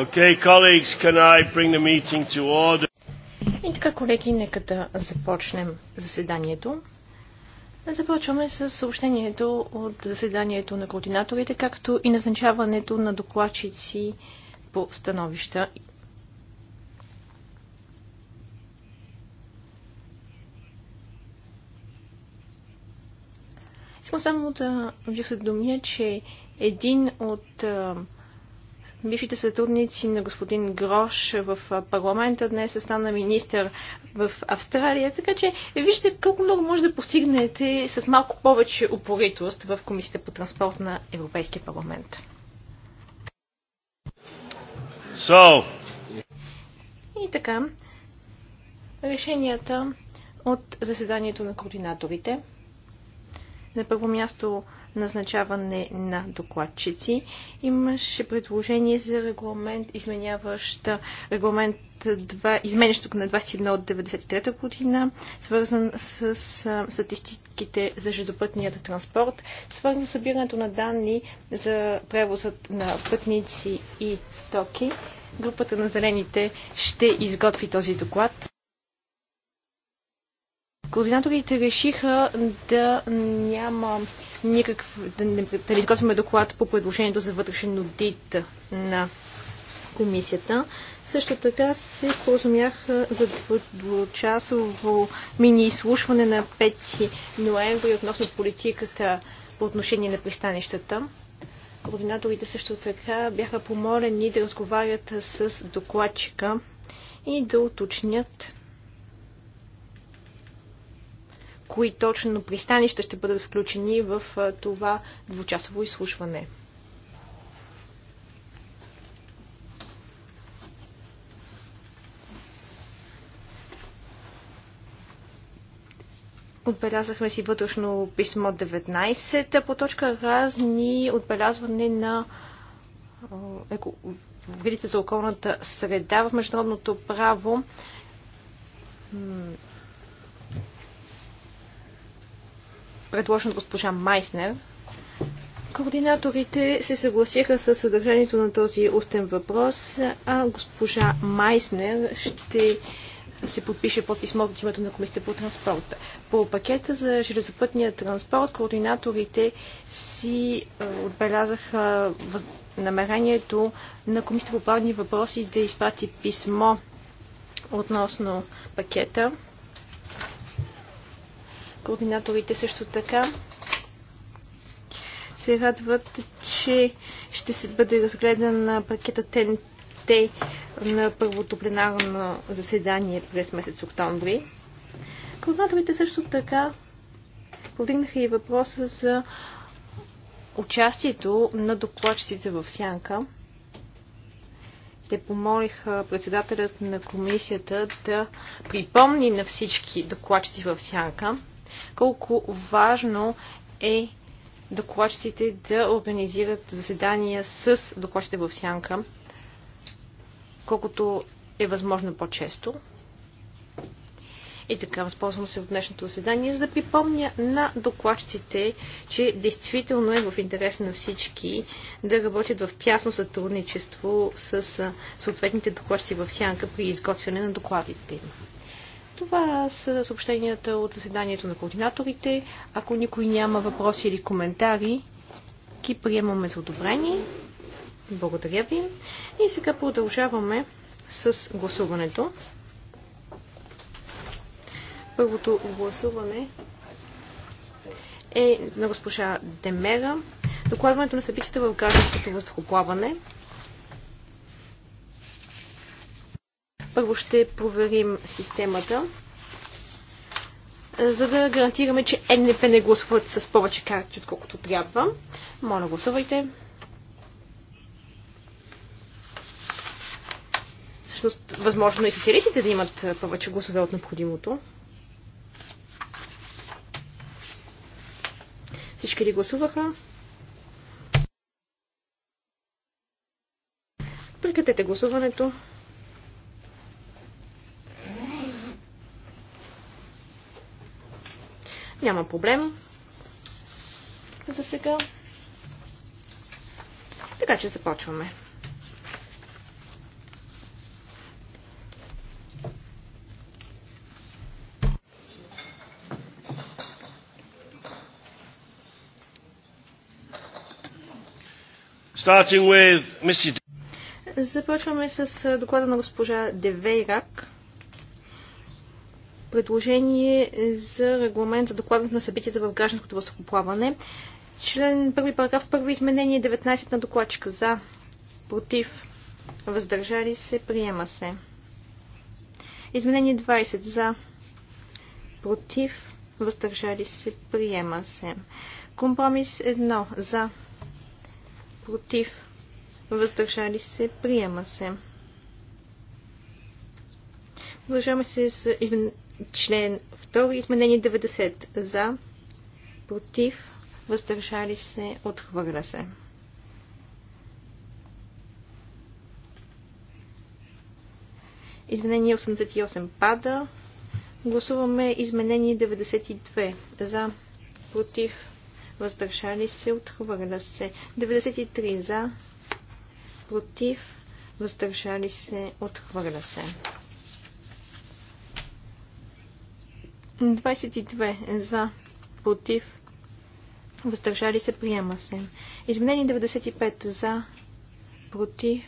Okay, colleagues, can I bring the meeting to order? И така, колеги, нека да започнем заседанието. Започваме с съобщението от заседанието на координаторите, както и назначаването на докладчици по становища. Искам само да ви осведомя, че един от бившите сътрудници на господин Грош в парламента днес стана министър в Австралия, така че вижте колко много може да постигнете с малко повече упоритост в Комисията по транспорт на Европейския парламент. So. И така, решенията от заседанието на координаторите. На първо място назначаване на докладчици. Имаше предложение за регламент, изменяващ регламент 2, изменящ на 21 от 1993 година, свързан с статистиките за железопътният транспорт, свързан с събирането на данни за превозът на пътници и стоки. Групата на зелените ще изготви този доклад. Координаторите решиха да няма никакъв, да, не, да изготвяме доклад по предложението за вътрешен аудит на комисията. Също така се споразумях за двучасово мини-изслушване на 5 ноември относно политиката по отношение на пристанищата. Координаторите също така бяха помолени да разговарят с докладчика и да уточнят кои точно пристанища ще бъдат включени в това двучасово изслушване. Отбелязахме си вътрешно писмо 19 по точка разни отбелязване на вредите за околната среда в международното право предложен от госпожа Майснер, координаторите се съгласиха с съдържанието на този устен въпрос, а госпожа Майснер ще се подпише под писмо от името на Комисията по транспорта. По пакета за железопътния транспорт координаторите си отбелязаха намерението на Комисията по правни въпроси да изпрати писмо относно пакета координаторите също така се радват, че ще се бъде разгледан пакета ТНТ на първото пленарно заседание през месец октомври. Координаторите също така повдигнаха и въпроса за участието на докладчиците в Сянка. Те помолиха председателят на комисията да припомни на всички докладчици в Сянка, колко важно е докладчиците да организират заседания с докладчите в сянка, колкото е възможно по-често. И така, възползвам се от днешното заседание, за да припомня на докладчиците, че действително е в интерес на всички да работят в тясно сътрудничество с съответните докладчици в сянка при изготвяне на докладите им. Това са съобщенията от заседанието на координаторите. Ако никой няма въпроси или коментари, ги приемаме за одобрение. Благодаря ви. И сега продължаваме с гласуването. Първото гласуване е на госпожа Демера. Докладването на събитията в гражданското въздухоплаване. Първо ще проверим системата, за да гарантираме, че НП не гласуват с повече карти, отколкото трябва. Моля, гласувайте. Всъщност, възможно и социалистите да имат повече гласове от необходимото. Всички ли гласуваха? Прекратете гласуването. Няма проблем за сега. Така че започваме. Starting with Mrs. Започваме с доклада на госпожа Девейрак предложение за регламент за докладът на събитията в гражданското въздухоплаване. Член 1, параграф 1, изменение 19 на докладчика. За, против, въздържали се, приема се. Изменение 20 за, против, въздържали се, приема се. Компромис 1 за, против, въздържали се, приема се. Продължаваме се с Член 2. Изменение 90. За. Против. Въздържали се. Отхвърля се. Изменение 88 пада. Гласуваме изменение 92. За. Против. Въздържали се. Отхвърля се. 93. За. Против. Въздържали се. Отхвърля се. 22 за, против, въздържали се, приема се. Изменение 95 за, против,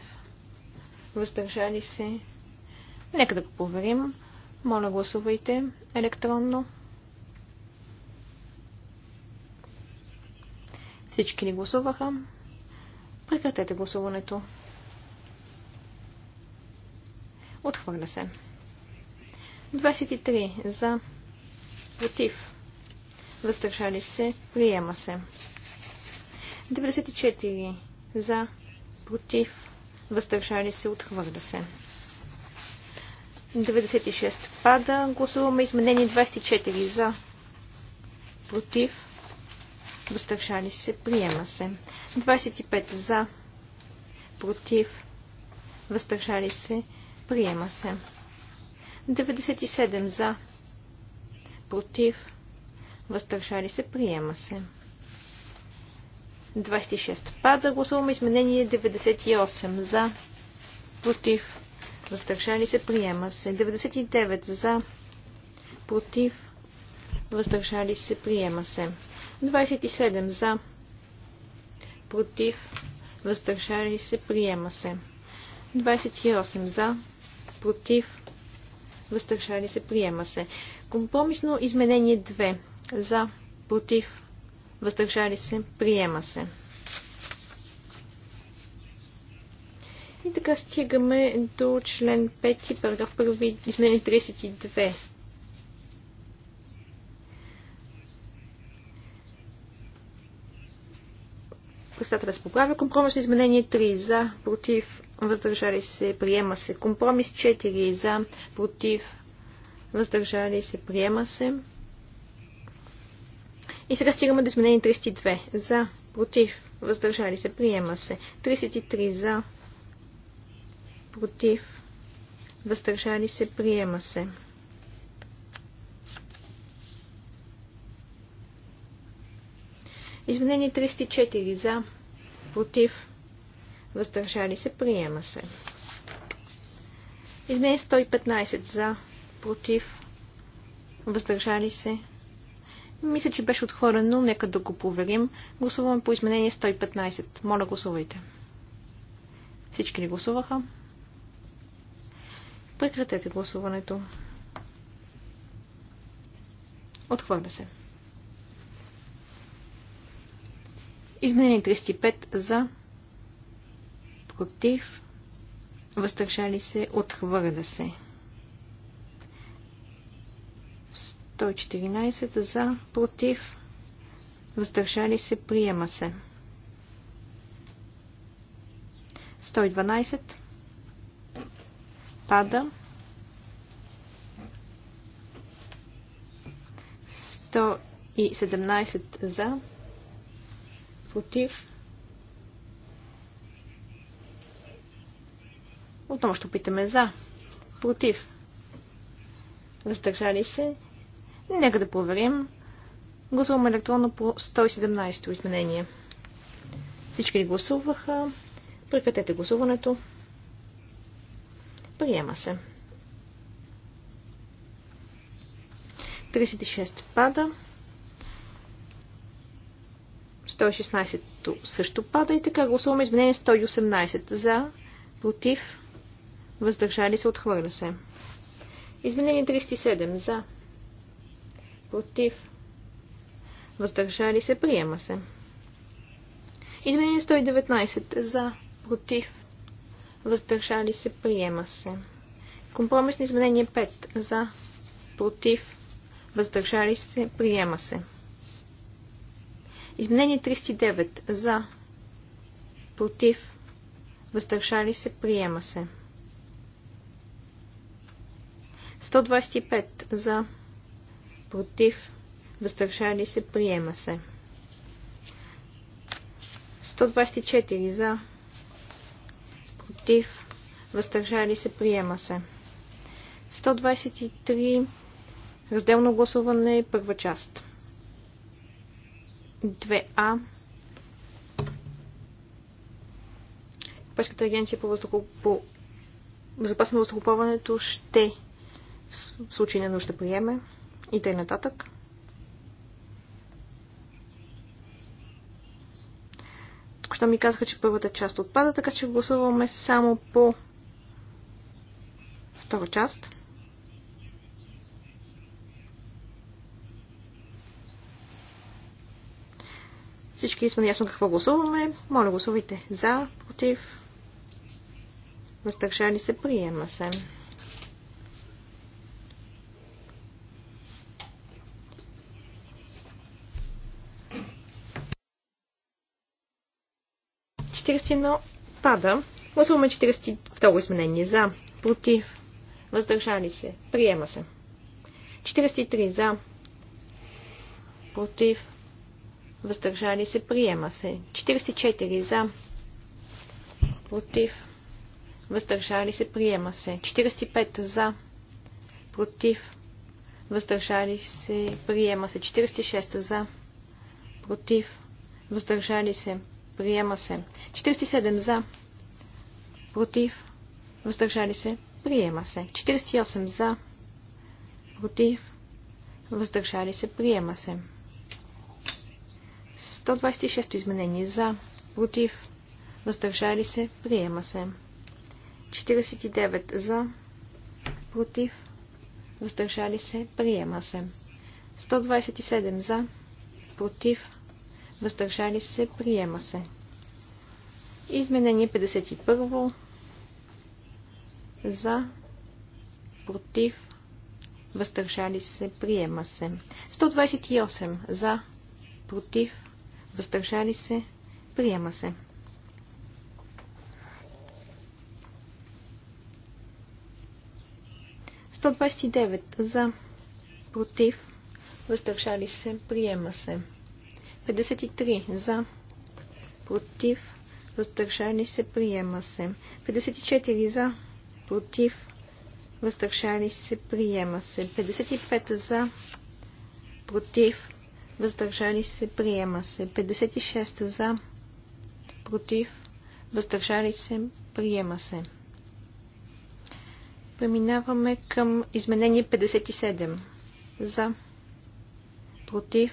въздържали се. Нека да го поверим. Моля, гласувайте електронно. Всички ли гласуваха? Прекратете гласуването. Отхвърля се. 23 за, против, въздържали се, приема се. 94 за, против, въздържали се, отхвърля се. 96 пада. Гласуваме изменение 24 за, против, въздържали се, приема се. 25 за, против, въздържали се, приема се. 97 за, против, против, въздържали се, приема се. 26. Пада. Гласуваме изменение 98. За. Против. Въздържали се. Приема се. 99. За. Против. Въздържали се. Приема се. 27. За. Против. Въздържали се. Приема се. 28. За. Против въздържали се, приема се. Компромисно изменение 2 за, против, въздържали се, приема се. И така стигаме до член 5, параграф 1, изменение 32. Председателя се поправя. Компромисно изменение 3 за, против, въздържали се, приема се. Компромис 4 за, против, въздържали се, приема се. И сега стигаме до изменение 32. За, против, въздържали се, приема се. 33 за, против, въздържали се, приема се. Изменение 34 за, против, въздържали се, приема се. Измени 115 за, против, въздържали се. Мисля, че беше отхвърлено, нека да го проверим. Гласуваме по изменение 115. Моля, гласувайте. Всички ли гласуваха? Прекратете гласуването. Отхвърля се. Изменение 35 за, против, въздържали се, отхвърля се. 114 за, против, въздържали се, приема се. 112 пада. 117 за, против, Отново ще питаме за. Против. Въздържали се. Нека да проверим. Гласуваме електронно по 117 то изменение. Всички ли гласуваха? Прекратете гласуването. Приема се. 36 пада. 116 също пада и така гласуваме изменение 118 за, против, въздържали се, отхвърля се. Изменение 37 за, против, въздържали се, приема се. Изменение 119 за, против, въздържали се, приема се. Компромисно изменение 5 за, против, въздържали се, приема се. Изменение 39 за, против, въздържали се, приема се. 125 за, против, въздържали се, приема се. 124 за, против, въздържали се, приема се. 123 разделно гласуване, първа част. 2А Европейската агенция по, въздухо, по безопасно въздухоплаването ще в случай на нужда приеме и тъй нататък. Току-що ми казаха, че първата част отпада, така че гласуваме само по втора част. Всички сме ясно какво гласуваме. Моля, гласувайте за, против, въздържали се, приема се. 41 пада. Гласуваме 42 изменение за, против, въздържали се, приема се. 43 за, против, въздържали се, приема се. 44 за, против, въздържали се, приема се. 45 за, против, въздържали се, приема се. 46 за, против, въздържали се, Приема се. 47 за. Против. Въздържали се. Приема се. 48 за. Против. Въздържали се. Приема се. 126 изменение за. Против. Въздържали се. Приема се. 49 за. Против. Въздържали се. Приема се. 127 за. Против въздържали се, приема се. Изменение 51 за, против, въздържали се, приема се. 128 за, против, въздържали се, приема се. Сто за, против, въздържали се, приема се. 53 за, против, въздържали се, приема се. 54 за, против, въздържали се, приема се. 55 за, против, въздържали се, приема се. 56 за, против, въздържали се, приема се. Преминаваме към изменение 57. За, против,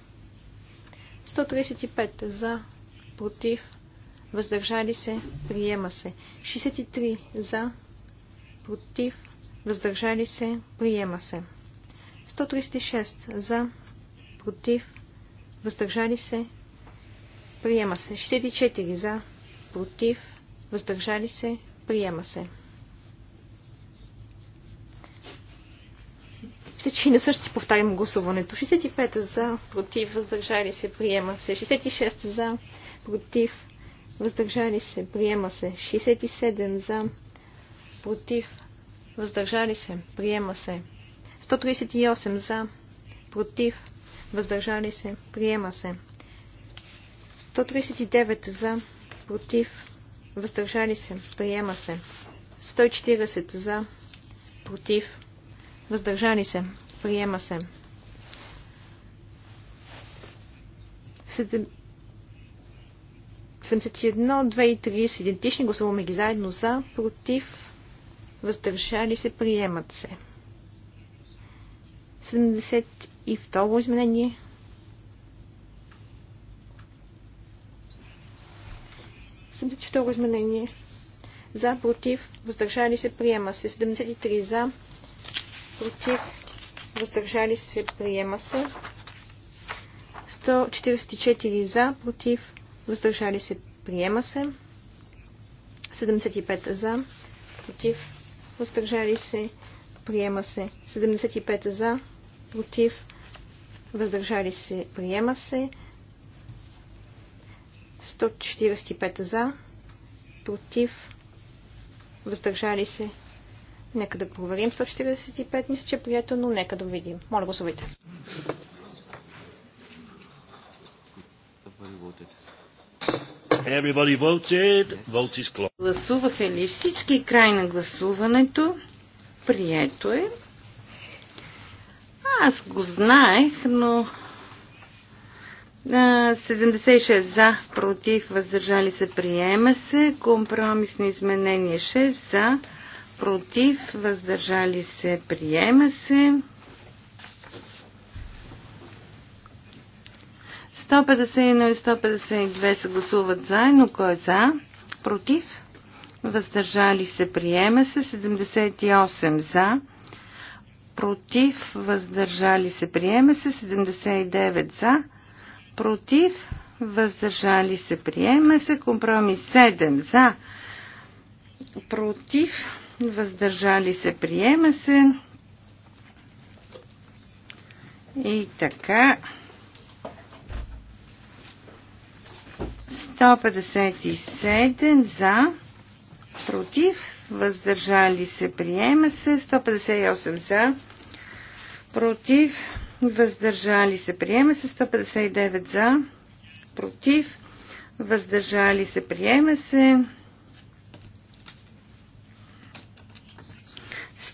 135 за, против, въздържали се, приема се. 63 за, против, въздържали се, приема се. 136 за, против, въздържали се, приема се. 64 за, против, въздържали се, приема се. не също си повтарям гласуването. 65 за, против, въздържали се, приема се. 66 за, против, въздържали се, приема се. 67 за, против, въздържали се, приема се. 138 за, против, въздържали се, приема се. 139 за, против, въздържали се, приема се. 140 за, против, Въздържали се. Приема се. 71, 2 и 30 идентични. Гласуваме ги заедно за, против, въздържали се, приемат се. 72 изменение. второ изменение. За, против, въздържали се, приема се. 73 за, против, въздържали се, приема се. 144 за, против, въздържали се, приема се. 75 за, против, въздържали се, приема се. 75 за, против, въздържали се, приема се. 145 за, против, въздържали се, Нека да проверим 145. Мисля, че е прието, но нека да видим. Моля, гласувайте. Everybody voted. Vote is closed. Гласуваха ли всички? Край на гласуването. Прието е. Аз го знаех, но 76 за, против, въздържали се, приема се. Компромисно изменение 6 за против, въздържали се, приема се. 151 и 152 се гласуват заедно. Кой е за? Против? Въздържали се, приема се. 78 за. Против, въздържали се, приема се. 79 за. Против, въздържали се, приема се. Компромис 7 за. Против, въздържали се, приема се. И така. 157 за, против, въздържали се, приема се. 158 за, против, въздържали се, приема се. 159 за, против, въздържали се, приема се.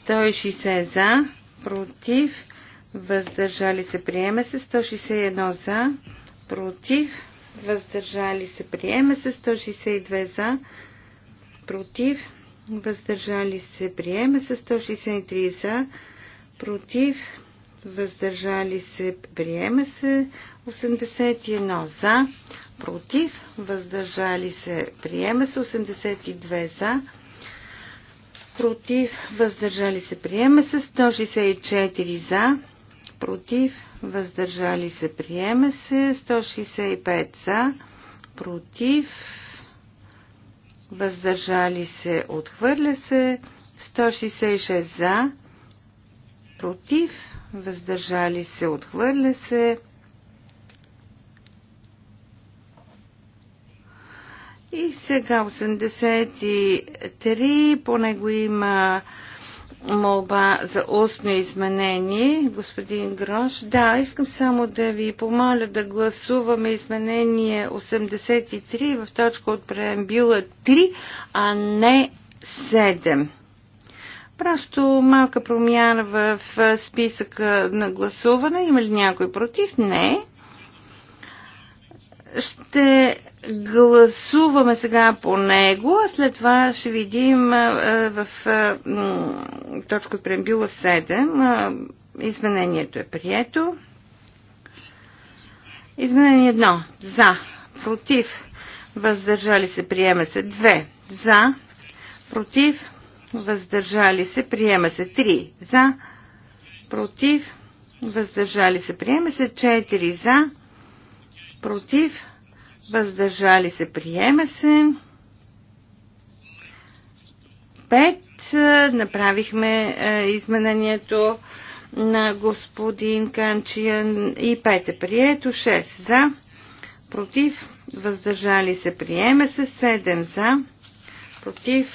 160 за, против, въздържали се, приема се. 161 за, против, въздържали се, приема се. 162 за, против, въздържали се, приема се. 163 за, против, въздържали се, приема се 81 за, против, въздържали се, приема се 82 за, против, въздържали се, приема се. 164 за, против, въздържали се, приема се. 165 за, против, въздържали се, отхвърля се. 166 за, против, въздържали се, отхвърля се. И сега 83, по него има молба за устно изменение. Господин Грош, да, искам само да ви помоля да гласуваме изменение 83 в точка от преамбюла 3, а не 7. Просто малка промяна в списъка на гласуване. Има ли някой против? Не. Ще гласуваме сега по него, а след това ще видим в точка от преамбила 7. Изменението е прието. Изменение 1. За. Против. Въздържали се. Приема се. 2. За. Против. Въздържали се. Приема се. 3. За. Против. Въздържали се. Приема се. 4. За против, въздържали се, приема се. 5 е, направихме е, изменението на господин Канчиян и 5 е прието, 6 за, против, въздържали се, приема се, 7 за, против,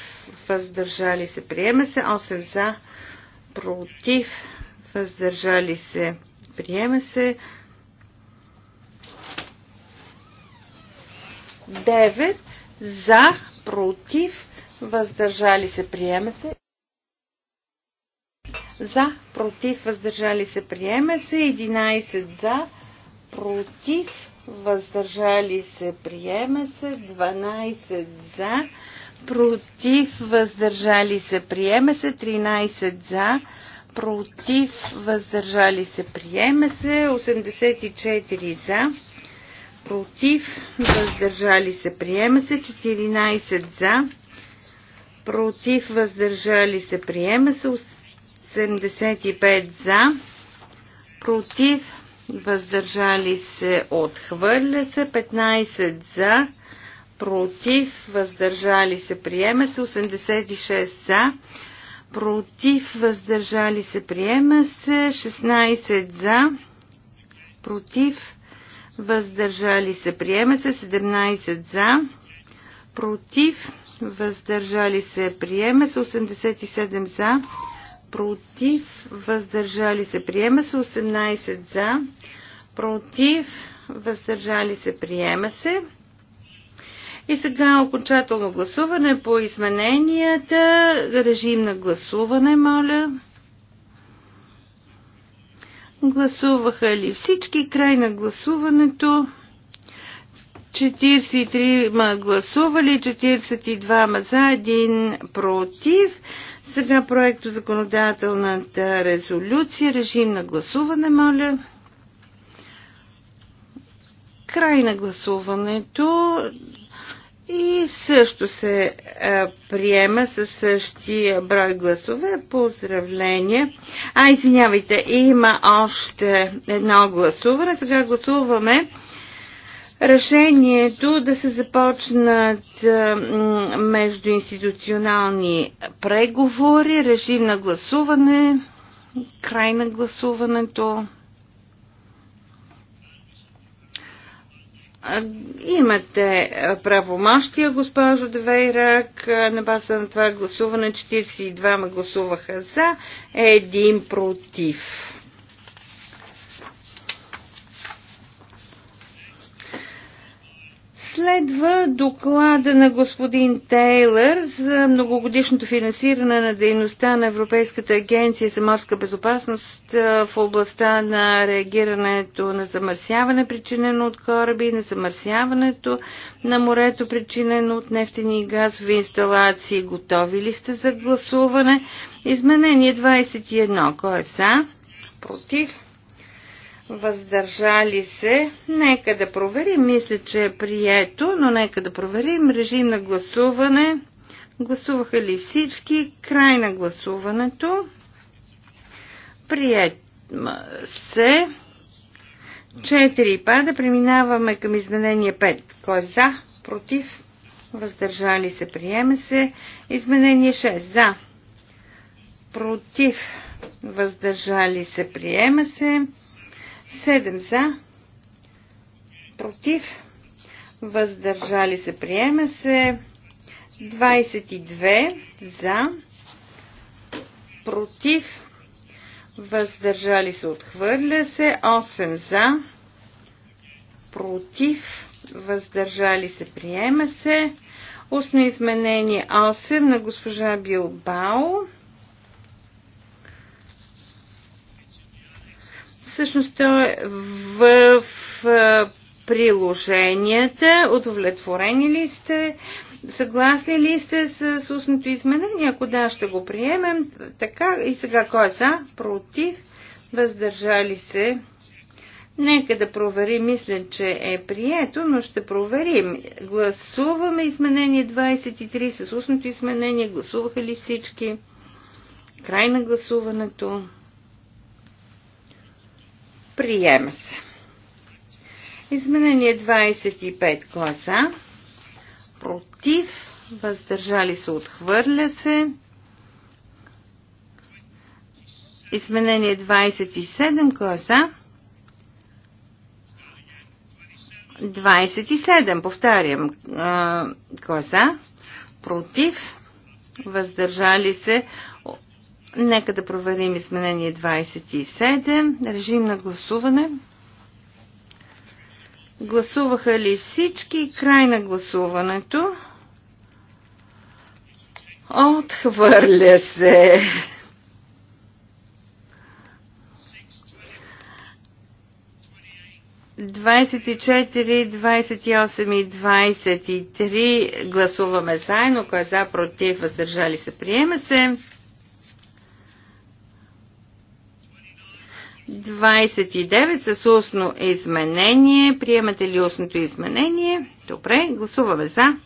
въздържали се, приема се, 8 за, против, въздържали се, приема се, 9 за, против, въздържали се, приема се. За, против, въздържали се, приема се. 11 за, против, въздържали се, приема се. 12 за, против, въздържали се, приема се. 13 за, против, въздържали се, приема се. 84 за против, въздържали се, приема се, 14 за, против, въздържали се, приема се, 75 за, против, въздържали се, отхвърля се, 15 за, против, въздържали се, приема се, 86 за, против, въздържали се, приема се, 16 за, против, въздържали се, приема се 17 за, против, въздържали се, приема се 87 за, против, въздържали се, приема се 18 за, против, въздържали се, приема се. И сега окончателно гласуване по измененията. Режим на гласуване, моля. Гласуваха ли всички? Край на гласуването. 43 ма гласували, 42 ма за, 1 против. Сега проекто законодателната резолюция. Режим на гласуване, моля. Край на гласуването. И също се е, приема със същия брой гласове. Поздравление. А, извинявайте, има още едно гласуване. Сега гласуваме решението да се започнат е, между междуинституционални преговори, режим на гласуване, край на гласуването. Имате правомощия, госпожо Девейрак. На база на това гласуване 42 ма гласуваха за, един против. Следва доклада на господин Тейлър за многогодишното финансиране на дейността на Европейската агенция за морска безопасност в областта на реагирането на замърсяване, причинено от кораби, на замърсяването на морето, причинено от нефтени и газови инсталации. Готови ли сте за гласуване? Изменение 21. Кой е за? Против? въздържали се. Нека да проверим. Мисля, че е прието, но нека да проверим. Режим на гласуване. Гласуваха ли всички? Край на гласуването. Приет се. 4 пада. Преминаваме към изменение 5. Кой е за? Против? Въздържали се. Приеме се. Изменение 6. За. Против. Въздържали се. Приема се. 7 за, против, въздържали се, приема се. 22 за, против, въздържали се, отхвърля се. 8 за, против, въздържали се, приема се. Устно изменение 8 на госпожа Билбао. Всъщност той е в приложенията. Удовлетворени ли сте? Съгласни ли сте с устното изменение? Ако да, ще го приемем. Така и сега кой е за? Против? Въздържали се? Нека да проверим. Мисля, че е прието, но ще проверим. Гласуваме изменение 23 с устното изменение. Гласуваха ли всички? Край на гласуването. Приема се. Изменение 25 гласа. Е Против. Въздържали се. Отхвърля се. Изменение 27 гласа. 27, повтарям, гласа. Е Против. Въздържали се. Нека да проверим изменение 27. Режим на гласуване. Гласуваха ли всички? Край на гласуването. Отхвърля се. Двадесет и четири, двадесет и осем и двадесет и три гласуваме заедно. Кой е за, против, въздържали се, приема се. 29 с устно изменение. Приемате ли устното изменение? Добре, гласуваме за.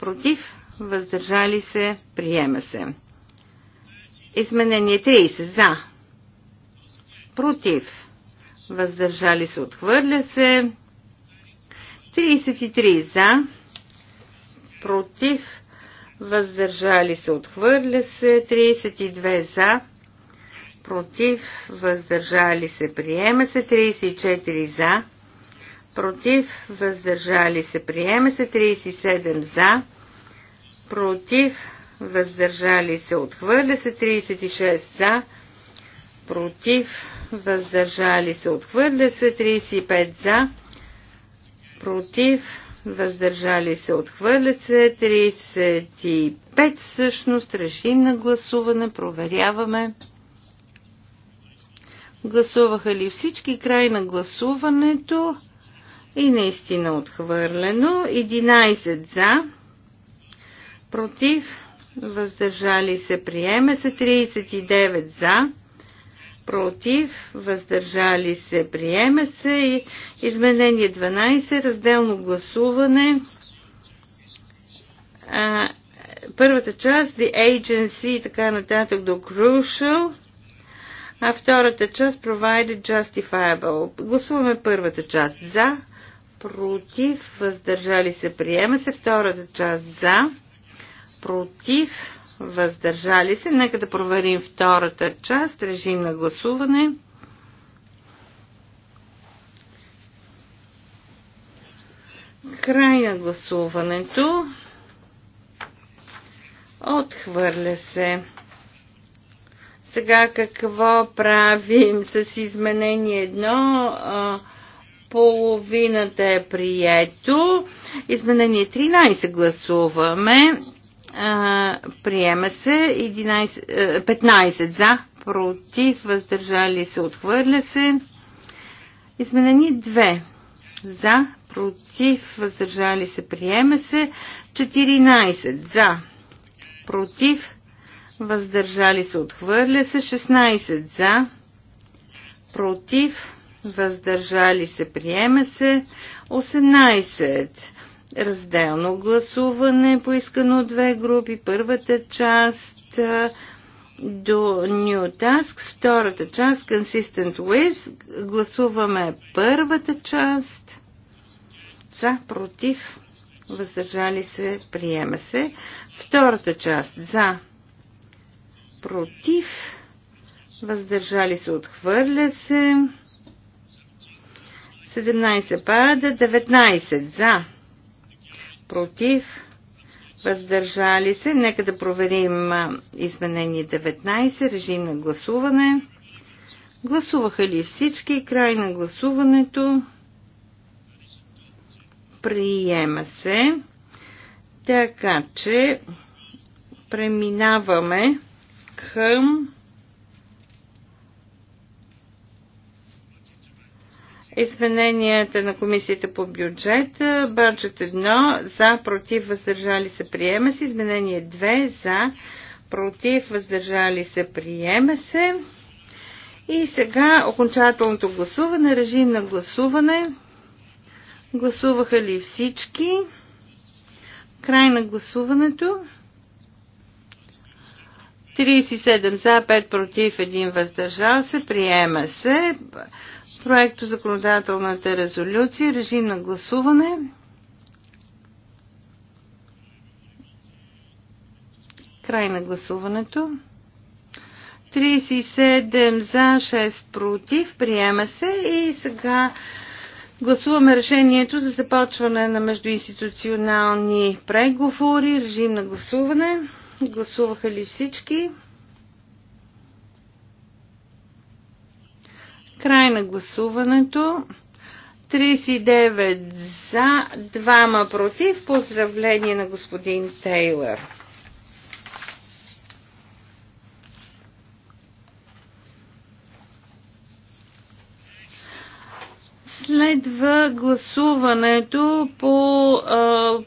Против, въздържали се, приема се. Изменение 30 за. Против, въздържали се, отхвърля се. 33 за. Против, въздържали се, отхвърля се. 32 за против, въздържали се, приема се 34 за, против, въздържали се, приема се 37 за, против, въздържали се, отхвърля се 36 за, против, въздържали се, отхвърля се 35 за, против, въздържали се, отхвърля се 35 всъщност, решим на гласуване, проверяваме. Гласуваха ли всички? Край на гласуването. И наистина отхвърлено. 11 за. Против. Въздържали се. Приеме се. 39 за. Против. Въздържали се. Приеме се. и Изменение 12. Разделно гласуване. А, първата част. The agency и така нататък до crucial а втората част provided justifiable. Гласуваме първата част за, против, въздържали се, приема се. Втората част за, против, въздържали се. Нека да проверим втората част, режим на гласуване. Край на гласуването. Отхвърля се. Сега какво правим с изменение едно? Половината е прието. Изменение 13 гласуваме. Приема се 11, 15 за, против, въздържали се, отхвърля се. Изменение 2 за, против, въздържали се, приема се. 14 за, против, въздържали се, отхвърля се 16 за, против, въздържали се, приема се 18. Разделно гласуване, поискано от две групи. Първата част до New Task, втората част Consistent With. Гласуваме първата част за, против, въздържали се, приема се. Втората част за, против, въздържали се, отхвърля се. 17 пада, 19 за, против, въздържали се. Нека да проверим изменение 19, режим на гласуване. Гласуваха ли всички? Край на гласуването. Приема се. Така че преминаваме към измененията на комисията по бюджет. Бюджет 1 за, против, въздържали се, приема се. Изменение 2 за, против, въздържали се, приема се. И сега окончателното гласуване, режим на гласуване. Гласуваха ли всички? Край на гласуването. 37 за, 5 против, 1 въздържал се. Приема се. Проекто законодателната резолюция. Режим на гласуване. Край на гласуването. 37 за, 6 против. Приема се. И сега гласуваме решението за започване на междуинституционални преговори. Режим на гласуване. Гласуваха ли всички? Край на гласуването. 39 за, 2 против. Поздравление на господин Тейлър. Следва гласуването по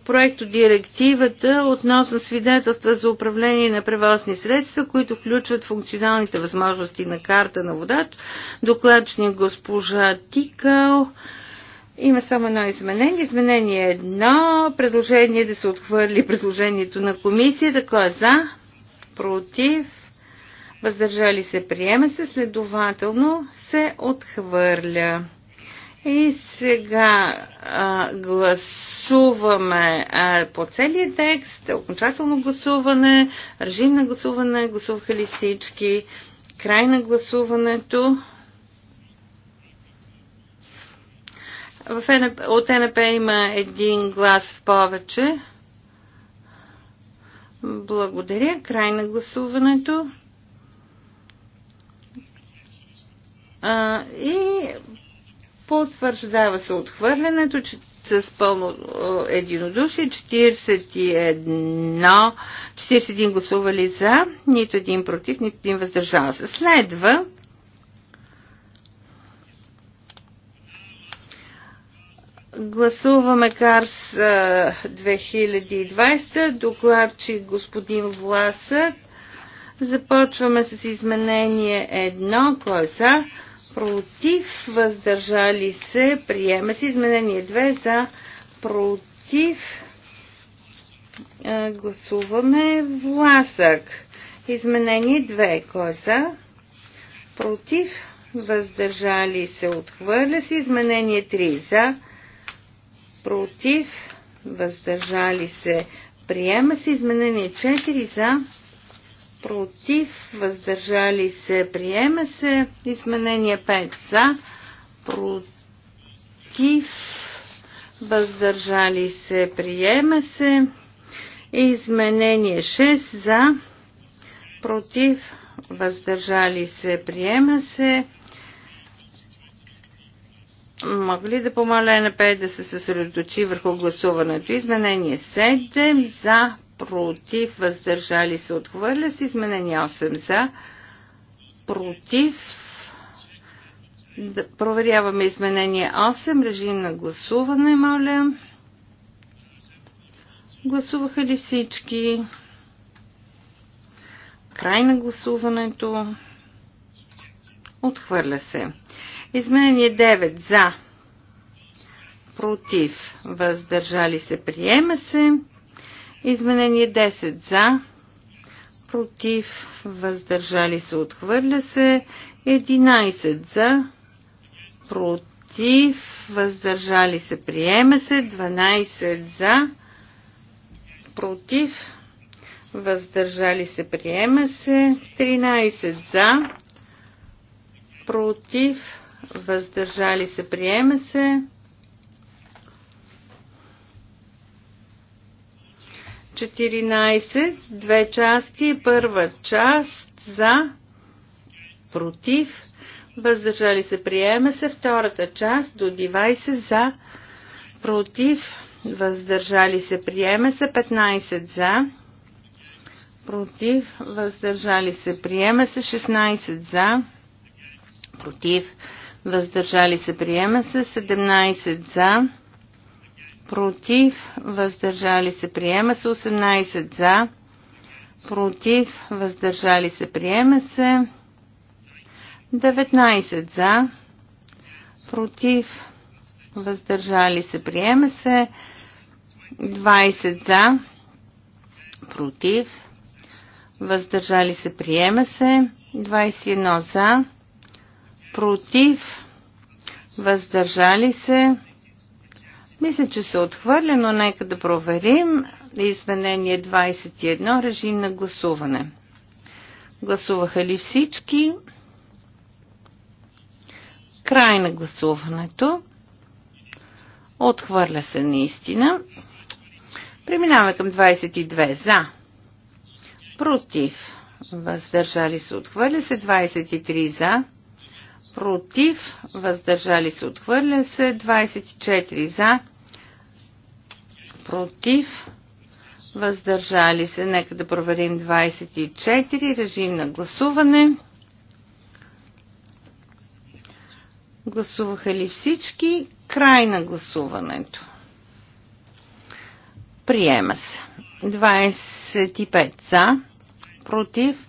проекто директивата относно свидетелства за управление на превозни средства, които включват функционалните възможности на карта на водач. Докладчник госпожа Тикал. Има само едно изменение. Изменение едно. Предложение да се отхвърли предложението на комисията. Кой е за? Против? Въздържали се приема се, следователно се отхвърля. И сега а, гласуваме а, по целия текст, окончателно гласуване, режим на гласуване, гласуваха ли всички, край на гласуването. В НП, от НП има един глас в повече. Благодаря. Край на гласуването. А, и Потвърждава се отхвърлянето че с пълно е, единодушие 41, 41 гласували за, нито един против, нито един въздържал се. Следва Гласуваме КАРС 2020, е, докладчик господин Власък. Започваме с изменение 1. Кой е за? против, въздържали се, приема се. Изменение 2 за, против, гласуваме власък. Изменение 2. Кой е за? Против. Въздържали се. Отхвърля се. Изменение 3. За. Против. Въздържали се. Приема се. Изменение 4. За против, въздържали се, приема се. Изменение 5 за, против, въздържали се, приема се. Изменение 6 за, против, въздържали се, приема се. Мога ли да помоля на 5 да се съсредоточи върху гласуването? Изменение 7 за, против, въздържали се, отхвърля се. Изменение 8 за, против. Да проверяваме изменение 8. Режим на гласуване, моля. Гласуваха ли всички? Край на гласуването. Отхвърля се. Изменение 9 за. Против. Въздържали се. Приема се. Изменение 10 за, против, въздържали се, отхвърля се. 11 за, против, въздържали се, приема се. 12 за, против, въздържали се, приема се. 13 за, против, въздържали се, приема се. 14, две части, първа част за, против, въздържали се, приема се, втората част до 20 за, против, въздържали се, приема се, 15 за, против, въздържали се, приема се, 16 за, против, въздържали се, приема се, 17 за, против, въздържали се, приема се 18 за, против, въздържали се, приема се 19 за, против, въздържали се, приема се 20 за, против, въздържали се, приема се 21 за, против, въздържали се, мисля, че се отхвърля, но нека да проверим. Изменение 21, режим на гласуване. Гласуваха ли всички? Край на гласуването. Отхвърля се наистина. Преминаваме към 22. За. Против. Въздържали се. Отхвърля се. 23. За. Против. Въздържали се. Отхвърля се. 24. За против, въздържали се. Нека да проверим 24, режим на гласуване. Гласуваха ли всички? Край на гласуването. Приема се. 25 за, против,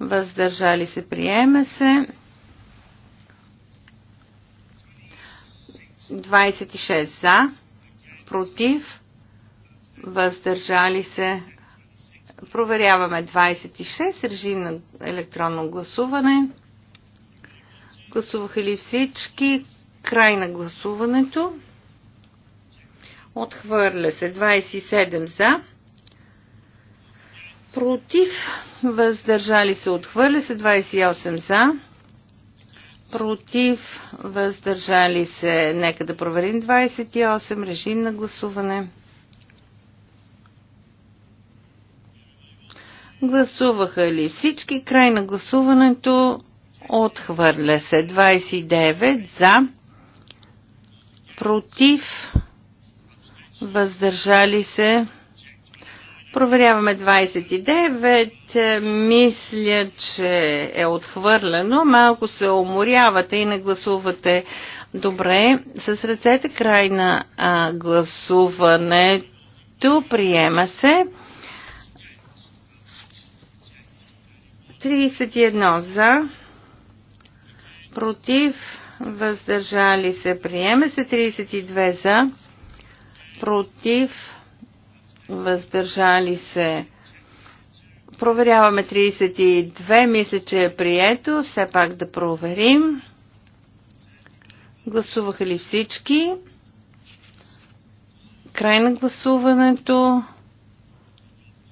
въздържали се, приема се. 26 за, против, въздържали се. Проверяваме 26, режим на електронно гласуване. Гласуваха ли всички? Край на гласуването. Отхвърля се 27 за. Против. Въздържали се. Отхвърля се 28 за. Против. Въздържали се. Нека да проверим 28. Режим на гласуване. Гласуваха ли всички? Край на гласуването. Отхвърля се. 29 за. Против. Въздържали се. Проверяваме 29. Мисля, че е отхвърлено. Малко се уморявате и не гласувате добре. С ръцете край на а, гласуването приема се. 31 за, против, въздържали се, приема се 32 за, против, въздържали се. Проверяваме 32, мисля, че е прието, все пак да проверим. Гласуваха ли всички? Край на гласуването.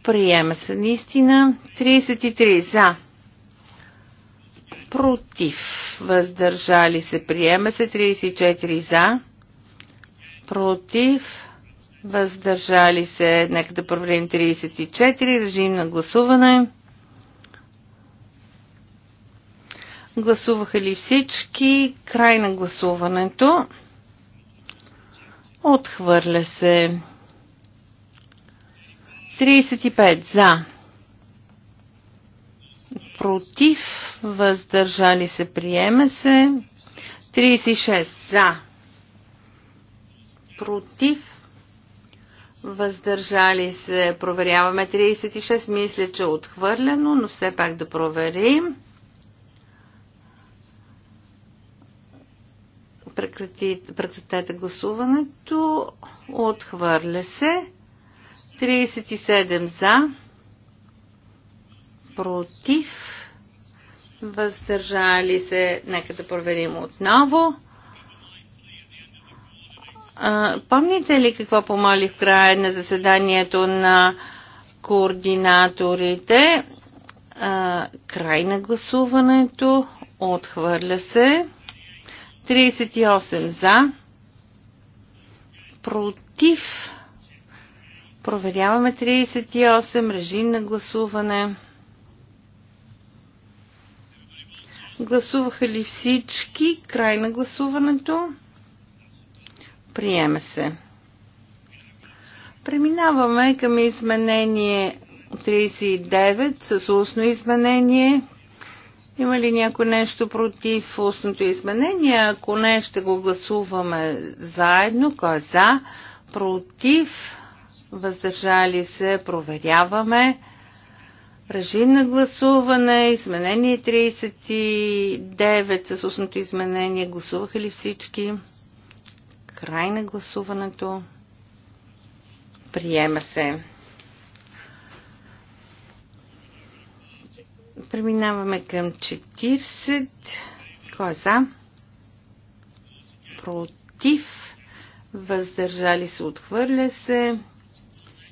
Приема се наистина. 33 за. Против. Въздържали се. Приема се. 34 за. Против. Въздържали се. Нека да проверим 34. Режим на гласуване. Гласуваха ли всички? Край на гласуването. Отхвърля се. 35 за. Против. Въздържали се. Приема се. 36 за. Против. Въздържали се. Проверяваме 36. Мисля, че е отхвърлено, но все пак да проверим. Прекратите, прекратете гласуването. Отхвърля се. 37 за, против, въздържали се, нека да проверим отново. А, помните ли какво помолих в края на заседанието на координаторите? А, край на гласуването, отхвърля се. 38 за, против, Проверяваме 38. Режим на гласуване. Гласуваха ли всички? Край на гласуването. Приеме се. Преминаваме към изменение 39 с устно изменение. Има ли някой нещо против устното изменение? Ако не, ще го гласуваме заедно. Кой е за? Против? въздържали се, проверяваме. Режим на гласуване, изменение 39 съсусното изменение. Гласуваха ли всички? Край на гласуването. Приема се. Преминаваме към 40. Кой е за? Против. Въздържали се, отхвърля се.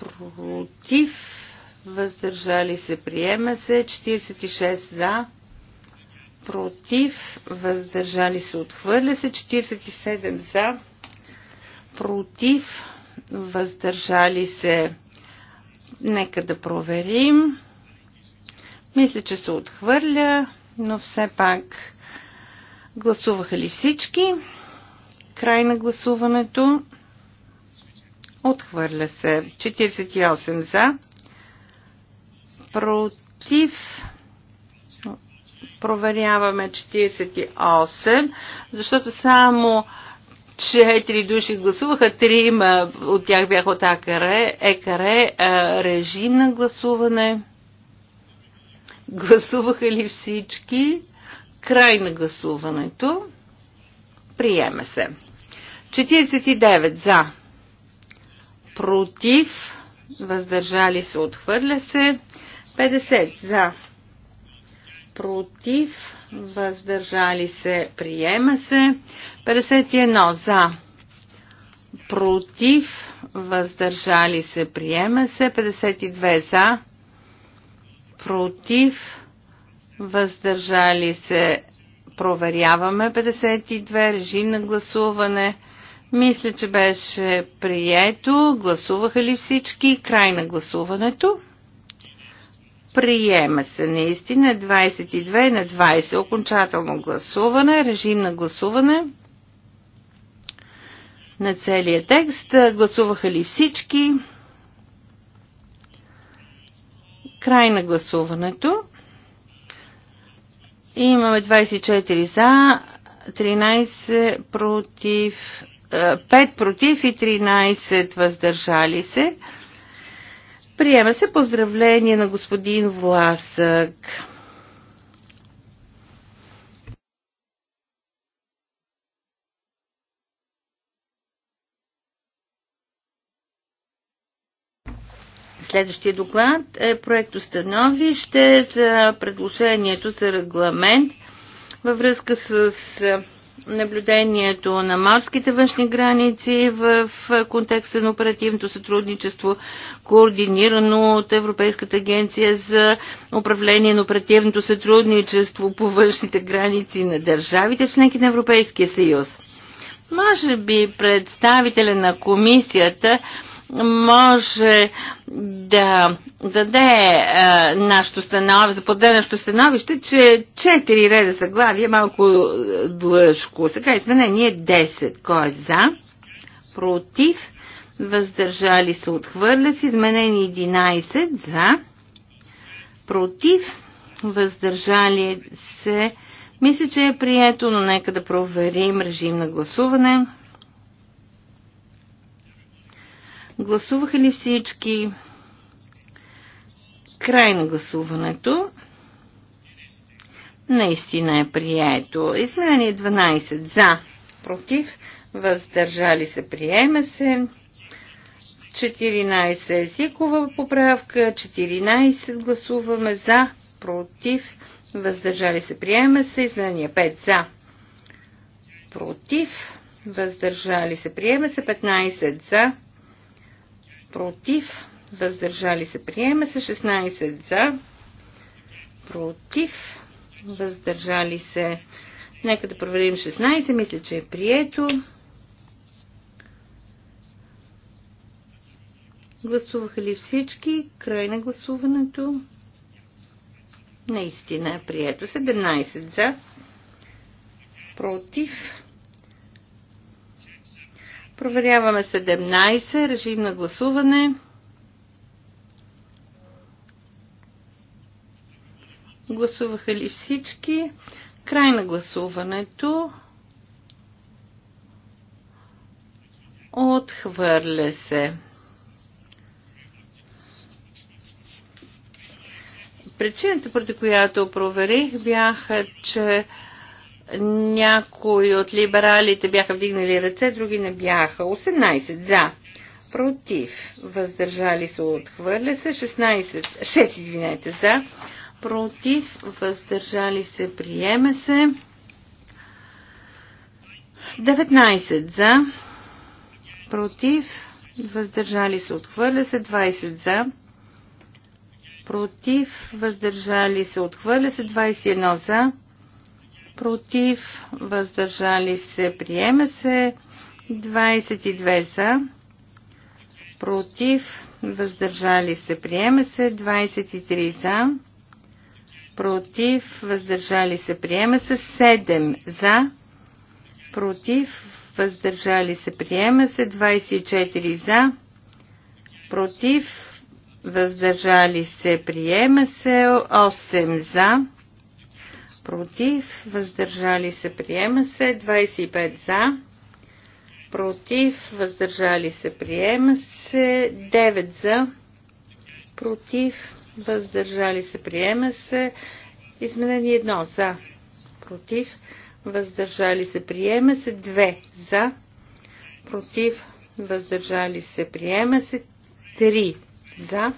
против, въздържали се, приема се, 46 за, против, въздържали се, отхвърля се, 47 за, против, въздържали се, нека да проверим. Мисля, че се отхвърля, но все пак гласуваха ли всички? Край на гласуването. Отхвърля се. 48 за. Против. Проверяваме 48, защото само 4 души гласуваха, 3 от тях бяха от АКРЕ, ЕКРЕ, режим на гласуване. Гласуваха ли всички? Край на гласуването. Приема се. 49 за против, въздържали се, отхвърля се. 50 за, против, въздържали се, приема се. 51 за, против, въздържали се, приема се. 52 за, против, въздържали се, проверяваме. 52 режим на гласуване – мисля, че беше прието. Гласуваха ли всички? Край на гласуването. Приема се наистина 22 на 20. Окончателно гласуване, режим на гласуване на целия текст. Гласуваха ли всички? Край на гласуването. Имаме 24 за, 13 против 5 против и 13 въздържали се. Приема се поздравление на господин Власък. Следващия доклад е проект установище за предложението за регламент във връзка с наблюдението на морските външни граници в контекста на оперативното сътрудничество, координирано от Европейската агенция за управление на оперативното сътрудничество по външните граници на държавите членки на Европейския съюз. Може би представителя на комисията може да даде а, е, нашето становище, да подаде нашето становище, че 4 реда глави е малко е, длъжко. Сега изменение 10. Кой е за? Против? Въздържали се отхвърля се. Изменени 11 за. Против? Въздържали се. Мисля, че е прието, но нека да проверим режим на гласуване. Гласуваха ли всички? Край на гласуването. Наистина е прието. Изменение 12 за, против, въздържали се, приема се. 14 езикова поправка, 14 гласуваме за, против, въздържали се, приема се. Изменение 5 за, против, въздържали се, приема се. 15 за, против, въздържали се, приема се 16 за, против, въздържали се. Нека да проверим 16, мисля, че е прието. Гласуваха ли всички? Край на гласуването. Наистина е прието. 17 за. Против. Проверяваме 17. Режим на гласуване. Гласуваха ли всички? Край на гласуването. Отхвърля се. Причината, преди която проверих, бяха, че някои от либералите бяха вдигнали ръце, други не бяха. 18 за. Против. Въздържали се. Отхвърля се. 16. 6 извинете за. Против. Въздържали се. Приеме се. 19 за. Против. Въздържали се. Отхвърля се. 20 за против, въздържали се, отхвърля се 21 за, против, въздържали се, приема се. 22 за, против, въздържали се, приема се. 23 за, против, въздържали се, приема се. 7 за, против, въздържали се, приема се. 24 за, против, въздържали се, приема се. 8 за, против, въздържали се, приема се, 25 за, против, въздържали се, приема се, 9 за, против, въздържали се, приема се, изменение 1 за, против, въздържали се, приема се, 2 за, против, въздържали се, приема се, 3 за,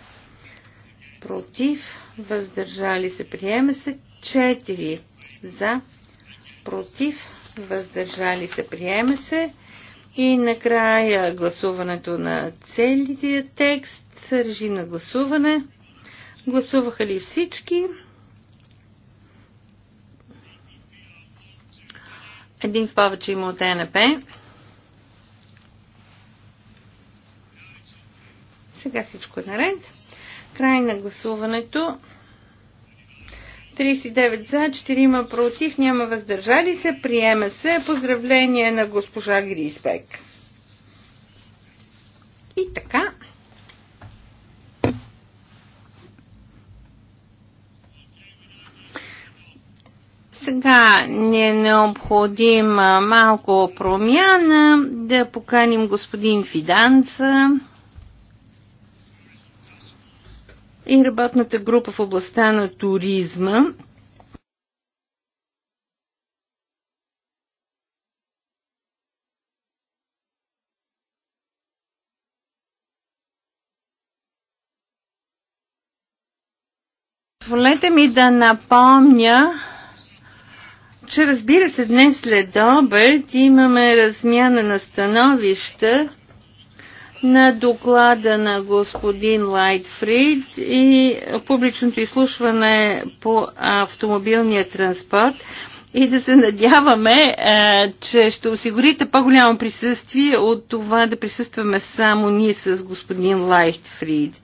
против, въздържали се, приема се, 4 за, против, въздържали се, приема се. И накрая гласуването на целия текст, режим на гласуване. Гласуваха ли всички? Един в повече има от ЕНП. Сега всичко е наред. Край на гласуването. 39 за, 4 против, няма въздържали се. Приема се. Поздравление на госпожа Грисбек. И така. Сега ни е необходима малко промяна да поканим господин Фиданца. и работната група в областта на туризма. Позволете ми да напомня, че разбира се днес след обед имаме размяна на становища на доклада на господин Лайтфрид и публичното изслушване по автомобилния транспорт и да се надяваме, е, че ще осигурите по-голямо присъствие от това да присъстваме само ние с господин Лайтфрид.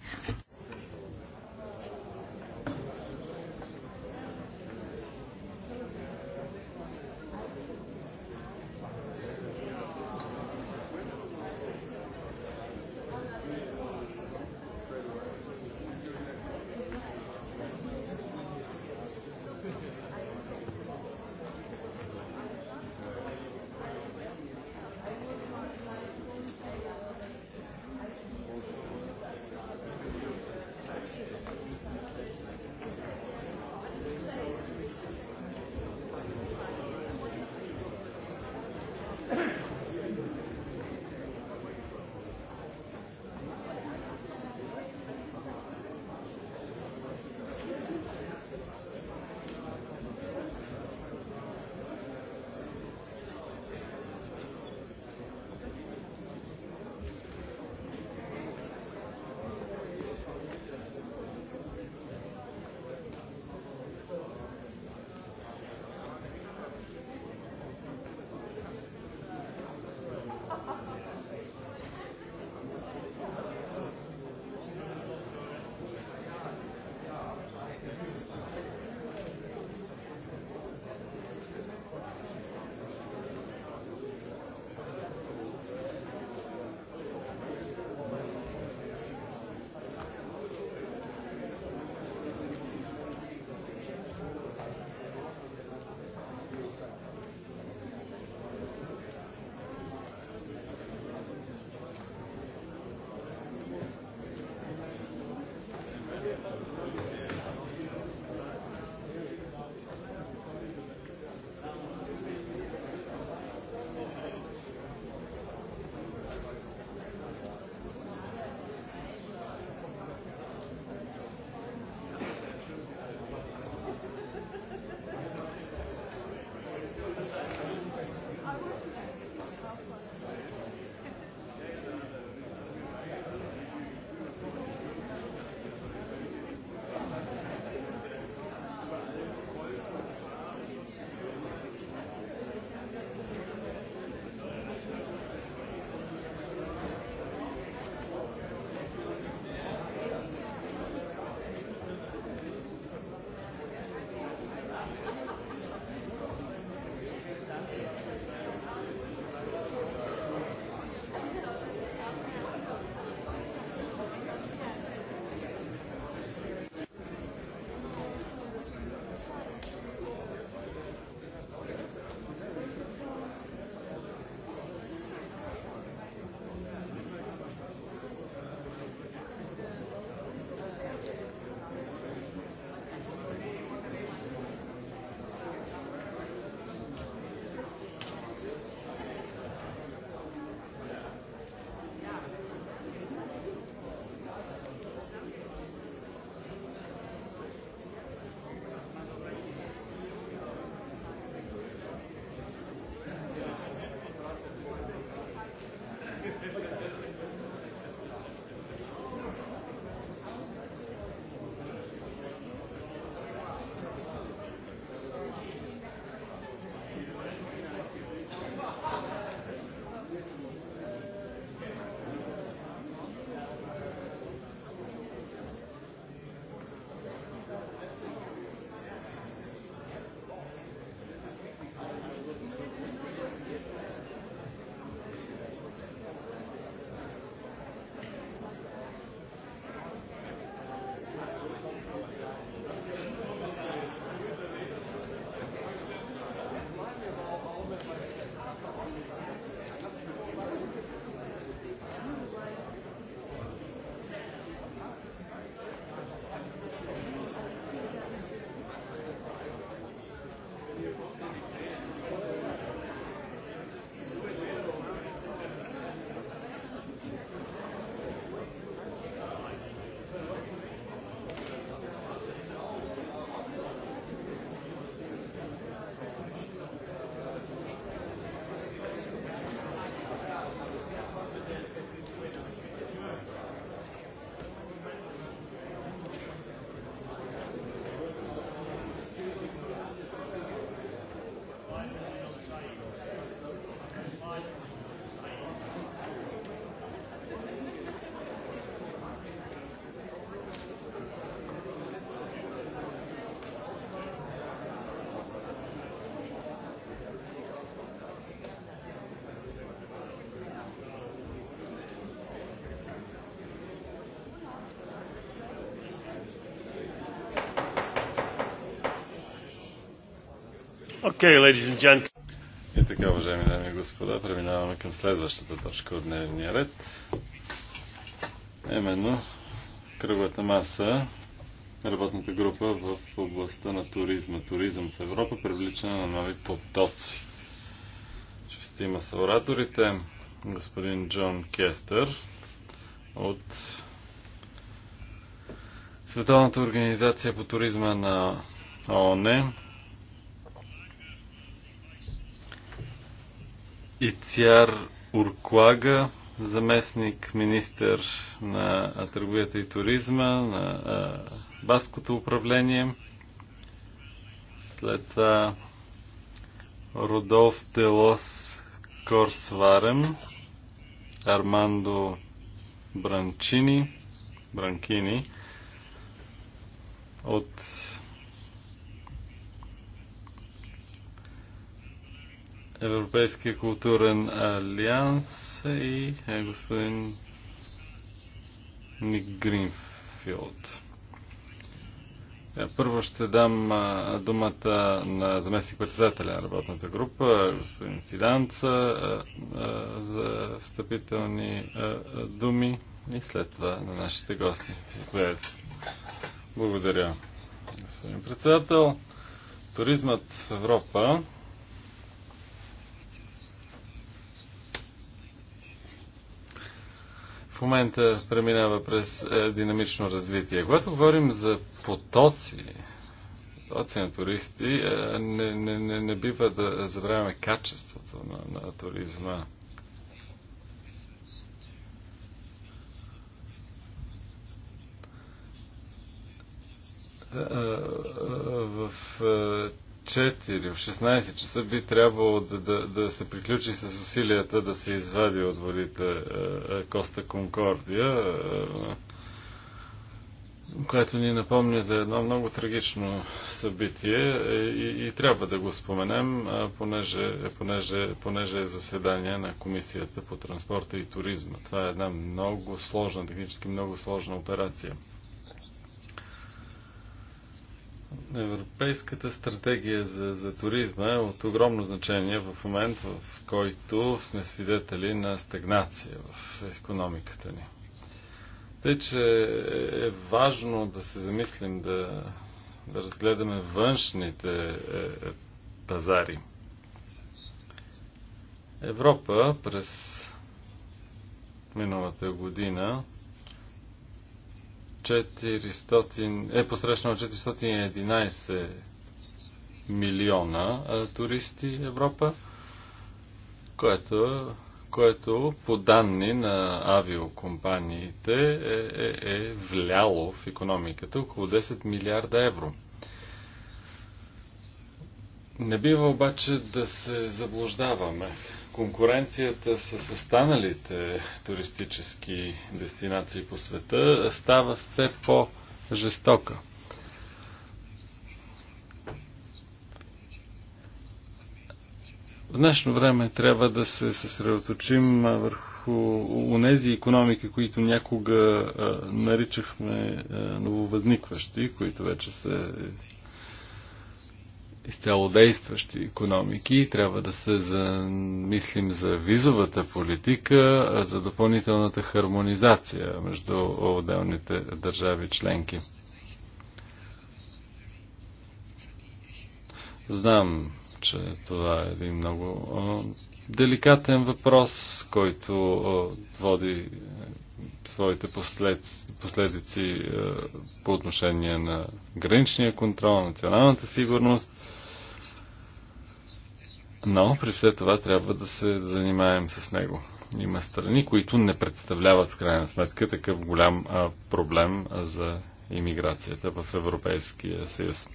Okay, ladies and gentlemen. И така, уважаеми дами и господа, преминаваме към следващата точка от дневния ред. Именно кръглата маса работната група в областта на туризма. Туризъм в Европа привличане на нови потоци. Шестима са ораторите. Господин Джон Кестър от Световната организация по туризма на ООН, Сяр Урклага, заместник министър на търговията и туризма, на Баското управление. След това Родолф Делос Корсварем, Армандо Бранчини, Бранкини от Европейския културен алианс и е, господин Ник Гринфилд. Е, първо ще дам думата на заместник-председателя на работната група, господин Фиданца, за встъпителни думи и след това на нашите гости. Благодаря, господин председател. Туризмът в Европа в момента преминава през е, динамично развитие. Когато говорим за потоци, потоци на туристи, е, не, не, не, не бива да забравяме качеството на, на туризма. Е, в 4, в 16 часа би трябвало да, да, да се приключи с усилията да се извади от водите е, е, Коста Конкордия, е, което ни напомня за едно много трагично събитие и, и трябва да го споменем, понеже, понеже, понеже е заседание на Комисията по транспорта и туризма. Това е една много сложна, технически много сложна операция. Европейската стратегия за, за туризма е от огромно значение в момент, в който сме свидетели на стагнация в економиката ни. Тъй, че е важно да се замислим да, да разгледаме външните е, е, пазари. Европа през миналата година 400, е посрещнал 411 милиона туристи Европа, което, което по данни на авиокомпаниите е, е, е вляло в економиката около 10 милиарда евро. Не бива обаче да се заблуждаваме конкуренцията с останалите туристически дестинации по света става все по-жестока. В днешно време трябва да се съсредоточим върху онези економики, които някога наричахме нововъзникващи, които вече са изцяло действащи економики. Трябва да се замислим за визовата политика, за допълнителната хармонизация между отделните държави членки. Знам, че това е един много деликатен въпрос, който води е, своите послед... последици е, по отношение на граничния контрол, националната сигурност но при все това трябва да се занимаем с него. Има страни, които не представляват в крайна сметка такъв голям а, проблем а, за иммиграцията в Европейския съюз.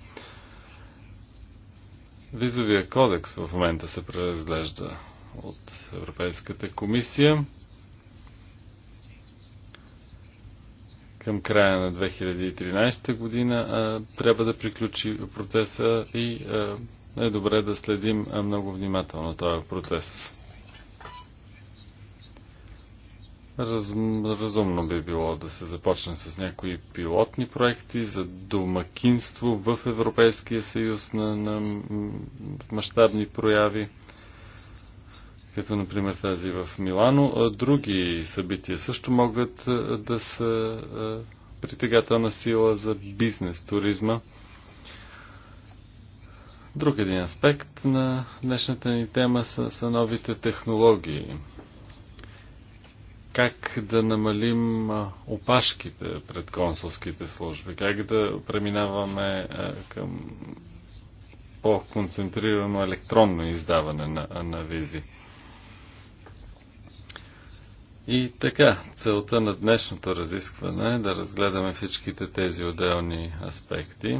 Визовия кодекс в момента се преразглежда от Европейската комисия. към края на 2013 година а, трябва да приключи процеса и а, е добре да следим е, много внимателно този процес. Раз, разумно би било да се започне с някои пилотни проекти за домакинство в Европейския съюз на, на мащабни прояви, като например тази в Милано. Други събития също могат е, да са е, притегателна сила за бизнес туризма. Друг един аспект на днешната ни тема са, са новите технологии. Как да намалим опашките пред консулските служби? Как да преминаваме към по-концентрирано електронно издаване на, на визи? И така, целта на днешното разискване е да разгледаме всичките тези отделни аспекти.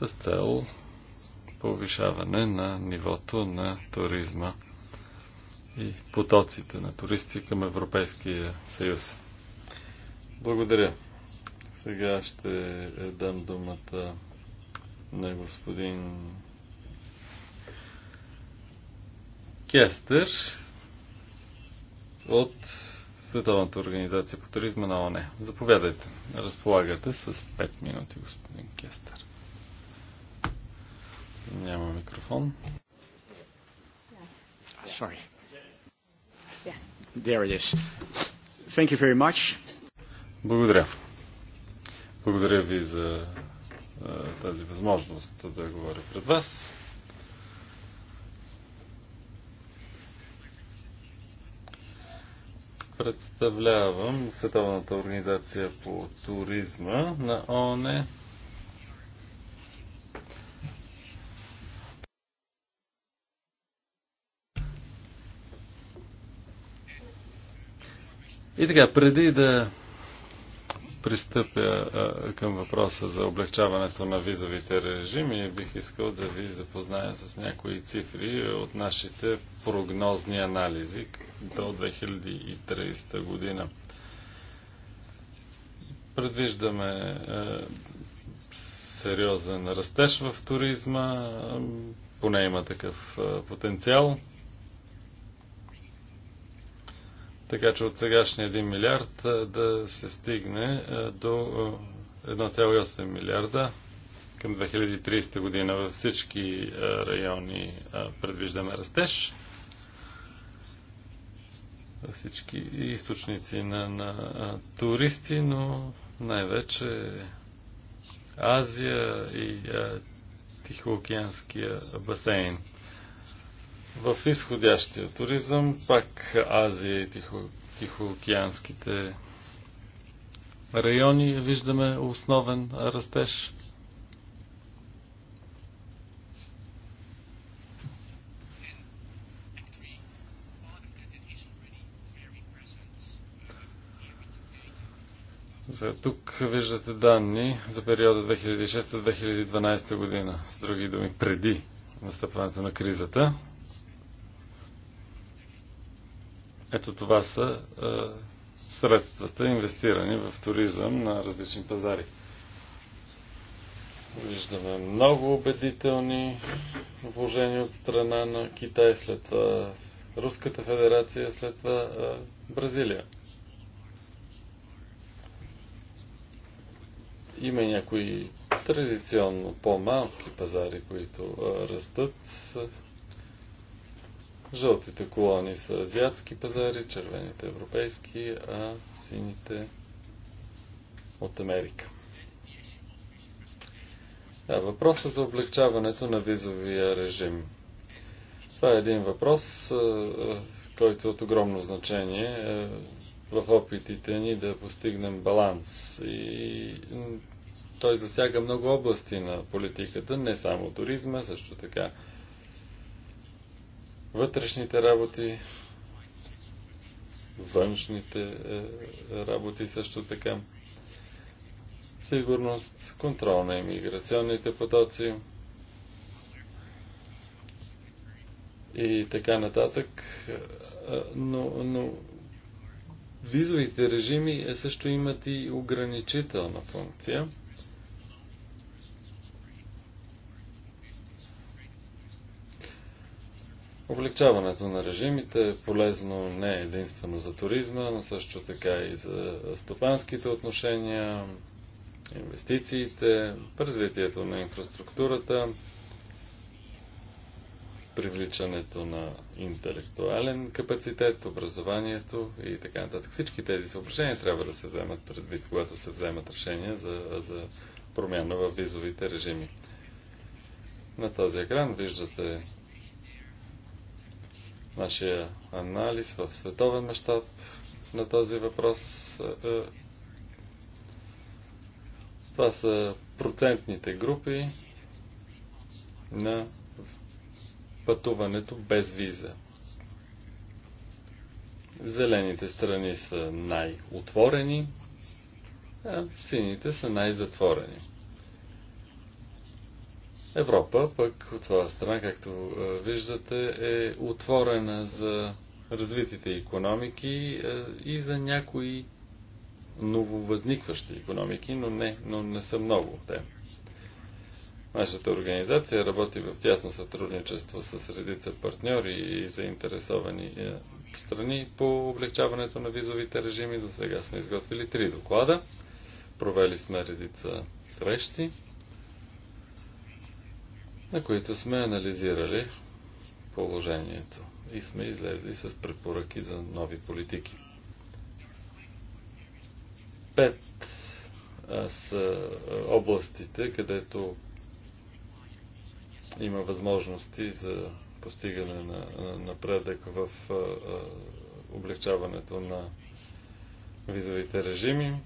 с цел повишаване на нивото на туризма и потоците на туристи към Европейския съюз. Благодаря. Сега ще дам думата на господин Кестер от Световната организация по туризма на ОНЕ. Заповядайте. Разполагате с 5 минути, господин Кестър. Няма микрофон. Sorry. There it is. Thank you very much. Благодаря. Благодаря ви за е, тази възможност да говоря пред вас. Представлявам Световната организация по туризма на ОНЕ. И така, преди да пристъпя а, към въпроса за облегчаването на визовите режими, бих искал да ви запозная с някои цифри от нашите прогнозни анализи до 2030 година. Предвиждаме а, сериозен растеж в туризма, поне има такъв а, потенциал. Така че от сегашния 1 милиард да се стигне до 1,8 милиарда към 2030 година. Във всички райони предвиждаме растеж всички източници на, на а, туристи, но най-вече Азия и а, Тихоокеанския басейн. В изходящия туризъм пак Азия и Тихо, Тихоокеанските райони виждаме основен растеж. За тук виждате данни за периода 2006-2012 година, с други думи, преди настъпването на кризата. Ето това са е, средствата, инвестирани в туризъм на различни пазари. Виждаме много убедителни вложения от страна на Китай, след това Руската федерация, след това е, Бразилия. Има и някои традиционно по-малки пазари, които е, растат Жълтите колони са азиатски пазари, червените европейски, а сините от Америка. Да, въпросът за облегчаването на визовия режим. Това е един въпрос, който е от огромно значение в опитите ни да постигнем баланс. И той засяга много области на политиката, не само туризма, също така вътрешните работи, външните е, е, работи също така, сигурност, контрол на иммиграционните потоци и така нататък. Е, но, но визовите режими също имат и ограничителна функция – Облегчаването на режимите е полезно не единствено за туризма, но също така и за стопанските отношения, инвестициите, развитието на инфраструктурата, привличането на интелектуален капацитет, образованието и така нататък. Всички тези съображения трябва да се вземат предвид, когато се вземат решения за, за промяна в визовите режими. На този екран виждате Нашия анализ в световен мащаб на този въпрос е, това са процентните групи на пътуването без виза. Зелените страни са най-отворени, а сините са най-затворени. Европа пък от своя страна, както виждате, е отворена за развитите економики и за някои нововъзникващи економики, но не, но не са много те. Нашата организация работи в тясно сътрудничество с редица партньори и заинтересовани е, страни по облегчаването на визовите режими. До сега сме изготвили три доклада. Провели сме редица срещи на които сме анализирали положението и сме излезли с препоръки за нови политики. Пет са областите, където има възможности за постигане на напредък в облегчаването на визовите режими.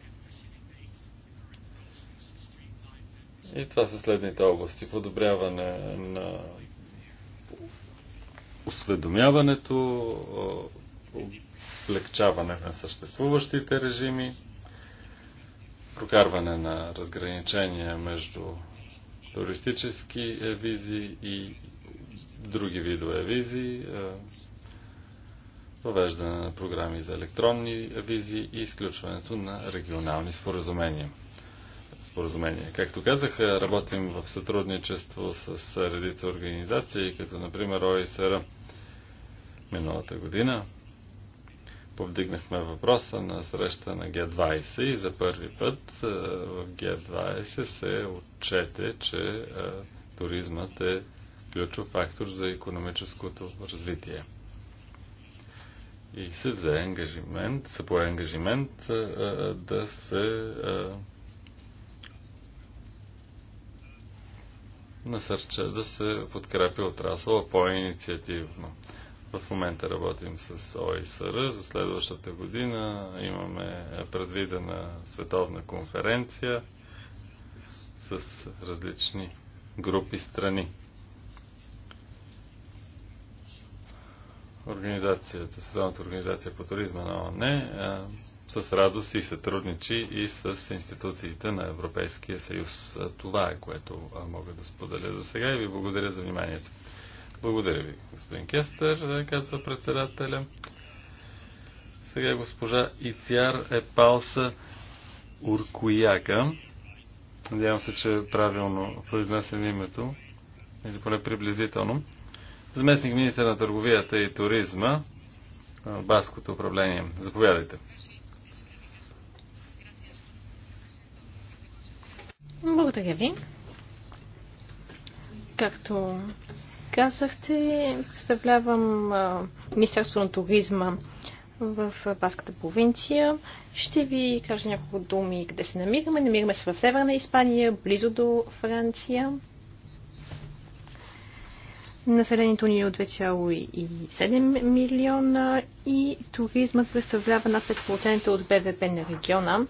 И това са следните области. Подобряване на осведомяването, облегчаване на съществуващите режими, прокарване на разграничения между туристически визи и други видове визи, въвеждане на програми за електронни визи и изключването на регионални споразумения споразумение. Както казах, е, работим в сътрудничество с редица организации, като например ОИСР миналата година. Повдигнахме въпроса на среща на Г20 и за първи път е, в Г20 се отчете, че е, туризмът е ключов фактор за економическото развитие. И се взе ангажимент, се пое ангажимент да се насърча да се подкрепи отрасъла по-инициативно. В момента работим с ОИСР. За следващата година имаме предвидена световна конференция с различни групи страни. Организацията, Световната организация по туризма на ООН е, с радост и сътрудничи и с институциите на Европейския съюз. Това е което мога да споделя за сега и ви благодаря за вниманието. Благодаря ви, господин Кестър, е, казва председателя. Сега госпожа е Епалса Уркояка. Надявам се, че е правилно произнесем името, или поне приблизително заместник министър на търговията и туризма, Баското управление. Заповядайте. Благодаря ви. Както казахте, представлявам Министерство на туризма в Баската провинция. Ще ви кажа няколко думи къде се намираме. Намираме се в Северна Испания, близо до Франция. Населението ни е от 2,7 милиона и туризмът представлява над 5% от БВП на региона.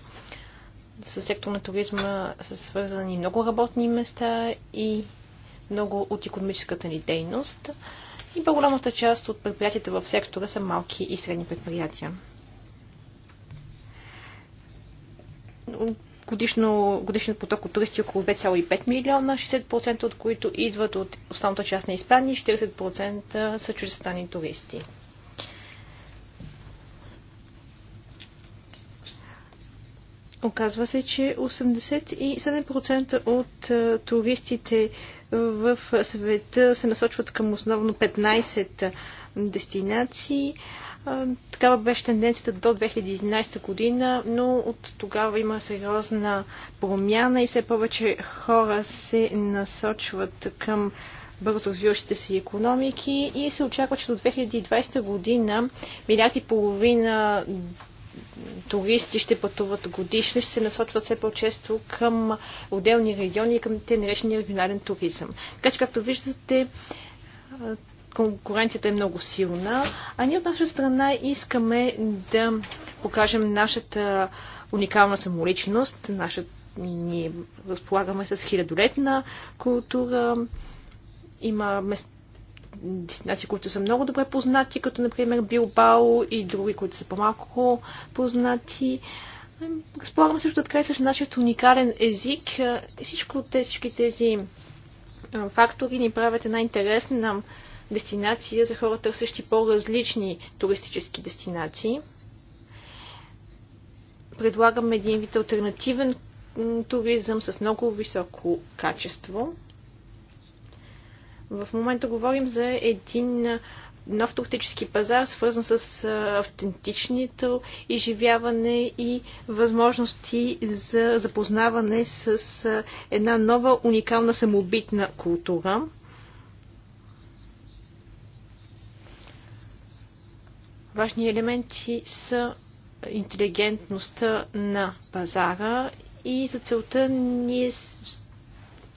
С сектор на туризма са свързани много работни места и много от економическата ни дейност. И по-голямата част от предприятията в сектора са малки и средни предприятия годишно, годишен поток от туристи е около 2,5 милиона, 60% от които идват от основната част на Испания и 40% са чуждестранни туристи. Оказва се, че 87% от е, туристите е, в света се насочват към основно 15 дестинации. Такава беше тенденцията до 2011 година, но от тогава има сериозна промяна и все повече хора се насочват към бързо развиващите се економики и се очаква, че до 2020 година милиард и половина туристи ще пътуват годишно, ще се насочват все по-често към отделни региони и към те наречени регионален туризъм. Така че, както виждате, конкуренцията е много силна, а ние от наша страна искаме да покажем нашата уникална самоличност, нашата ние разполагаме с хилядолетна култура, има мест... дестинации, които са много добре познати, като например Билбао и други, които са по-малко познати. Разполагаме също така и с нашия уникален език. Всичко, всички тези фактори ни правят една интересна дестинация за хора, търсещи по-различни туристически дестинации. Предлагаме един вид альтернативен туризъм с много високо качество. В момента говорим за един нов туристически пазар, свързан с автентичното изживяване и възможности за запознаване с една нова уникална самобитна култура. Важни елементи са интелигентността на пазара и за целта ние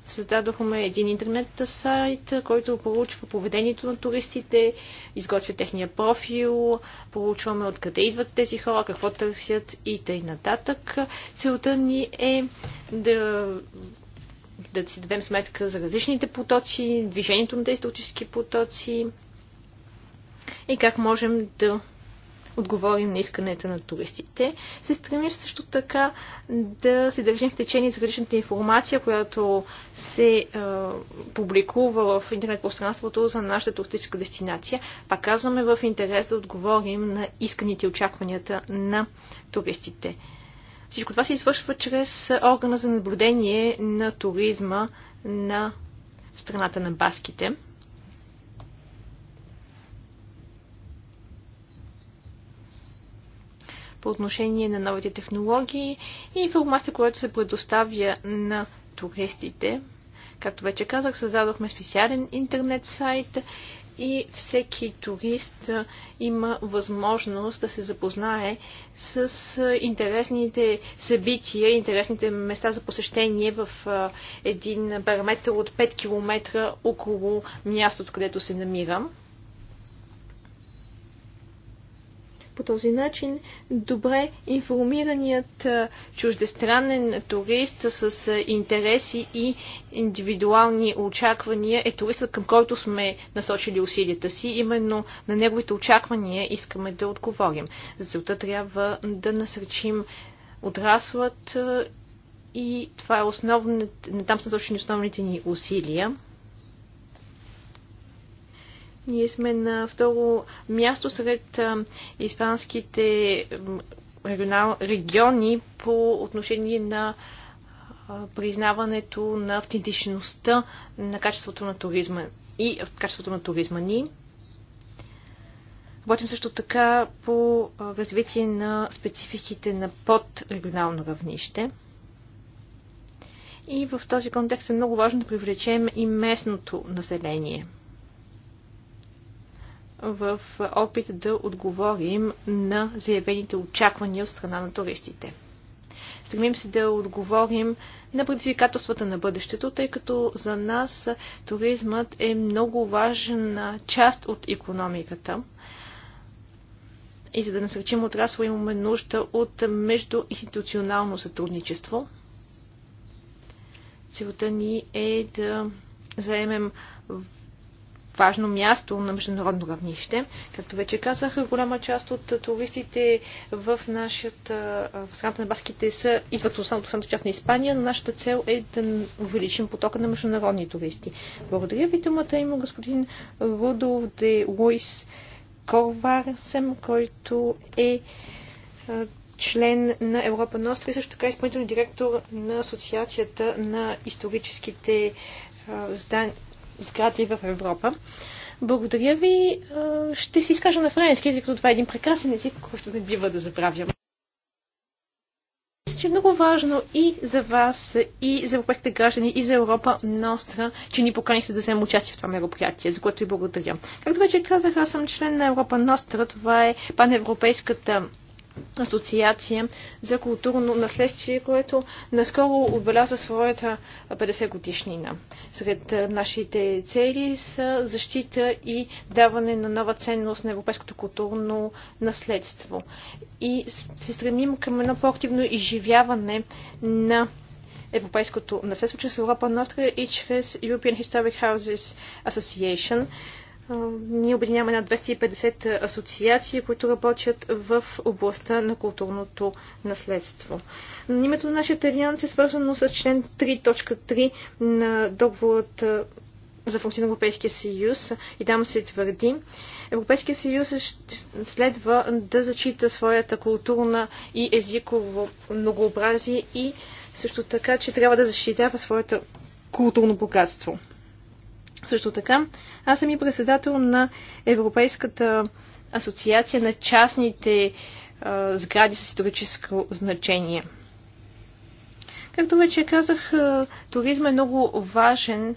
създадохме един интернет сайт, който получва поведението на туристите, изготвя техния профил, получваме откъде идват тези хора, какво търсят и тъй нататък. Целта ни е да да си дадем сметка за различните потоци, движението на тези туристически потоци и как можем да отговорим на искането на туристите. Се стремим също така да се държим в течение за различната информация, която се е, публикува в интернет пространството за нашата туристическа дестинация. Пак казваме в интерес да отговорим на исканите очакванията на туристите. Всичко това се извършва чрез органа за наблюдение на туризма на страната на баските. по отношение на новите технологии и информация, която се предоставя на туристите. Както вече казах, създадохме специален интернет сайт и всеки турист има възможност да се запознае с интересните събития, интересните места за посещение в един параметр от 5 км около мястото, където се намирам. По този начин добре информираният чуждестранен турист с интереси и индивидуални очаквания е туристът, към който сме насочили усилията си. Именно на неговите очаквания искаме да отговорим. За целта трябва да насречим отраслът и това е основният, там са насочени основните ни усилия. Ние сме на второ място сред испанските регионал, региони по отношение на признаването на автентичността на качеството на туризма и качеството на туризма ни. Работим също така по развитие на спецификите на подрегионално равнище. И в този контекст е много важно да привлечем и местното население – в опит да отговорим на заявените очаквания от страна на туристите. Стремим се да отговорим на предизвикателствата на бъдещето, тъй като за нас туризмът е много важна част от економиката. И за да насърчим отрасла имаме нужда от междуинституционално сътрудничество. Целта ни е да заемем важно място на международно равнище. Както вече казах, голяма част от туристите в нашата в страната на баските са идват от самото самото част на Испания, но нашата цел е да увеличим потока на международни туристи. Благодаря ви думата има господин Рудов де Лойс Корварсем, който е член на Европа Ностра и също така изпълнителен директор на Асоциацията на историческите здания сгради в Европа. Благодаря ви. Ще си изкажа на френски, тъй като това е един прекрасен език, който не бива да забравям. Мисля, че е много важно и за вас, и за европейските граждани, и за Европа Ностра, че ни поканихте да вземем участие в това мероприятие, за което ви благодаря. Както вече казах, аз съм член на Европа Ностра. Това е паневропейската асоциация за културно наследствие, което наскоро отбеляза своята 50 годишнина. Сред нашите цели са защита и даване на нова ценност на европейското културно наследство. И се стремим към едно по-активно изживяване на европейското наследство чрез Европа Ностра и чрез European Historic Houses Association, ние обединяваме над 250 асоциации, които работят в областта на културното наследство. името на нашия алианс е свързано с член 3.3 на договорът за функция на Европейския съюз и там се твърди, Европейския съюз следва да зачита своята културна и езиково многообразие и също така, че трябва да защитава своето културно богатство. Също така, аз съм и председател на Европейската асоциация на частните а, сгради с историческо значение. Както вече казах, туризма е много важен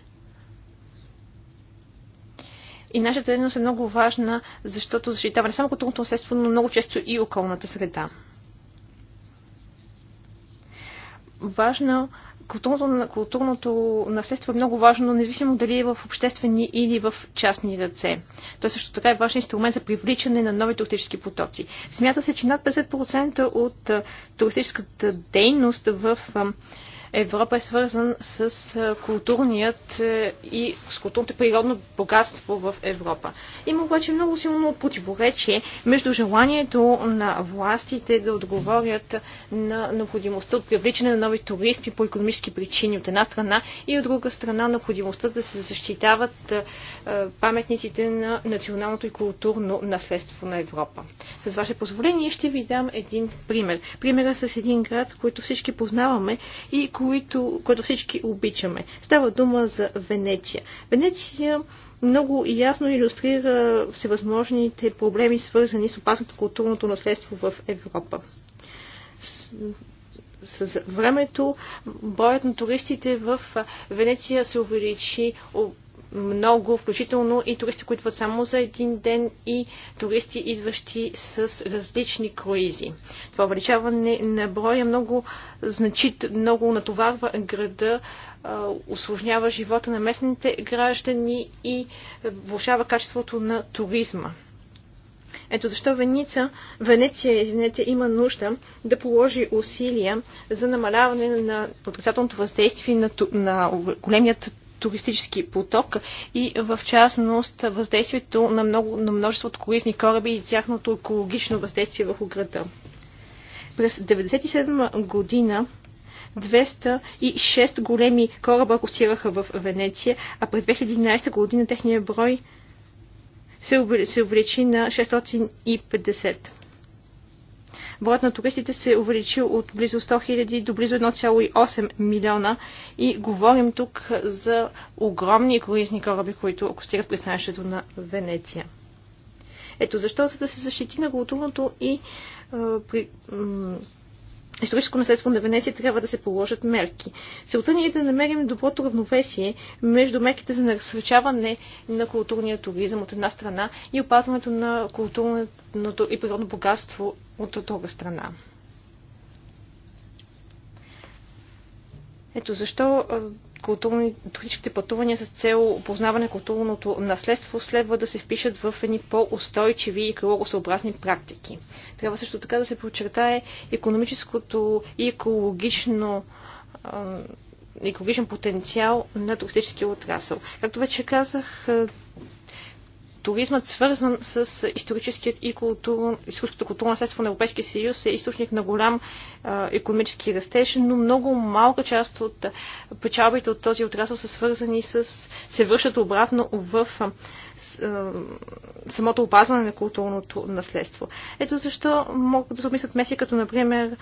и нашата дейност е много важна, защото защитава не само културното наследство, но много често и околната среда. Важно културното, културното наследство е много важно, независимо дали е в обществени или в частни ръце. Той също така е важен инструмент за привличане на нови туристически потоци. Смята се, че над 50% от туристическата дейност в Европа е свързан с културният и с културното природно богатство в Европа. Има обаче много силно противоречие между желанието на властите да отговорят на необходимостта от привличане на нови туристи по економически причини от една страна и от друга страна необходимостта да се защитават паметниците на националното и културно наследство на Европа. С ваше позволение ще ви дам един пример. Примера с един град, който всички познаваме и които, които всички обичаме. Става дума за Венеция. Венеция много ясно иллюстрира всевъзможните проблеми, свързани с опасното културното наследство в Европа. С, с времето броят на туристите в Венеция се увеличи много, включително и туристи, които идват само за един ден и туристи, идващи с различни круизи. Това увеличаване на броя много значит, много натоварва града, осложнява живота на местните граждани и влушава качеството на туризма. Ето защо Веница, Венеция извинете, има нужда да положи усилия за намаляване на отрицателното въздействие на, на големият туристически поток и в частност въздействието на, много, на множеството колизни кораби и тяхното екологично въздействие върху града. През 1997 година 206 големи кораба косираха в Венеция, а през 2011 година техния брой се увеличи на 650. Броят на туристите се е увеличил от близо 100 000 до близо 1,8 милиона и говорим тук за огромни круизни кораби, които акустират пристанището на Венеция. Ето защо, за да се защити на културното и при, историческо наследство на Венеция трябва да се положат мерки. Целта ни е да намерим доброто равновесие между мерките за насърчаване на културния туризъм от една страна и опазването на културното и природно богатство от друга страна. Ето защо културни, туристическите пътувания с цел опознаване на културното наследство следва да се впишат в едни по-устойчиви и екологосъобразни практики. Трябва също така да се подчертае економическото и екологично екологичен потенциал на туристическия отрасъл. Както вече казах, туризмът, свързан с историческият и културно, културно наследство на Европейския съюз, е източник на голям а, економически растеж, но много малка част от печалбите от този отрасъл са свързани с... се връщат обратно в самото опазване на културното наследство. Ето защо могат да се обмислят меси, като например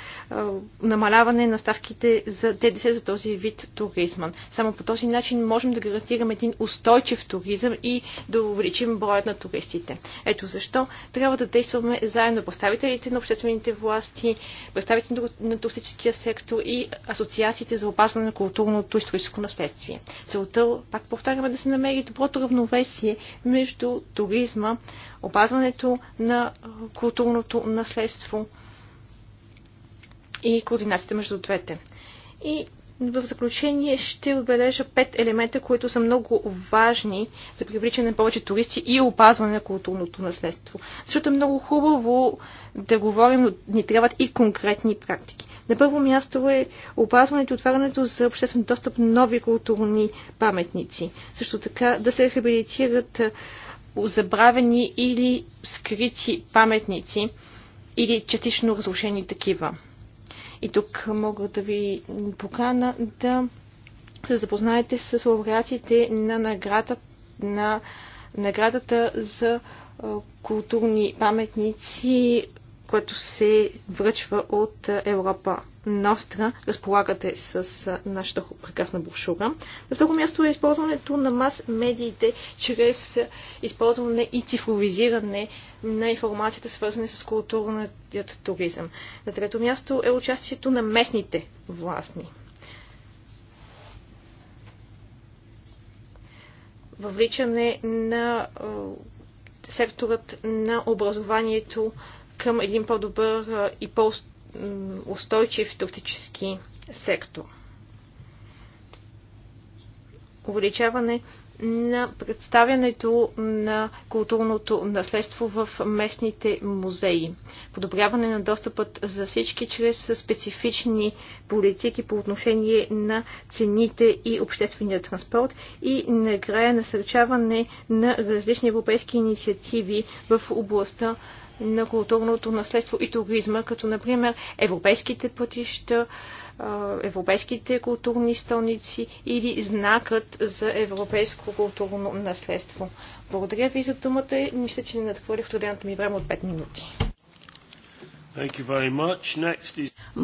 намаляване на ставките за ДДС за този вид туризма. Само по този начин можем да гарантираме един устойчив туризъм и да увеличим броят на туристите. Ето защо трябва да действаме заедно представителите на обществените власти, представителите на туристическия сектор и асоциациите за опазване на културното историческо наследствие. Целта, пак повтаряме, да се намери доброто равновесие между туризма, опазването на културното наследство и координацията между двете. И в заключение ще отбележа пет елемента, които са много важни за привличане на повече туристи и опазване на културното наследство. Защото е много хубаво да говорим, но ни трябват и конкретни практики. На първо място е опазването и отварянето за обществен достъп на нови културни паметници. Също така да се рехабилитират забравени или скрити паметници или частично разрушени такива. И тук мога да ви покана да се запознаете с лауреатите на наградата, на наградата за културни паметници което се връчва от Европа Ностра. Разполагате с нашата прекрасна брошура. На второ място е използването на мас-медиите чрез използване и цифровизиране на информацията, свързана с културният туризъм. На трето място е участието на местните властни. Въвличане на секторът на образованието към един по-добър и по-устойчив туристически сектор. Увеличаване на представянето на културното наследство в местните музеи. Подобряване на достъпът за всички чрез специфични политики по отношение на цените и обществения транспорт и накрая насърчаване на различни европейски инициативи в областта на културното наследство и туризма, като например европейските пътища, европейските културни столници или знакът за европейско културно наследство. Благодаря ви за думата и мисля, че не надхвърлих студеното ми време от 5 минути.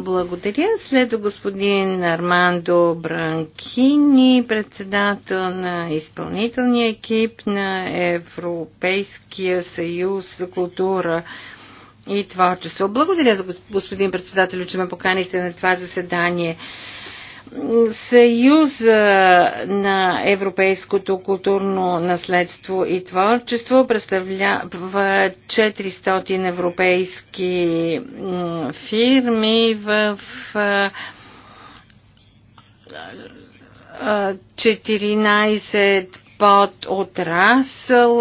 Благодаря. След господин Армандо Бранкини, председател на изпълнителния екип на Европейския съюз за култура и творчество. Благодаря за господин председател, че ме поканихте на това заседание. Съюза на европейското културно наследство и творчество представлява 400 европейски фирми в 14 под отрасъл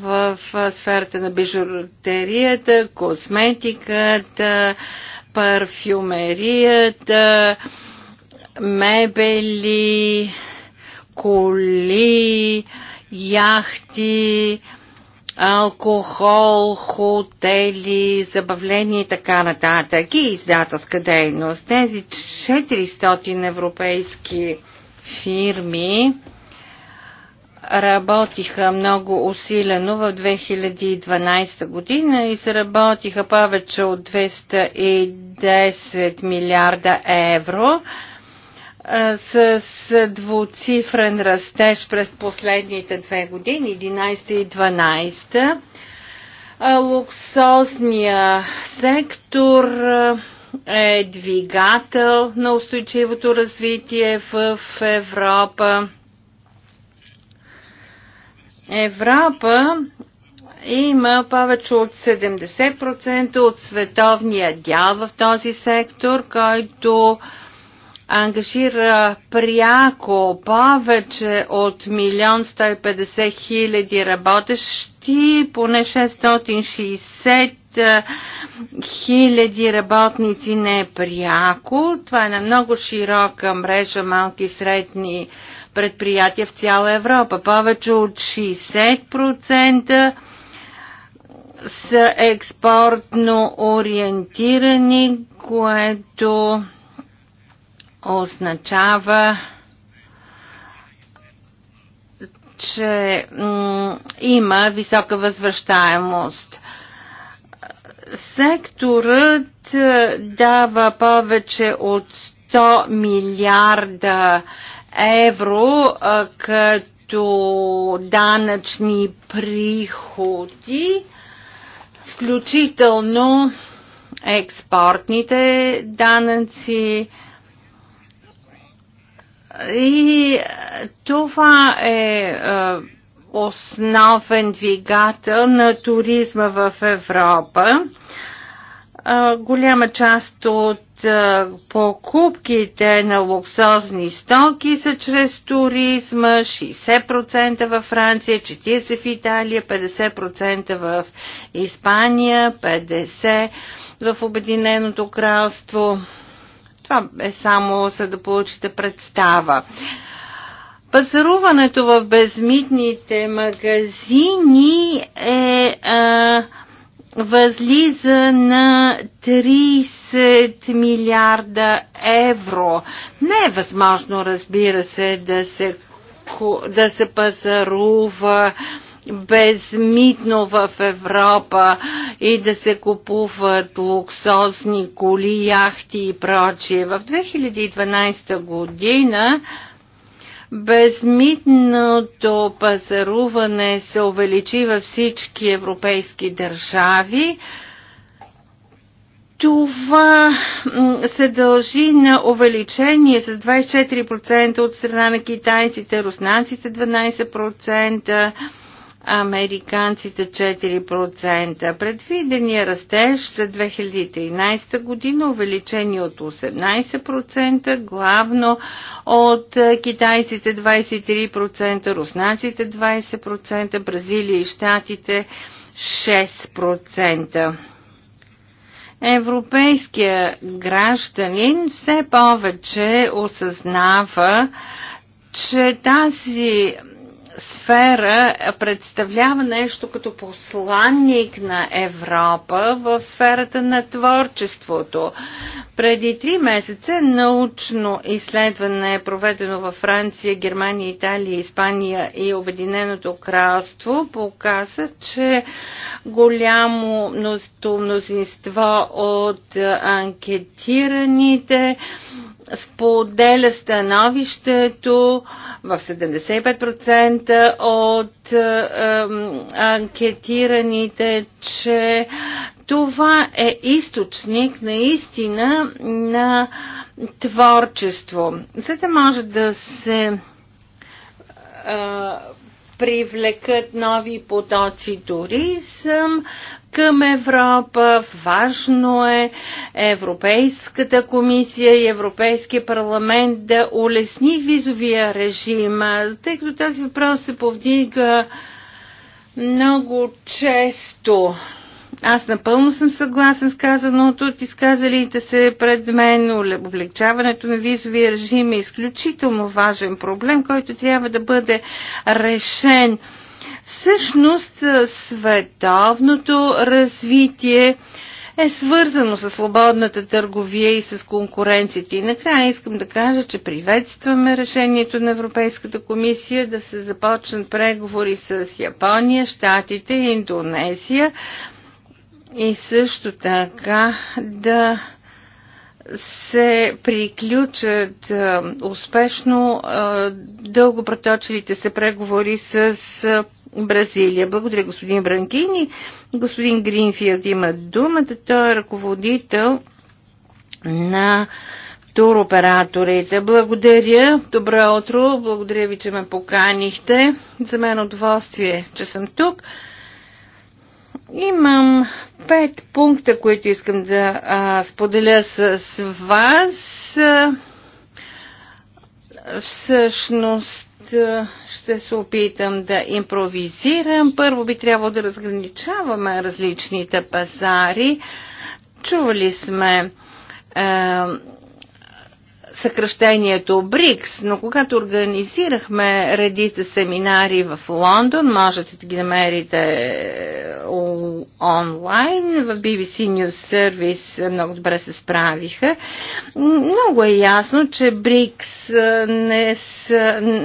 в сферата на бижутерията, косметиката, парфюмерията, мебели, коли, яхти, алкохол, хотели, забавления и така нататък и издателска дейност. Тези 400 европейски фирми работиха много усилено в 2012 година и заработиха повече от 210 милиарда евро с двуцифрен растеж през последните две години, 11 и 12. Луксозния сектор е двигател на устойчивото развитие в Европа. Европа има повече от 70% от световния дял в този сектор, който ангажира пряко повече от 1 150 хиляди работещи, поне 660 е, хиляди работници не пряко. Това е на много широка мрежа малки и средни предприятия в цяла Европа. Повече от 60% са експортно ориентирани, което означава че има висока възвръщаемост. Секторът е, дава повече от 100 милиарда евро е, като данъчни приходи, включително експортните данъци, и това е, е основен двигател на туризма в Европа. Е, голяма част от е, покупките на луксозни стоки са чрез туризма, 60% във Франция, 40% в Италия, 50% в Испания, 50% в Обединеното кралство. Това е само за да получите представа. Пазаруването в безмитните магазини е а, възлиза на 30 милиарда евро. Не е възможно, разбира се, да се, да се пазарува безмитно в Европа и да се купуват луксозни коли, яхти и прочие. В 2012 година безмитното пазаруване се увеличи във всички европейски държави. Това се дължи на увеличение с 24% от страна на китайците, руснаците 12%, американците 4%. Предвидения растеж за 2013 година увеличение от 18%, главно от е, китайците 23%, руснаците 20%, Бразилия и Штатите 6%. Европейския гражданин все повече осъзнава, че тази сфера представлява нещо като посланник на Европа в сферата на творчеството. Преди три месеца научно изследване е проведено във Франция, Германия, Италия, Испания и Обединеното кралство показа, че голямо мнозинство от анкетираните споделя становището в 75% от е, анкетираните, че това е източник наистина на творчество. За да може да се е, привлекат нови потоци туризъм към Европа. Важно е Европейската комисия и Европейския парламент да улесни визовия режим, тъй като този въпрос се повдига много често аз напълно съм съгласен с казаното от изказалите се пред мен. Облегчаването на визовия режим е изключително важен проблем, който трябва да бъде решен. Всъщност, световното развитие е свързано с свободната търговия и с конкуренцията. И накрая искам да кажа, че приветстваме решението на Европейската комисия да се започнат преговори с Япония, Штатите и Индонезия и също така да се приключат е, успешно е, дълго проточилите се преговори с е, Бразилия. Благодаря господин Бранкини. Господин Гринфилд има думата. Той е ръководител на туроператорите. Благодаря. Добро утро. Благодаря ви, че ме поканихте. За мен удоволствие, че съм тук. Имам пет пункта, които искам да а, споделя с, с вас. Всъщност ще се опитам да импровизирам. Първо би трябвало да разграничаваме различните пазари. Чували сме съкръщението БРИКС, но когато организирахме редица семинари в Лондон, можете да ги намерите е, онлайн, в BBC News Service много добре се справиха. Много е ясно, че БРИКС е, не, с,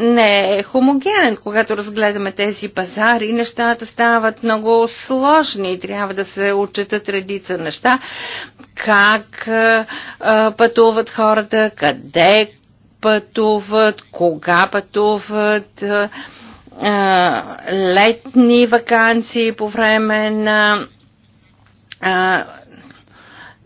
не е хомогенен. Когато разгледаме тези пазари, нещата стават много сложни и трябва да се отчетат редица неща, как пътуват хората, къде пътуват, кога пътуват, летни вакансии по време на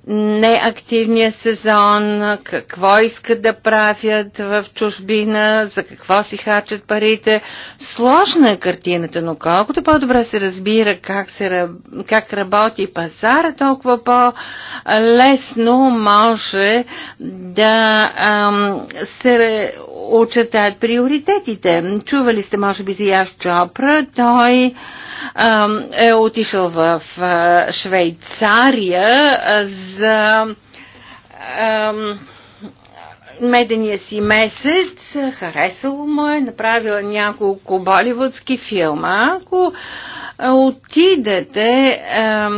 неактивния сезон, какво искат да правят в чужбина, за какво си хачат парите. Сложна е картината, но колкото по-добре се разбира как, се, как работи пазара, толкова по-лесно може да ам, се очертаят приоритетите. Чували сте, може би, за Яш Чопра. Той е отишъл в Швейцария за а, медения си месец, харесало му е, направила няколко боливудски филма. Ако отидете а,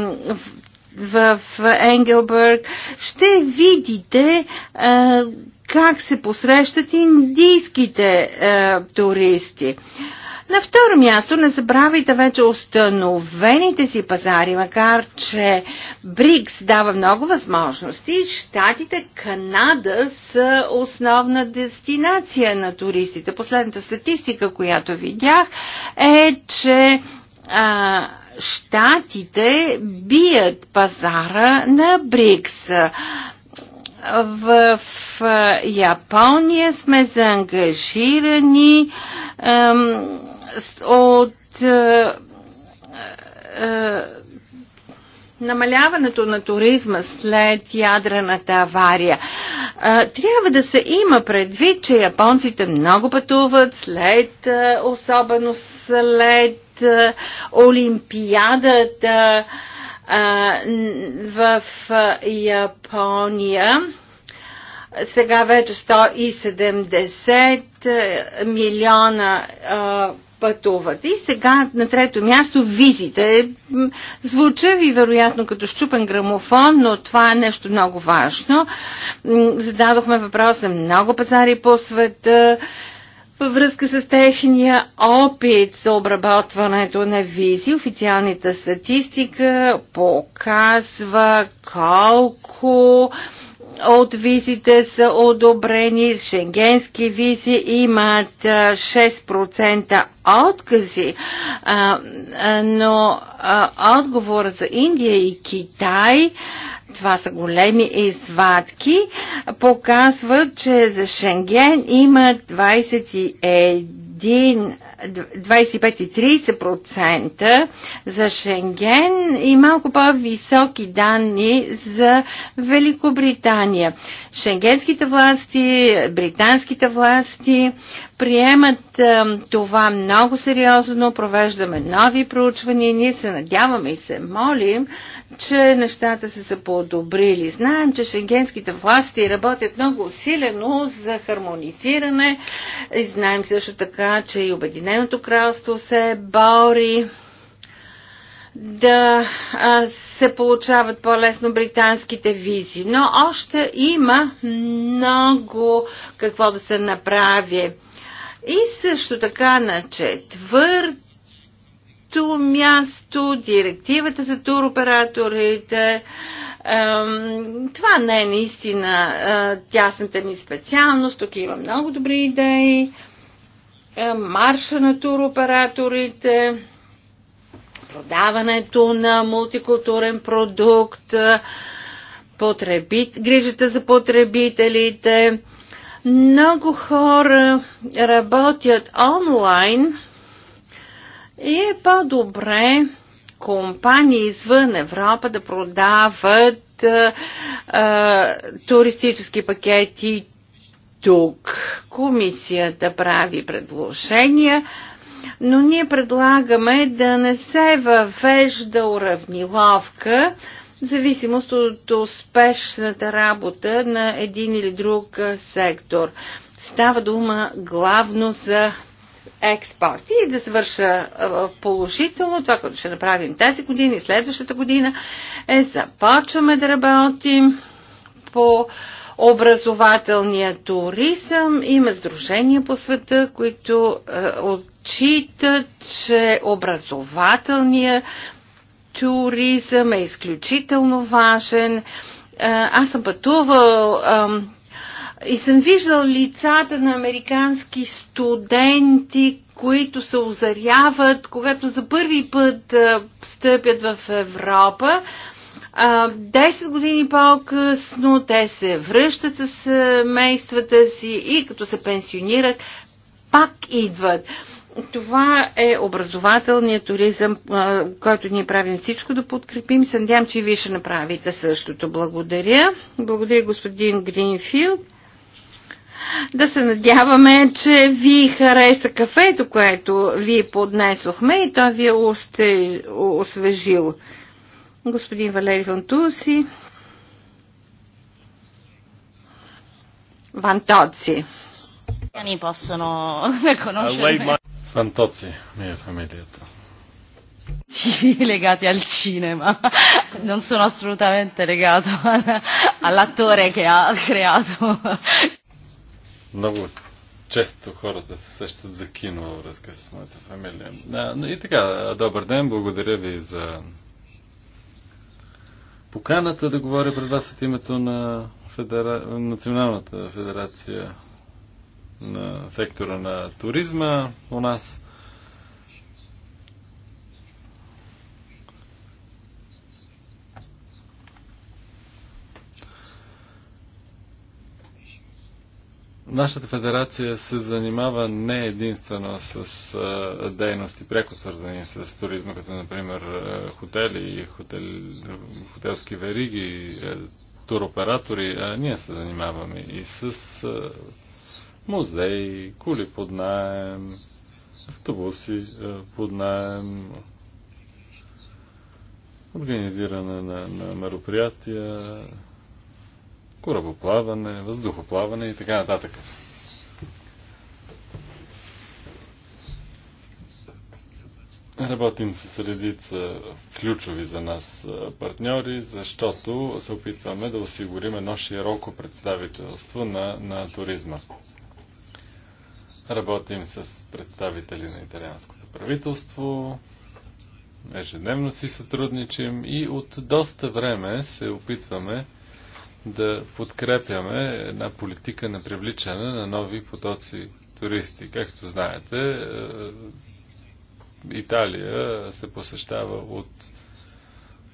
в, в Енгелбърг, ще видите а, как се посрещат индийските а, туристи. А, на второ място, не забравяйте вече установените си пазари, макар че БРИКС дава много възможности, Штатите Канада са основна дестинация на туристите. Последната статистика, която видях, е, че а, щатите бият пазара на БРИКС. В, в Япония сме заангажирани от е, е, намаляването на туризма след ядрената авария. Е, трябва да се има предвид, че японците много пътуват след, е, особено след е, Олимпиадата в Япония. Сега вече 170 милиона пътуват. И сега на трето място визите. Звуча ви вероятно като щупен грамофон, но това е нещо много важно. Зададохме въпрос на много пазари по света във връзка с техния опит за обработването на визи. Официалната статистика показва колко м- от визите са одобрени, шенгенски визи имат 6% откази, но отговор за Индия и Китай това са големи извадки, показват, че за Шенген има 21 25-30% за Шенген и малко по-високи данни за Великобритания. Шенгенските власти, британските власти приемат това много сериозно, провеждаме нови проучвания, ние се надяваме и се молим че нещата са се подобрили. Знаем, че шенгенските власти работят много усилено за хармонизиране. И знаем също така, че и Обединеното кралство се бори да се получават по-лесно британските визи. Но още има много какво да се направи. И също така на четвърт пето място директивата за туроператорите. Това не е наистина тясната ми специалност. Тук има много добри идеи. Е, марша на туроператорите продаването на мултикултурен продукт, грижата за потребителите. Много хора работят онлайн и е по-добре компании извън Европа да продават а, а, туристически пакети тук. Комисията прави предложения, но ние предлагаме да не се въвежда уравниловка в зависимост от успешната работа на един или друг сектор. Става дума главно за Експорти И да свърша положително това, което ще направим тази година и следващата година, е започваме да работим по образователния туризъм. Има сдружения по света, които отчитат, че образователния туризъм е изключително важен. аз съм пътувал и съм виждал лицата на американски студенти, които се озаряват, когато за първи път а, стъпят в Европа. Десет години по-късно те се връщат с семействата си и като се пенсионират, пак идват. Това е образователният туризъм, който ние правим всичко да подкрепим. Се че и вие ще направите същото. Благодаря. Благодаря господин Гринфилд. Да се надяваме, че ви хареса кафето, което ви поднесохме и то ви е освежил. Господин Валери Вантуси. Вантоци. посано не Фантоци ми е фамилията. легати al cinema, non sono assolutamente legato all'attore che ha creato много често хората се сещат за кино във връзка с моята фамилия. Да, и така, добър ден, благодаря ви за поканата да говоря пред вас от името на федера... Националната федерация на сектора на туризма у нас. Нашата федерация се занимава не единствено с а, дейности, пряко свързани с туризма, като например хотели, хотел, хотелски вериги, туроператори. А ние се занимаваме и с а, музеи, кули под найем, автобуси а, под найем, организиране на, на мероприятия, корабоплаване, въздухоплаване и така нататък. Работим с редица ключови за нас партньори, защото се опитваме да осигурим едно широко представителство на, на туризма. Работим с представители на италианското правителство, ежедневно си сътрудничим и от доста време се опитваме да подкрепяме една политика на привличане на нови потоци туристи. Както знаете, е, Италия се посещава от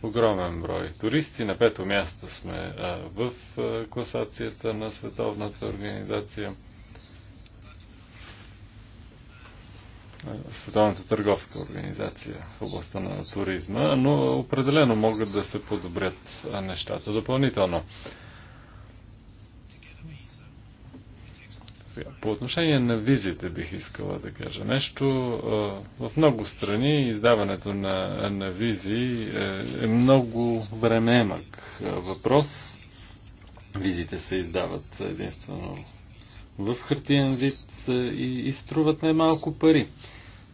огромен брой туристи. На пето място сме е, в е, класацията на Световната организация Световната търговска организация в областта на туризма, но определено могат да се подобрят нещата допълнително. по отношение на визите бих искала да кажа нещо. В много страни издаването на, на визи е, е много времеемък въпрос. Визите се издават единствено в хартиен вид и, и струват най-малко пари.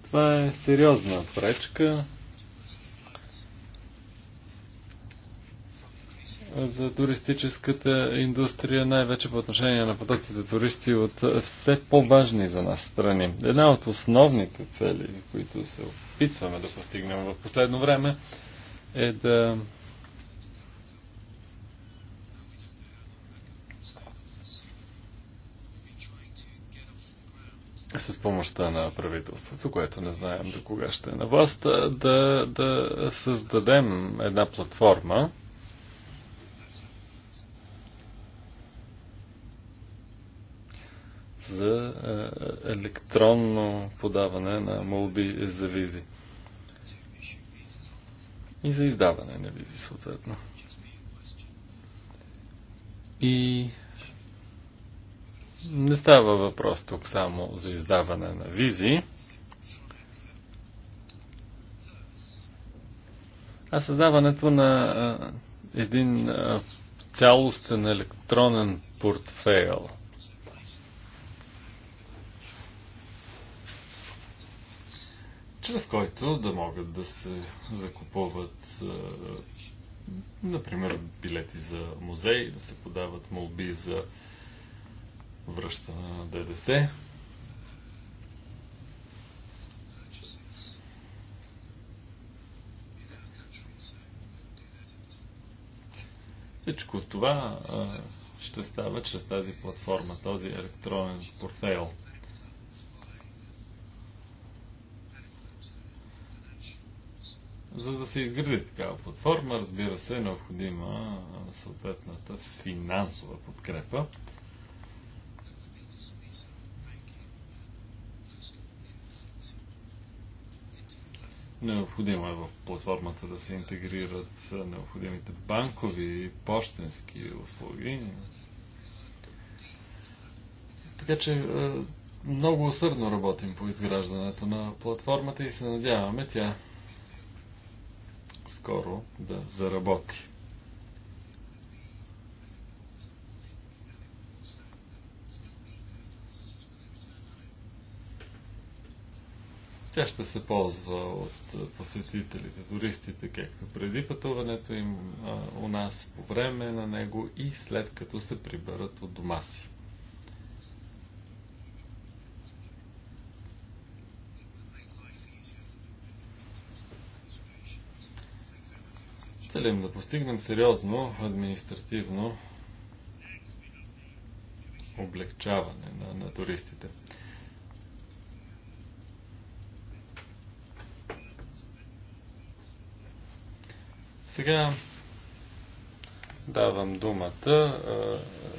Това е сериозна пречка за туристическата индустрия, най-вече по отношение на потоците туристи от все по-важни за нас страни. Една от основните цели, които се опитваме да постигнем в последно време, е да Е с помощта на правителството, което не знаем до кога ще е на власт, да, да създадем една платформа, за е, електронно подаване на молби за визи. И за издаване на визи, съответно. И не става въпрос тук само за издаване на визи, а създаването на един цялостен електронен портфейл. чрез който да могат да се закупуват, например, билети за музеи, да се подават молби за връщане на ДДС. Всичко това а, ще става чрез тази платформа, този електронен портфейл. За да се изгради такава платформа, разбира се, е необходима съответната финансова подкрепа. Необходимо е в платформата да се интегрират необходимите банкови и почтенски услуги. Така че е, много усърдно работим по изграждането на платформата и се надяваме тя скоро да заработи. Тя ще се ползва от посетителите, туристите, както преди пътуването им а, у нас, по време на него и след като се приберат от дома си. Целим да постигнем сериозно административно облегчаване на, на туристите. Сега давам думата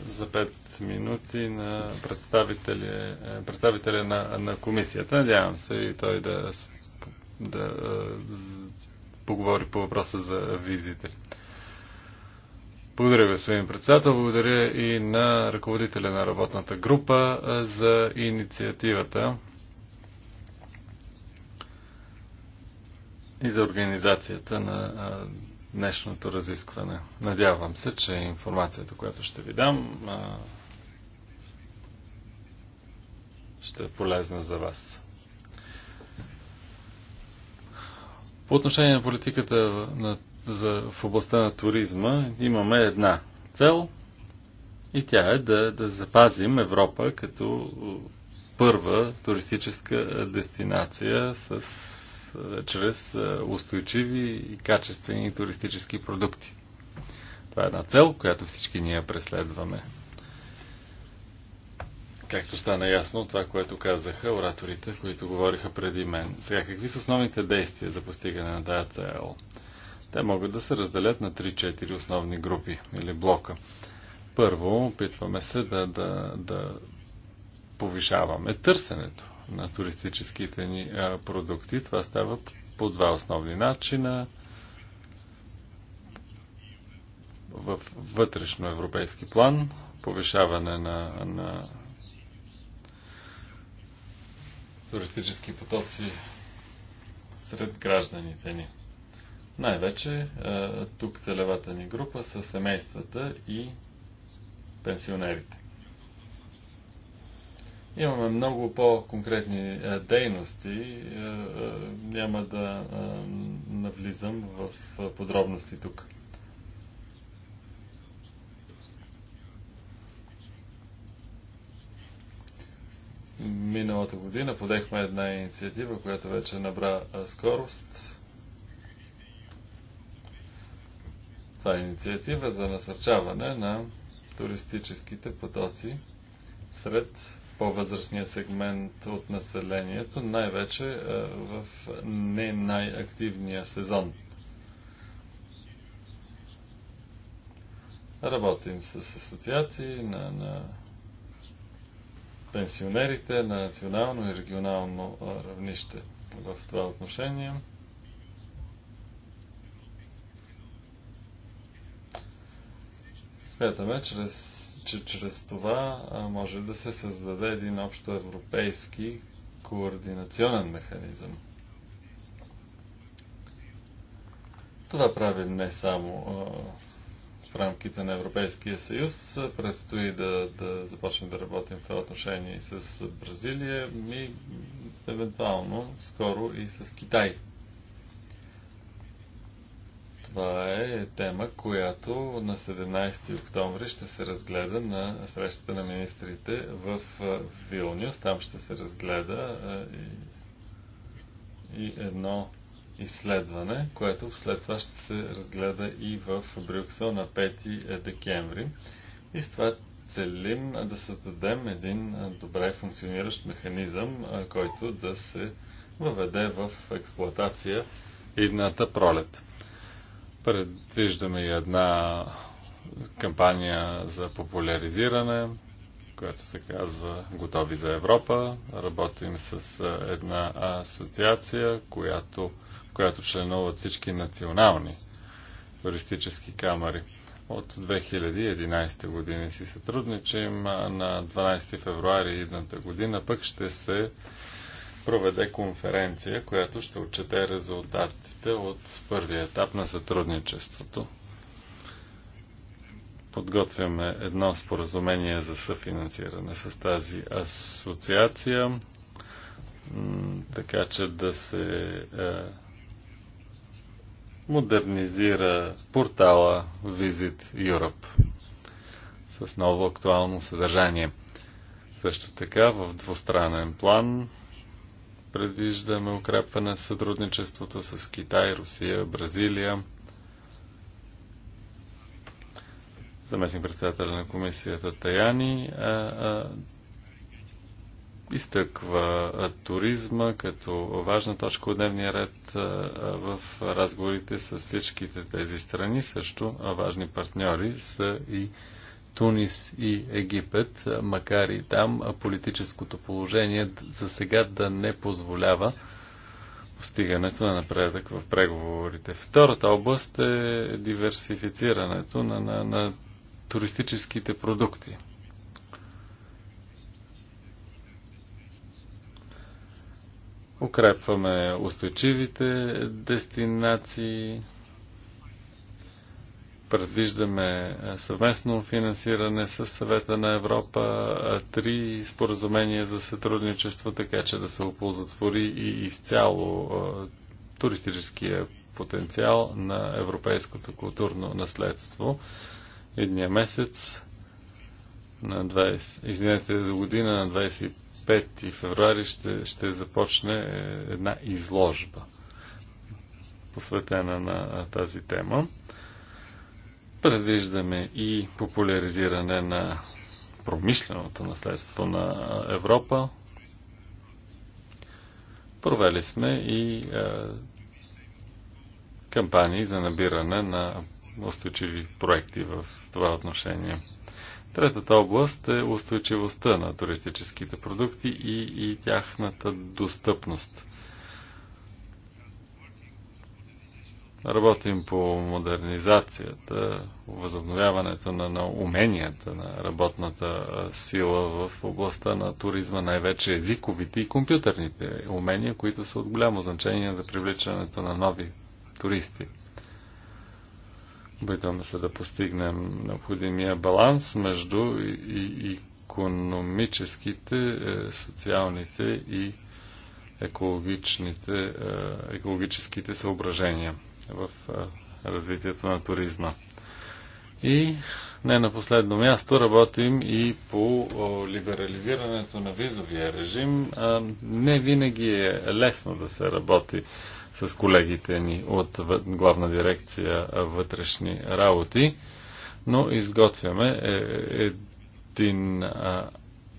за 5 минути на представителя, представителя на, на комисията. Надявам се и той да, да поговори по въпроса за визите. Благодаря, господин председател. Благодаря и на ръководителя на работната група за инициативата и за организацията на днешното разискване. Надявам се, че информацията, която ще ви дам, ще е полезна за вас. По отношение на политиката на, за, в областта на туризма имаме една цел и тя е да, да запазим Европа като първа туристическа дестинация с чрез е, устойчиви и качествени туристически продукти. Това е една цел, която всички ние преследваме. Както стана ясно, това, което казаха ораторите, които говориха преди мен. Сега, какви са основните действия за постигане на тази цел? Те могат да се разделят на 3-4 основни групи или блока. Първо, опитваме се да, да, да повишаваме търсенето на туристическите ни продукти. Това става по два основни начина. В вътрешноевропейски план повишаване на, на туристически потоци сред гражданите ни. Най-вече тук целевата ни група са семействата и пенсионерите. Имаме много по-конкретни е, дейности. Е, е, няма да навлизам в подробности тук. Миналата година подехме една инициатива, която вече набра скорост. Това е инициатива за насърчаване на туристическите потоци сред по-възрастния сегмент от населението, най-вече е, в не най-активния сезон. Работим с асоциации на, на пенсионерите на национално и регионално е, равнище в това отношение. Смятаме, чрез че чрез това може да се създаде един общо европейски координационен механизъм. Това правим не само в рамките на Европейския съюз. Предстои да, да започнем да работим в това отношение и с Бразилия и евентуално скоро и с Китай. Това е тема, която на 17 октомври ще се разгледа на срещата на министрите в Вилнюс. Там ще се разгледа и, и едно изследване, което след това ще се разгледа и в Брюксел на 5 декември. И с това целим да създадем един добре функциониращ механизъм, който да се въведе в експлоатация идната пролет. Предвиждаме и една кампания за популяризиране, която се казва Готови за Европа. Работим с една асоциация, която, която членуват всички национални туристически камери. От 2011 година си сътрудничим. На 12 февруари идната година пък ще се проведе конференция, която ще отчете резултатите от първия етап на сътрудничеството. Подготвяме едно споразумение за съфинансиране с тази асоциация, така че да се е, модернизира портала Visit Europe с ново актуално съдържание. Също така в двустранен план Предвиждаме укрепване на сътрудничеството с Китай, Русия, Бразилия. Заместник председател на комисията Таяни а, а, изтъква а, туризма като важна точка от дневния ред а, в разговорите с всичките тези страни, също важни партньори са и а, Тунис и Египет, макар и там политическото положение за сега да не позволява постигането на напредък в преговорите. Втората област е диверсифицирането на, на, на туристическите продукти. Укрепваме устойчивите дестинации, Предвиждаме е, съвместно финансиране с съвета на Европа, е, три споразумения за сътрудничество, така че да се оползатвори и изцяло е, туристическия потенциал на европейското културно наследство. Едния месец на 20, извинете, до година на 25 февруари ще, ще започне една изложба, посветена на тази тема. Предвиждаме и популяризиране на промишленото наследство на Европа. Провели сме и е, кампании за набиране на устойчиви проекти в това отношение. Третата област е устойчивостта на туристическите продукти и, и тяхната достъпност. Работим по модернизацията, възобновяването на, на уменията на работната сила в областта на туризма, най-вече езиковите и компютърните умения, които са от голямо значение за привличането на нови туристи. Опитваме се да постигнем необходимия баланс между и, економическите, е, социалните и екологичните, е, екологическите съображения в развитието на туризма. И не на последно място работим и по либерализирането на визовия режим. Не винаги е лесно да се работи с колегите ни от главна дирекция вътрешни работи, но изготвяме е, един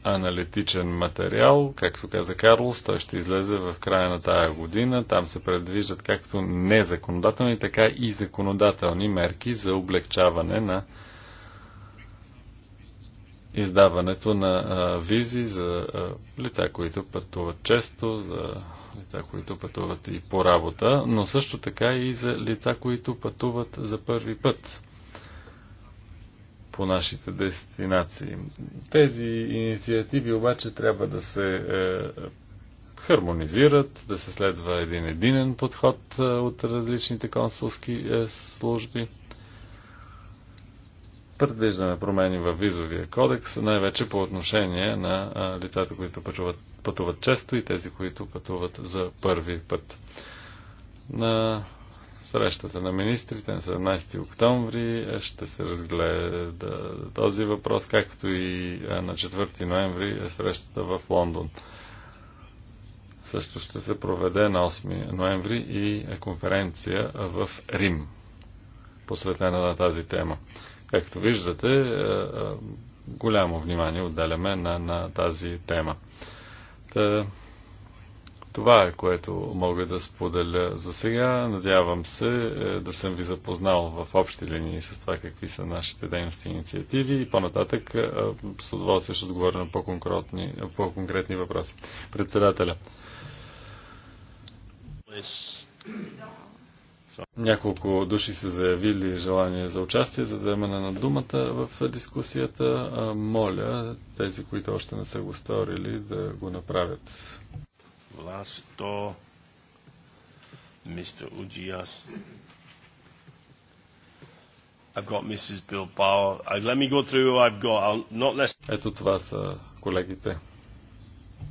аналитичен материал. Както каза Карлос, той ще излезе в края на тая година. Там се предвиждат както незаконодателни, така и законодателни мерки за облегчаване на издаването на а, визи за а, лица, които пътуват често, за лица, които пътуват и по работа, но също така и за лица, които пътуват за първи път по нашите дестинации. Тези инициативи обаче трябва да се е, хармонизират, да се следва един единен подход е, от различните консулски е, служби. Предвиждаме промени в визовия кодекс, най-вече по отношение на е, лицата, които пътуват, пътуват често и тези, които пътуват за първи път. На срещата на министрите на 17 октомври ще се разгледа този въпрос, както и на 4 ноември е срещата в Лондон. Също ще се проведе на 8 ноември и конференция в Рим, посветена на тази тема. Както виждате, голямо внимание отделяме на, на тази тема. Та, това е, което мога да споделя за сега. Надявам се е, да съм ви запознал в общи линии с това какви са нашите дейности и инициативи и по-нататък е, с удоволствие ще отговоря на по-конкретни, по-конкретни въпроси. Председателя. Няколко души са заявили желание за участие, за вземане на думата в дискусията. Е, моля тези, които още не са го сторили, да го направят. Vlasto, Mr. Ujias. I've got Mrs. Bilbao. Let me go through who I've got. I'll not less... Ето това са колегите.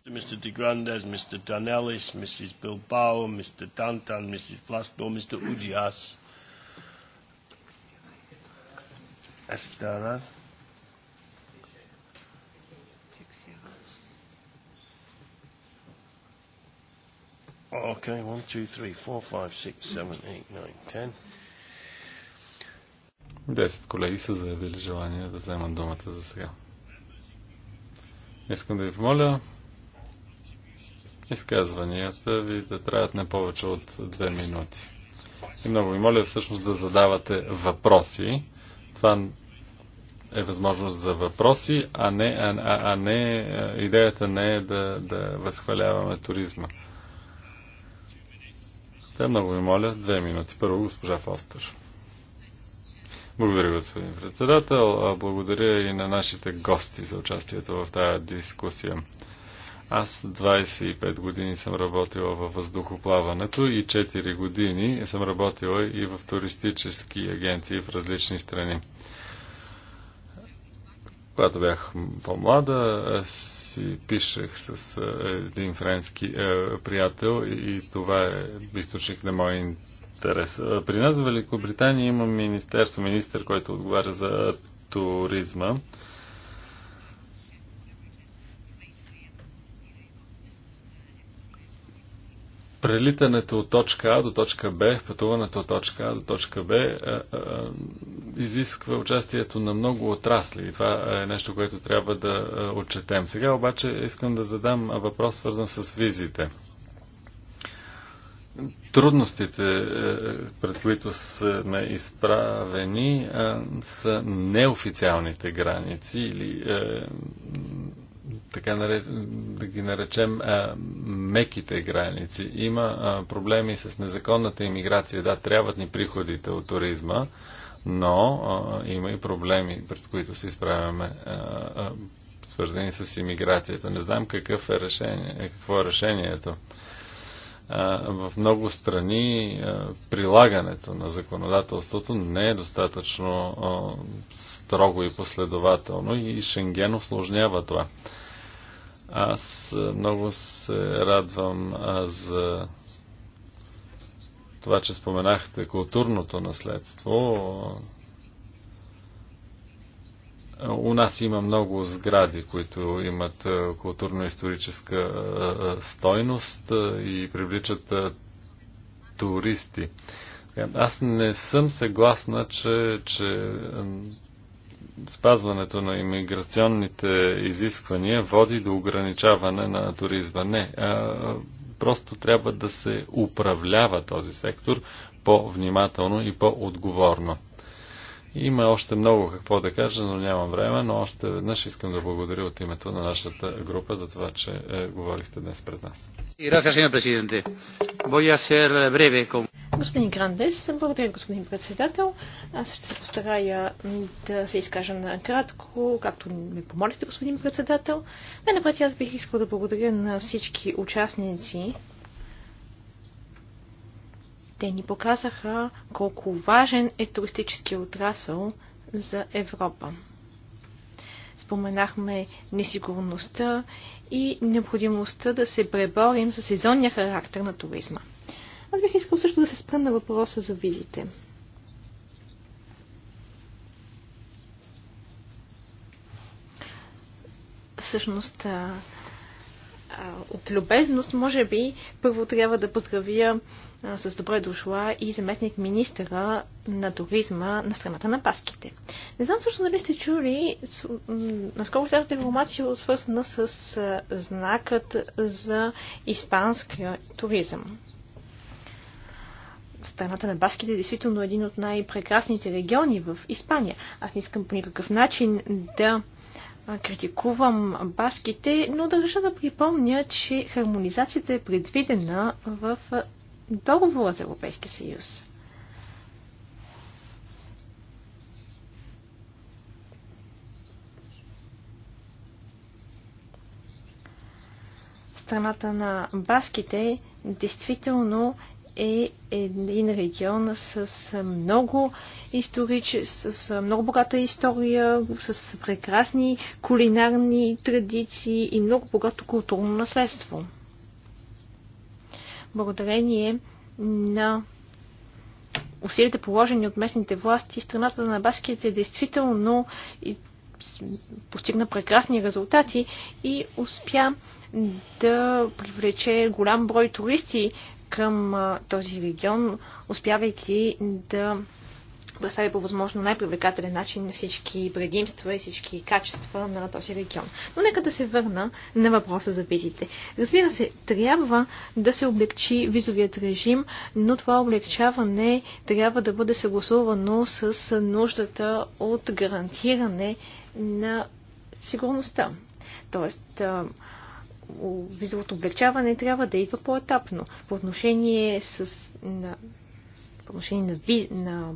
Mr. De Grandes, Mr. Danelis, Mrs. Bilbao, Mr. Dantan, Mrs. Vlasto, Mr. Ujias. Estaras. Okay, one, two, three, four, five, six, seven, eight, nine, ten. Десет колеги са заявили желание да вземат думата за сега. Искам да ви помоля изказванията ви да траят не повече от две минути. И много ви моля всъщност да задавате въпроси. Това е възможност за въпроси, а не, а, а, а не идеята не е да, да възхваляваме туризма. Те много ви моля, две минути. Първо госпожа Фостер. Благодаря, господин председател. Благодаря и на нашите гости за участието в тази дискусия. Аз 25 години съм работила във въздухоплаването и 4 години съм работила и в туристически агенции в различни страни. Когато бях по-млада, си пишех с един френски е, приятел и това е източник на моя интерес. При нас в Великобритания има министерство, министър, който отговаря за туризма. прелитането от точка А до точка Б, пътуването от точка А до точка Б е, е, е, изисква участието на много отрасли и това е нещо, което трябва да отчетем. Сега обаче искам да задам въпрос, свързан с визите. Трудностите, пред които сме изправени, са неофициалните граници или така нареч, да ги наречем а, меките граници. Има а, проблеми с незаконната иммиграция. Да, трябват ни приходите от туризма, но а, има и проблеми, пред които се изправяме, а, а, свързани с иммиграцията. Не знам какъв е решение, какво е решението в много страни прилагането на законодателството не е достатъчно строго и последователно и Шенген осложнява това. Аз много се радвам за това, че споменахте културното наследство е, у нас има много сгради, които имат е, културно-историческа е, стойност и привличат туристи. Аз не съм съгласна, че, че спазването на иммиграционните изисквания води до ограничаване на туризма. Не, а, просто трябва да се управлява този сектор по-внимателно и по-отговорно. Има още много какво да кажа, но нямам време, но още веднъж искам да благодаря от името на нашата група за това, че е, говорихте днес пред нас. Господин Грандес, благодаря господин председател. Аз ще се постарая да се изкажа на кратко, както ме помолите господин председател. Най-напред аз бих искал да благодаря на всички участници те ни показаха колко важен е туристическия отрасъл за Европа. Споменахме несигурността и необходимостта да се преборим за сезонния характер на туризма. Аз бих искал също да се спра на въпроса за визите. Всъщност, от любезност, може би, първо трябва да поздравя а, с добре дошла и заместник министъра на туризма на страната на Паските. Не знам също дали сте чули, с, наскоро следвате информация, свързана с а, знакът за испанския туризъм. Страната на Баските е действително един от най-прекрасните региони в Испания. Аз не искам по никакъв начин да критикувам баските, но държа да припомня, че хармонизацията е предвидена в договора за Европейския съюз. страната на баските действително е един регион с много историч, с много богата история, с прекрасни кулинарни традиции и много богато културно наследство. Благодарение на усилите положени от местните власти, страната на баските е действително постигна прекрасни резултати и успя да привлече голям брой туристи към този регион, успявайки да представи по възможно най-привлекателен начин всички предимства и всички качества на този регион. Но нека да се върна на въпроса за визите. Разбира се, трябва да се облегчи визовият режим, но това облегчаване трябва да бъде съгласувано с нуждата от гарантиране на сигурността. Тоест, визовото облегчаване трябва да идва по-етапно. По отношение с, на, по отношение на, виз, на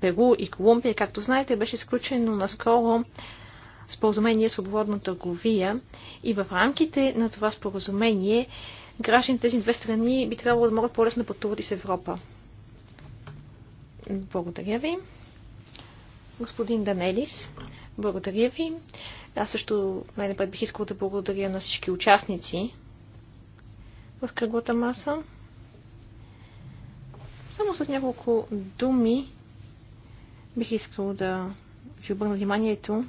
Перу и Колумбия, както знаете, беше сключено наскоро споразумение с свободна търговия и в рамките на това споразумение гражданите тези две страни би трябвало да могат по-лесно да пътуват с Европа. Благодаря ви. Господин Данелис, благодаря ви. Аз също най-напред бих искала да благодаря на всички участници в кръглата маса. Само с няколко думи бих искала да ви обърна вниманието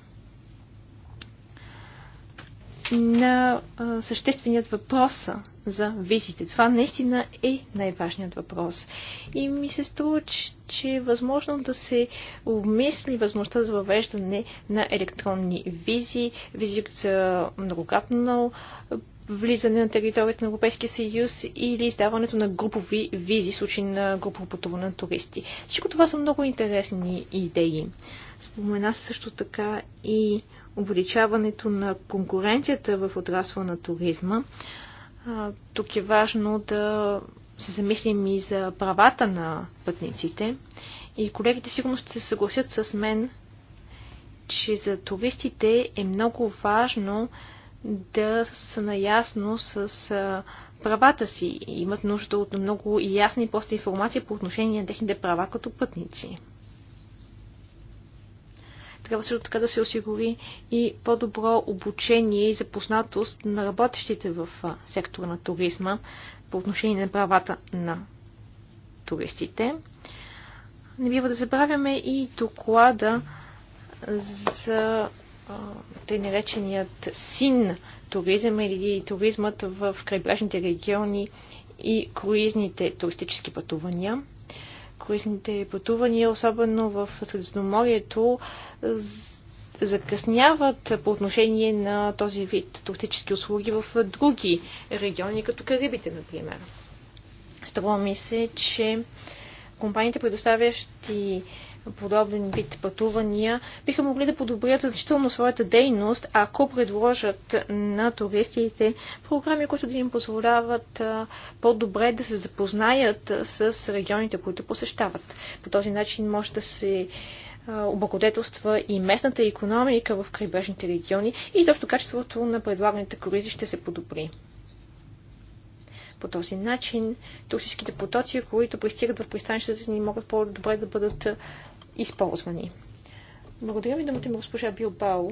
на а, същественият въпрос за визите. Това наистина е най-важният въпрос. И ми се струва, че е възможно да се обмисли възможността за въвеждане на електронни визи, визи за многократно влизане на територията на Европейския съюз или издаването на групови визи, в случай на групово пътуване на туристи. Всичко това са много интересни идеи. Спомена също така и увеличаването на конкуренцията в отрасла на туризма. Тук е важно да се замислим и за правата на пътниците. И колегите сигурно ще се съгласят с мен, че за туристите е много важно да са наясно с правата си имат нужда от много ясна и проста информация по отношение на техните права като пътници. Трябва също така да се осигури и по-добро обучение и запознатост на работещите в сектора на туризма по отношение на правата на туристите. Не бива да забравяме и доклада за тъй нареченият син туризъм или туризмът в крайбрежните региони и круизните туристически пътувания круизните пътувания, особено в Средиземноморието, закъсняват по отношение на този вид туристически услуги в други региони, като Карибите, например. Струва ми се, че компаниите, предоставящи подобен вид пътувания, биха могли да подобрят значително своята дейност, ако предложат на туристите програми, които да им позволяват по-добре да се запознаят с регионите, които посещават. По този начин може да се облагодетелства и местната економика в крайбрежните региони и защото качеството на предлаганите коризи ще се подобри. По този начин туристическите потоци, които пристигат в пристанищата ни, могат по-добре да бъдат използвани. Благодаря ви, думата ми госпожа Билбао.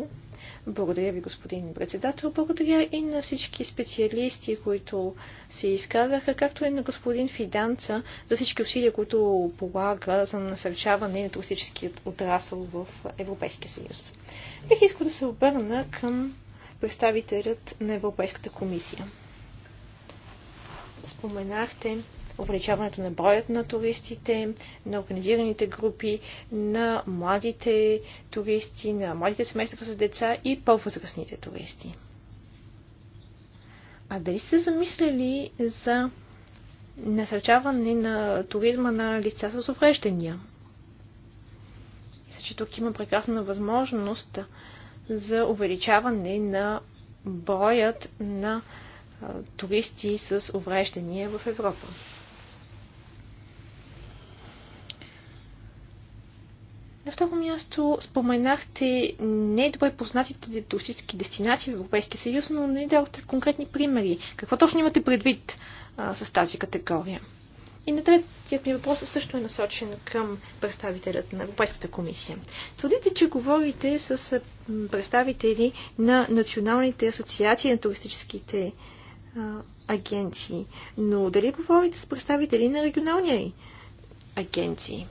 Благодаря ви, господин председател. Благодаря и на всички специалисти, които се изказаха, както и на господин Фиданца за всички усилия, които полага за насърчаване на туристическият отрасъл в Европейския съюз. Бих искал да се обърна към представителят на Европейската комисия. Споменахте увеличаването на броят на туристите, на организираните групи, на младите туристи, на младите семейства с деца и по-възрастните туристи. А дали сте замислили за насърчаване на туризма на лица с увреждания? Мисля, че тук има прекрасна възможност за увеличаване на броят на туристи с увреждания в Европа. На второ място споменахте не добре познатите туристически дестинации в Европейския съюз, но не дадохте конкретни примери. Какво точно имате предвид а, с тази категория? И на третият ми въпрос също е насочен към представителят на Европейската комисия. Твърдите, че говорите с представители на националните асоциации на туристическите а, агенции, но дали говорите с представители на регионални агенции?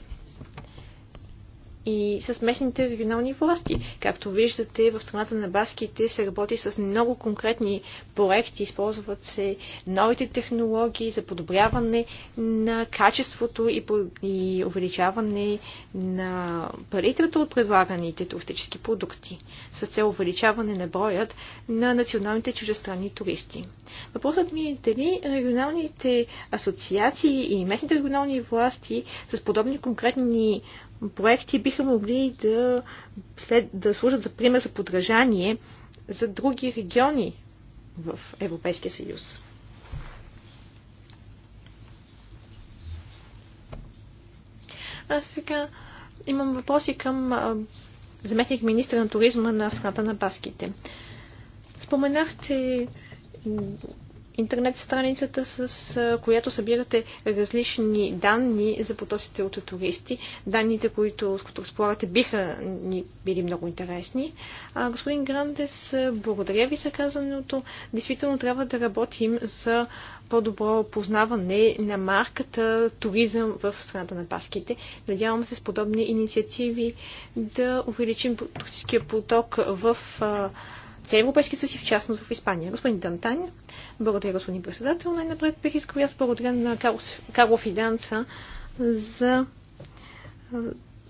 и с местните регионални власти. Както виждате, в страната на баските се работи с много конкретни проекти, използват се новите технологии за подобряване на качеството и, и увеличаване на палитрата от предлаганите туристически продукти, с цел увеличаване на броят на националните чужестранни туристи. Въпросът ми е дали регионалните асоциации и местните регионални власти с подобни конкретни проекти биха могли да, след, да служат за пример за подражание за други региони в Европейския съюз. А сега имам въпроси към заместник министра на туризма на страната на Баските. Споменахте интернет страницата, с която събирате различни данни за потоците от туристи. Данните, които, с които разполагате, биха ни били много интересни. А, господин Грандес, благодаря ви за казаното. Действително трябва да работим за по-добро познаване на марката туризъм в страната на Паските. Надявам се с подобни инициативи да увеличим туристическия поток в а, целия Европейски съюз и в частност в Испания. Господин Дантан, благодаря господин председател. Най-напред бих искал аз благодаря на Карлос, Карлов и Данца за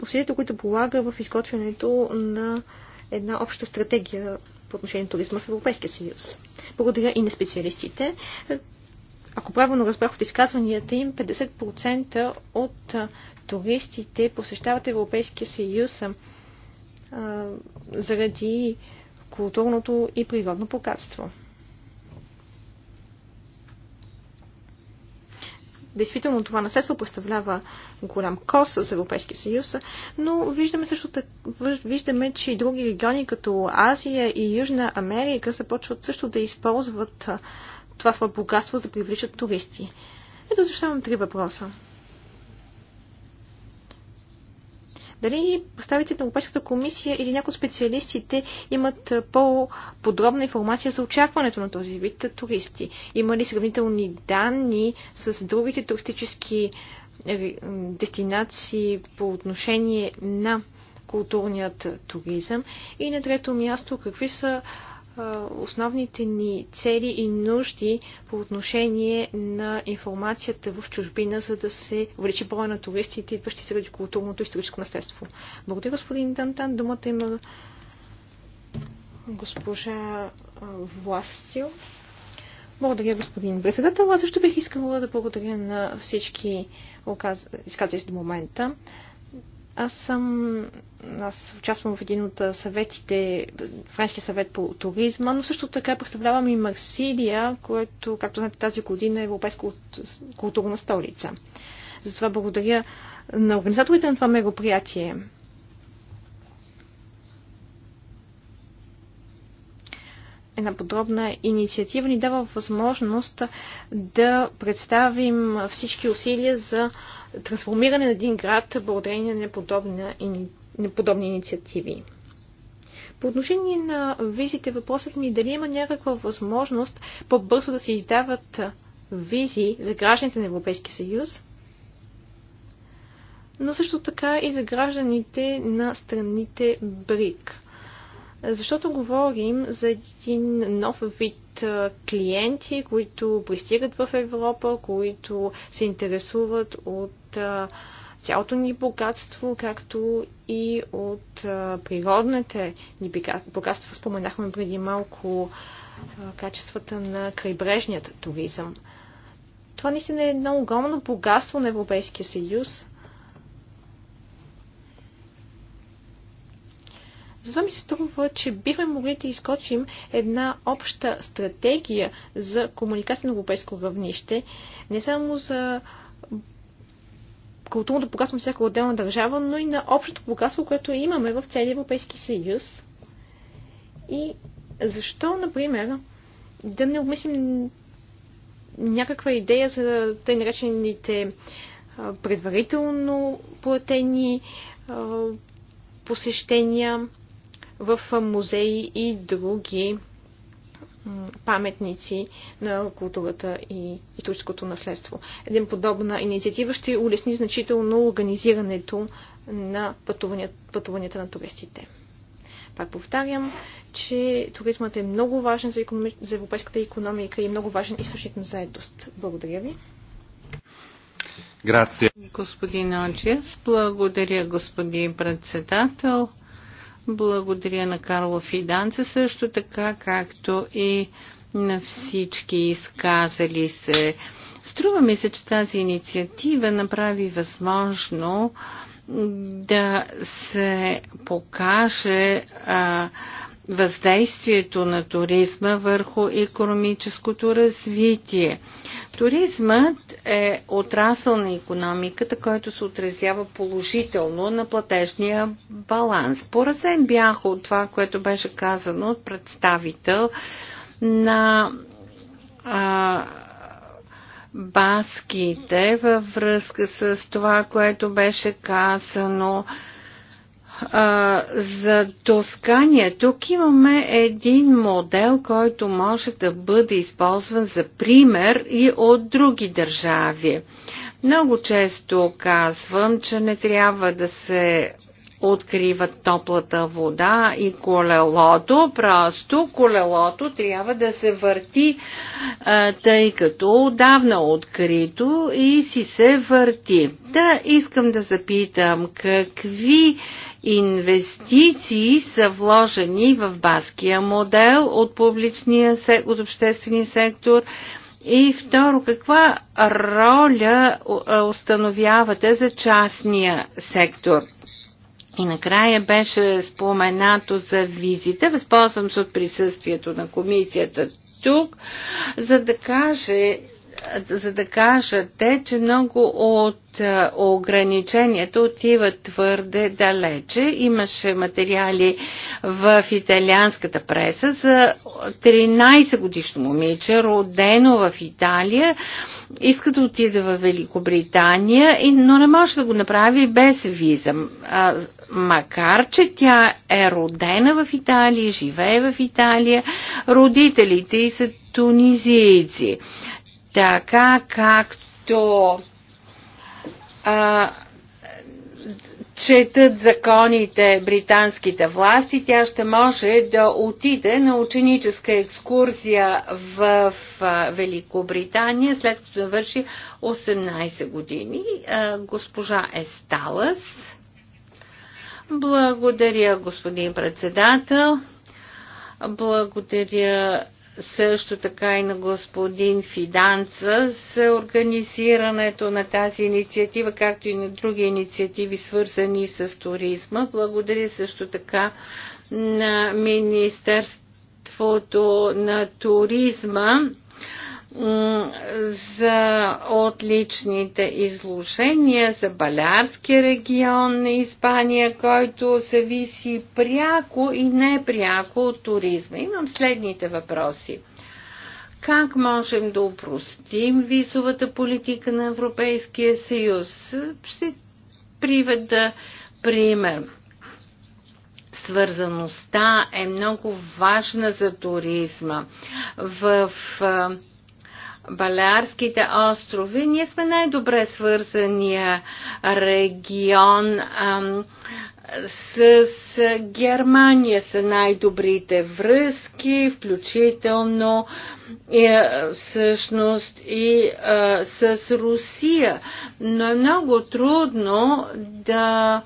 усилията, които полага в изготвянето на една обща стратегия по отношение на туризма в Европейския съюз. Благодаря и на специалистите. Ако правилно разбрах от изказванията им, 50% от туристите посещават Европейския съюз а, заради а, културното и природно богатство. Действително това наследство представлява голям кос за Европейския съюз, но виждаме също така, виждаме, че и други региони, като Азия и Южна Америка, започват също да използват това свое богатство за да привличат туристи. Ето защо имам три въпроса. Дали представителите на Европейската комисия или някои специалистите имат по-подробна информация за очакването на този вид туристи? Има ли сравнителни данни с другите туристически дестинации по отношение на културният туризъм? И на трето място, какви са основните ни цели и нужди по отношение на информацията в чужбина, за да се увеличи броя на туристите, идващи заради културното и историческо наследство. Благодаря, господин Дантан. Думата има госпожа Властио. Благодаря, господин председател. Аз също бих искала да благодаря на всички изказващи до момента. Аз съм, аз участвам в един от съветите, Френския съвет по туризма, но също така представлявам и Марсилия, което, както знаете, тази година е Европейска културна столица. Затова благодаря на организаторите на това мероприятие. една подробна инициатива ни дава възможност да представим всички усилия за трансформиране на един град благодарение на неподобна, неподобни инициативи. По отношение на визите, въпросът ми е дали има някаква възможност по-бързо да се издават визи за гражданите на Европейския съюз, но също така и за гражданите на страните БРИК защото говорим за един нов вид клиенти, които пристигат в Европа, които се интересуват от цялото ни богатство, както и от природните ни богатства. Споменахме преди малко качествата на крайбрежният туризъм. Това наистина е едно огромно богатство на Европейския съюз Затова ми се струва, че бихме могли да изкочим една обща стратегия за комуникация на европейско равнище, не само за културното богатство на всяка отделна държава, но и на общото богатство, което имаме в целия Европейски съюз. И защо, например, да не обмислим някаква идея за тъй наречените предварително платени посещения, в музеи и други паметници на културата и, и турското наследство. Един подобна инициатива ще улесни значително организирането на пътуванията, пътуванията на туристите. Пак повтарям, че туризмът е много важен за, економи... за европейската економика и много важен източник на заедост. Благодаря ви. Грация. Господин Оджес, благодаря господин председател. Благодаря на Карло Фиданца също така, както и на всички изказали се. Струва ми се, че тази инициатива направи възможно да се покаже а, въздействието на туризма върху економическото развитие. Туризмът е отрасъл на економиката, който се отразява положително на платежния баланс. Поразен бях от това, което беше казано от представител на а, баските във връзка с това, което беше казано а, а, за Тоскания. Тук имаме един модел, който може да бъде използван за пример и от други държави. Много често казвам, че не трябва да се откриват топлата вода и колелото. Просто колелото трябва да се върти, тъй като отдавна открито и си се върти. Да, искам да запитам какви инвестиции са вложени в баския модел от публичния, от обществения сектор, и второ, каква роля установявате за частния сектор? И накрая беше споменато за визите. Възползвам се от присъствието на комисията тук, за да каже за да кажат те, че много от е, ограниченията отиват твърде далече. Имаше материали в италианската преса за 13 годишно момиче, родено в Италия, иска да отиде в Великобритания, но не може да го направи без виза. Макар, че тя е родена в Италия, живее в Италия, родителите и са тунизийци така както а, четат законите британските власти, тя ще може да отиде на ученическа екскурзия в Великобритания, след като завърши 18 години. Госпожа Есталас. Благодаря, господин председател. Благодаря също така и на господин Фиданца за организирането на тази инициатива, както и на други инициативи, свързани с туризма. Благодаря също така на Министерството на туризма за отличните изложения за Балярския регион на Испания, който зависи пряко и непряко от туризма. Имам следните въпроси. Как можем да упростим визовата политика на Европейския съюз? Ще приведа пример. Свързаността е много важна за туризма. В Балярските острови. Ние сме най-добре свързания регион с, Германия са най-добрите връзки, включително и, е, всъщност и а, с Русия. Но е много трудно да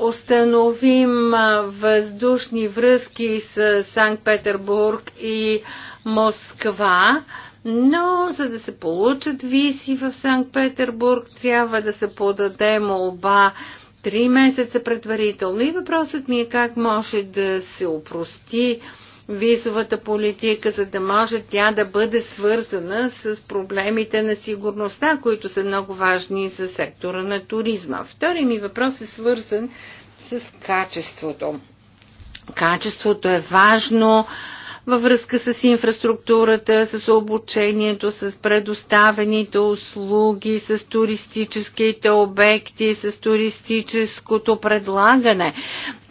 установим въздушни връзки с Санкт-Петербург и Москва. А, но за да се получат виси в Санкт-Петербург, трябва да се подаде молба три месеца предварително. И въпросът ми е как може да се опрости визовата политика, за да може тя да бъде свързана с проблемите на сигурността, които са много важни за сектора на туризма. Втори ми въпрос е свързан с качеството. Качеството е важно във връзка с инфраструктурата, с обучението, с предоставените услуги, с туристическите обекти, с туристическото предлагане.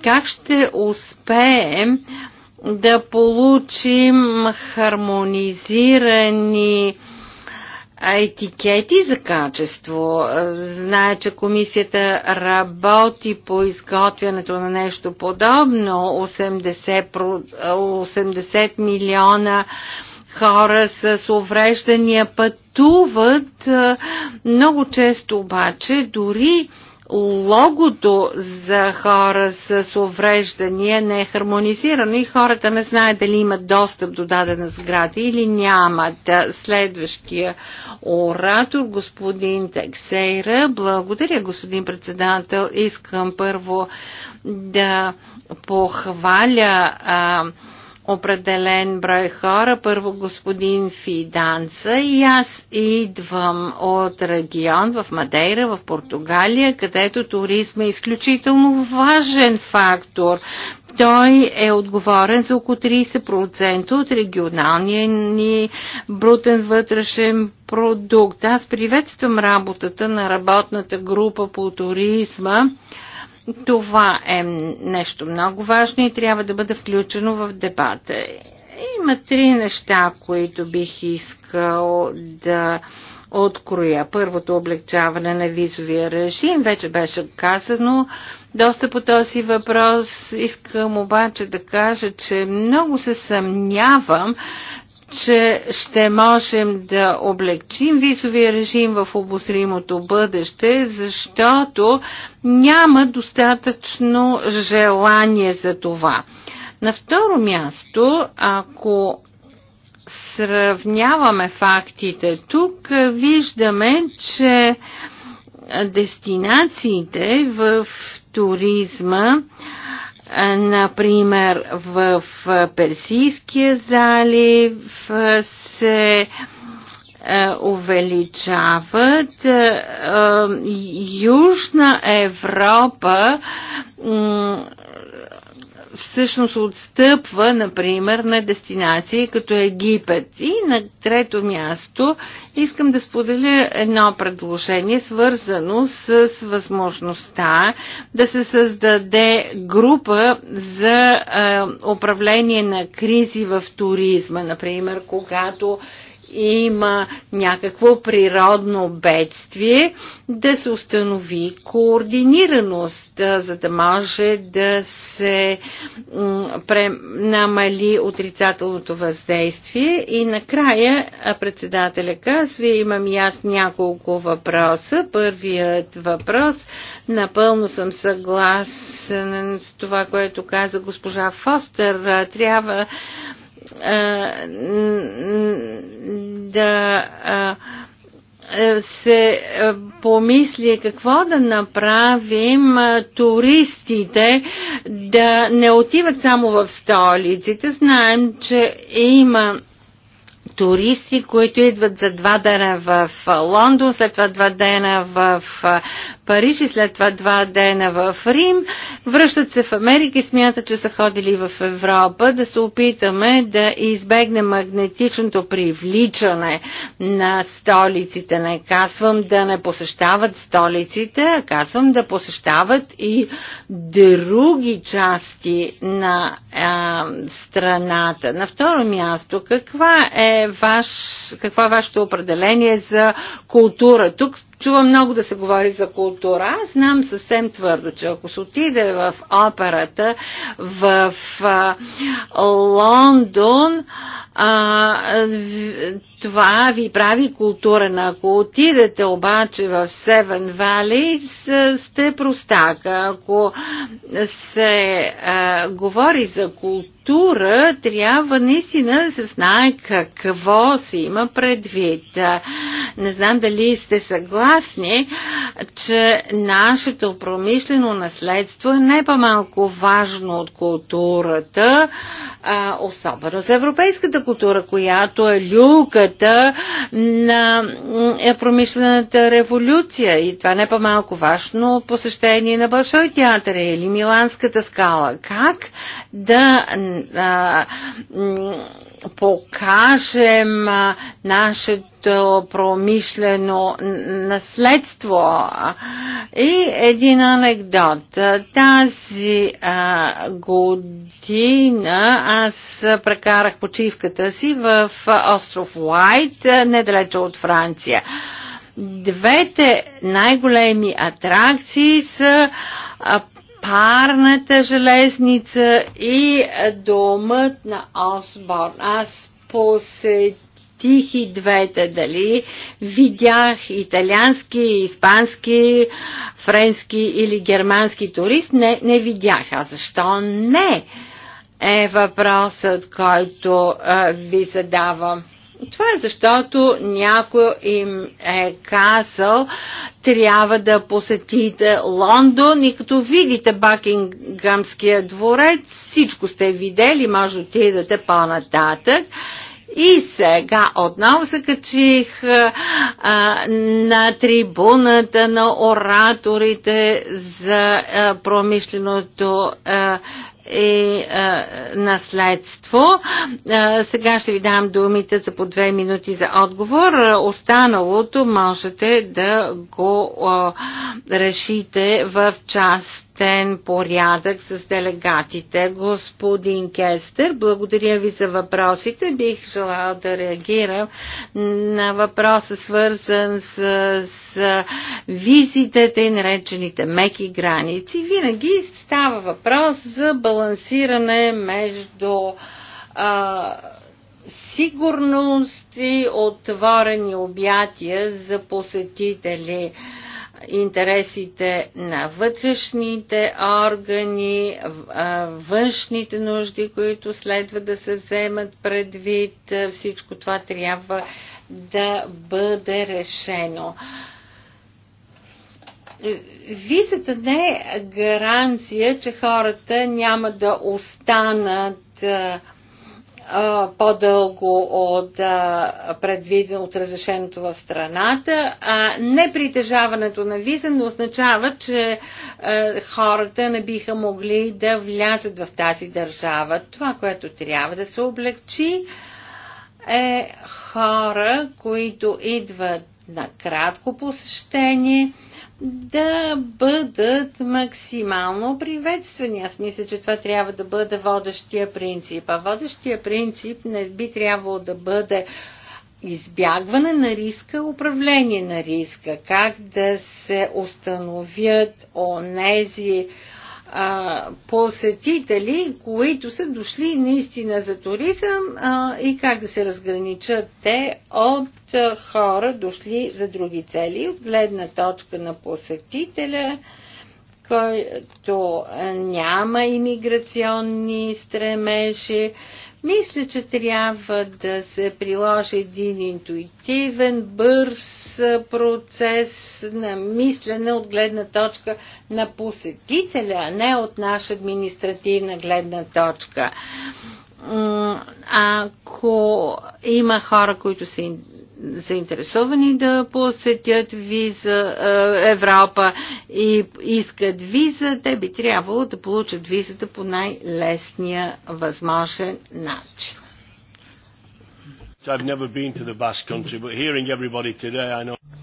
Как ще успеем да получим хармонизирани а етикети за качество. Знае, че комисията работи по изготвянето на нещо подобно. 80, 80 милиона хора с увреждания пътуват. Много често обаче дори логото за хора с увреждания не е хармонизирано и хората не знаят дали имат достъп до дадена сграда или нямат. Следващия оратор, господин Тексейра. Благодаря, господин председател. Искам първо да похваля а, определен брой хора. Първо господин Фиданца и аз идвам от регион в Мадейра, в Португалия, където туризма е изключително важен фактор. Той е отговорен за около 30% от регионалния ни брутен вътрешен продукт. Аз приветствам работата на работната група по туризма това е нещо много важно и трябва да бъде включено в дебата. Има три неща, които бих искал да откроя. Първото облегчаване на визовия режим, вече беше казано доста по този въпрос. Искам обаче да кажа, че много се съмнявам че ще можем да облегчим визовия режим в обозримото бъдеще, защото няма достатъчно желание за това. На второ място, ако сравняваме фактите тук, виждаме, че дестинациите в туризма Например, в Персийския залив се увеличават. Южна Европа всъщност отстъпва, например, на дестинации като Египет. И на трето място искам да споделя едно предложение, свързано с възможността да се създаде група за е, управление на кризи в туризма. Например, когато има някакво природно бедствие, да се установи координираност, за да може да се намали отрицателното въздействие. И накрая председателя казва, имам и аз няколко въпроса. Първият въпрос, напълно съм съгласен с това, което каза госпожа Фостер. Трябва да е, се е, помисли какво да направим туристите да не отиват само в столиците. Знаем, че има туристи, които идват за два дена в Лондон, след това два дена в Париж и след това два дена в Рим, връщат се в Америка и смятат, че са ходили в Европа, да се опитаме да избегнем магнетичното привличане на столиците. Не казвам да не посещават столиците, а казвам да посещават и други части на а, страната. На второ място, каква е ваш, какво е вашето определение за култура. Тук чувам много да се говори за култура. Аз знам съвсем твърдо, че ако се отиде в операта в а, Лондон, а, това ви прави културен. Ако отидете обаче в Севен Вали, сте простака. Ако се а, говори за култура, култура трябва наистина да се знае какво се има предвид. Не знам дали сте съгласни, че нашето промишлено наследство е не по-малко важно от културата, особено за европейската култура, която е люката на е промишлената революция. И това не е по-малко важно посещение на Большой театър или Миланската скала. Как да а, покажем нашето промишлено наследство. И един анекдот. Тази а, година аз прекарах почивката си в остров Уайт, недалече от Франция. Двете най-големи атракции са парната железница и домът на Осборн. Аз посетих и двете, дали видях италиански, испански, френски или германски турист. Не, не видях. А защо не? Е въпросът, който а, ви задавам. Това е защото някой им е казал, трябва да посетите Лондон и като видите Бакингамския дворец, всичко сте видели, може да отидете по-нататък. И сега отново се качих а, на трибуната на ораторите за а, промишленото а, е а, наследство. А, сега ще ви дам думите за по две минути за отговор. Останалото можете да го а, решите в част упростен порядък с делегатите. Господин Кестер, благодаря ви за въпросите. Бих желал да реагирам на въпроса свързан с, с визите, и наречените меки граници. Винаги става въпрос за балансиране между а, сигурност и отворени обятия за посетители. А, интересите на вътрешните органи, външните нужди, които следва да се вземат предвид. Всичко това трябва да бъде решено. Визата не е гаранция, че хората няма да останат по-дълго от предвидено от разрешеното в страната. А непритежаването на виза не означава, че хората не биха могли да влязат в тази държава. Това, което трябва да се облегчи, е хора, които идват на кратко посещение – да бъдат максимално приветствени. Аз мисля, че това трябва да бъде водещия принцип. А водещия принцип не би трябвало да бъде избягване на риска, управление на риска, как да се установят онези а, посетители, които са дошли наистина за туризъм а, и как да се разграничат те от а, хора, дошли за други цели. От гледна точка на посетителя, който няма имиграционни стремежи, мисля, че трябва да се приложи един интуитивен, бърз процес на мислене от гледна точка на посетителя, а не от наша административна гледна точка ако има хора, които са заинтересовани да посетят виза е, Европа и искат виза, те би трябвало да получат визата по най-лесния възможен начин.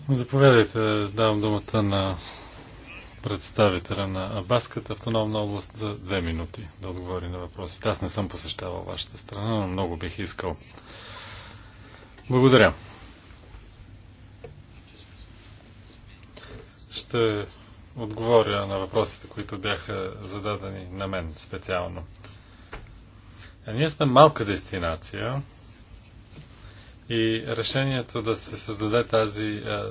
Заповядайте, давам думата на представителя на Абаската автономна област за две минути да отговори на въпросите. Аз не съм посещавал вашата страна, но много бих искал. Благодаря. Ще отговоря на въпросите, които бяха зададени на мен специално. А е, ние сме малка дестинация и решението да се създаде тази е,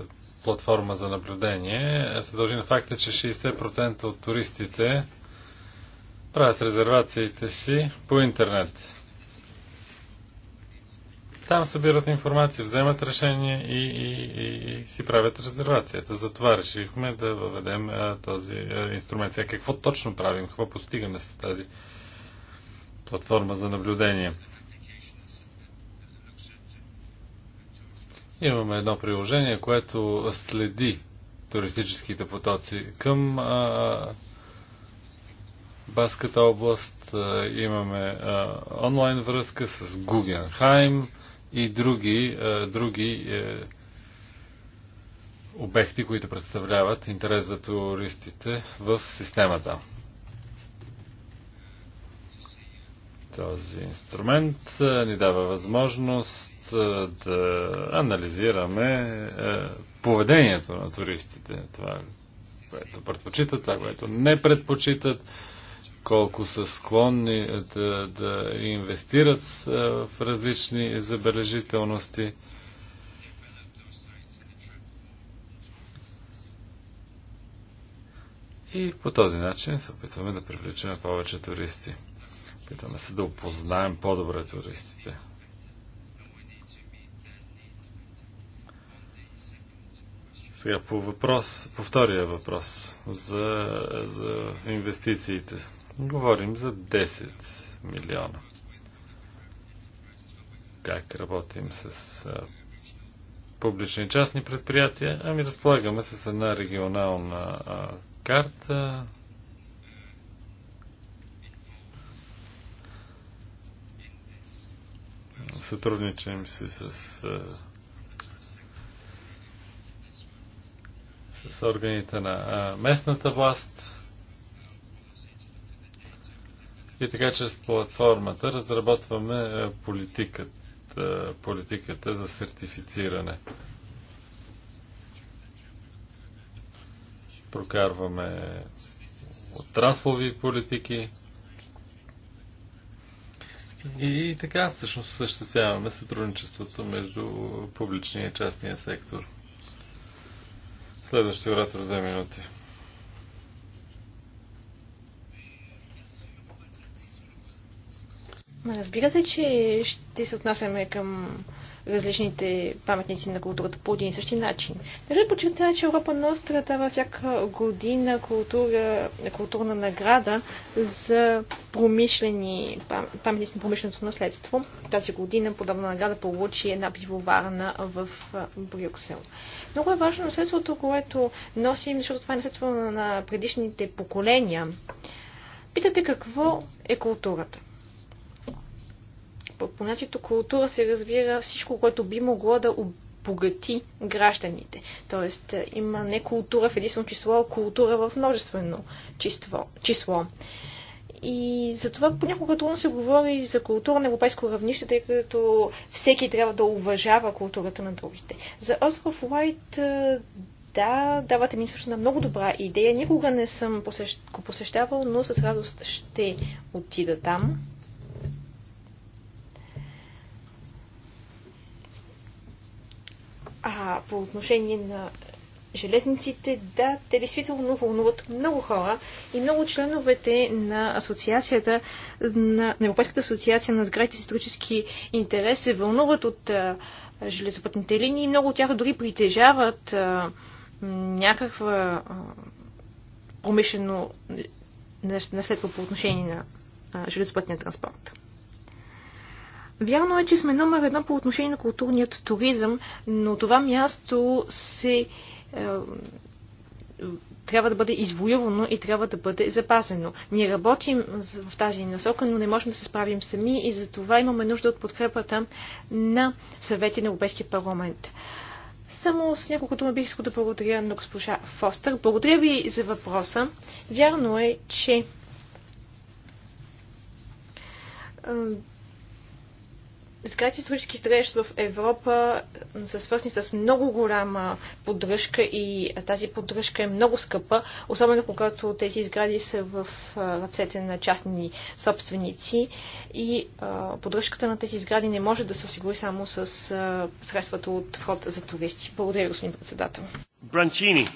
платформа за наблюдение е, се дължи на факта, че 60% от туристите правят резервациите си по интернет. Там събират информация, вземат решение и, и, и, и си правят резервацията. Затова решихме да въведем а, е, този а, е, инструмент. Сега какво точно правим, какво постигаме с тази платформа за наблюдение? Имаме едно приложение, което следи туристическите потоци към а, Баската област. А, имаме а, онлайн връзка с Гугенхайм и други, а, други е, обекти, които представляват интерес за туристите в системата. Този инструмент ни дава възможност да анализираме поведението на туристите. Това, което предпочитат, това, което не предпочитат, колко са склонни да, да инвестират в различни забележителности. И по този начин се опитваме да привличаме повече туристи. Питаме се да опознаем по-добре туристите. Сега по въпрос, по втория въпрос за, за инвестициите. Говорим за 10 милиона. Как работим с публични и частни предприятия? Ами разполагаме с една регионална а, карта, сътрудничаем си с, с органите на местната власт. И така чрез платформата разработваме политиката, политиката за сертифициране. Прокарваме отраслови политики, и така всъщност съществяваме сътрудничеството между публичния и частния сектор. Следващия оратор две минути. Разбира се, че ще се отнасяме към различните паметници на културата по един и същи начин. Държа да подчертая, че Европа Ностра дава всяка година култура, културна награда за промишлени, паметници на промишленото наследство. Тази година подобна награда получи една пивоварна в Брюксел. Много е важно наследството, което носим, защото това е наследство на предишните поколения. Питате какво е културата? Под понятието култура се разбира всичко, което би могло да обогати гражданите. Тоест е, има не култура в единствено число, а култура в множествено число. число. И затова понякога трудно се говори за култура на европейско равнище, тъй като всеки трябва да уважава културата на другите. За остров Лайт е, да, давате ми също на много добра идея. Никога не съм посещ... го посещавал, но с радост ще отида там. А по отношение на железниците, да, те действително вълнуват много хора и много членовете на асоциацията, на, на Европейската асоциация на сградите с исторически интерес се вълнуват от а, железопътните линии. Много от тях дори притежават а, някаква а, промишлено наследство по отношение на а, железопътния транспорт. Вярно е, че сме номер едно по отношение на културният туризъм, но това място се е, трябва да бъде извоювано и трябва да бъде запазено. Ние работим в тази насока, но не можем да се справим сами и за това имаме нужда от подкрепата на съвети на Европейския парламент. Само с няколко думи бих искал да благодаря на госпожа Фостър. Благодаря ви за въпроса. Вярно е, че е, сградите исторически строеж в Европа са свързани с много голяма поддръжка и тази поддръжка е много скъпа, особено когато тези сгради са в ръцете на частни собственици и а, поддръжката на тези сгради не може да се осигури само с а, средствата от вход за туристи. Благодаря, господин председател. Бранчини.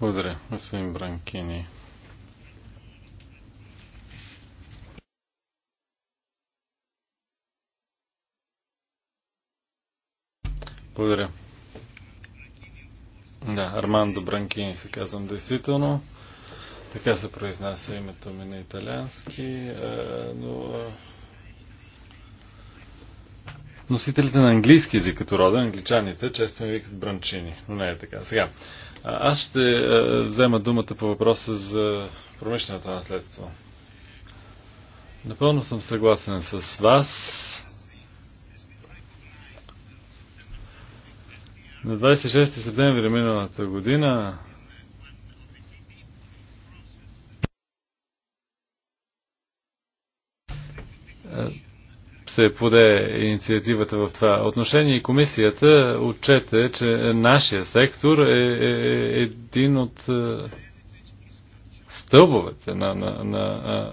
Благодаря, господин Бранкини. Благодаря. Да, Армандо Бранкини се казвам действително. Така се произнася името ми на италиански, но носителите на английски език като рода, англичаните, често ми викат бранчини, но не е така. Сега, аз ще взема думата по въпроса за промишленото наследство. Напълно съм съгласен с вас На 26 септември миналата година се поде инициативата в това отношение и комисията отчете, че нашия сектор е, е, е един от е, стълбовете на, на, на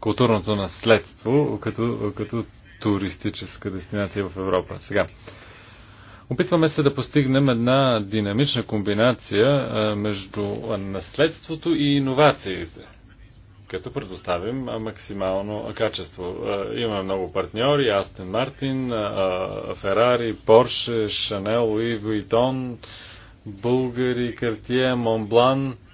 културното наследство като, като туристическа дестинация в Европа. Сега, Опитваме се да постигнем една динамична комбинация между наследството и иновациите като предоставим максимално качество. Имаме много партньори, Астен Мартин, Ферари, Порше, Шанел, Луи Вуитон, Българи, Картие, Монблан –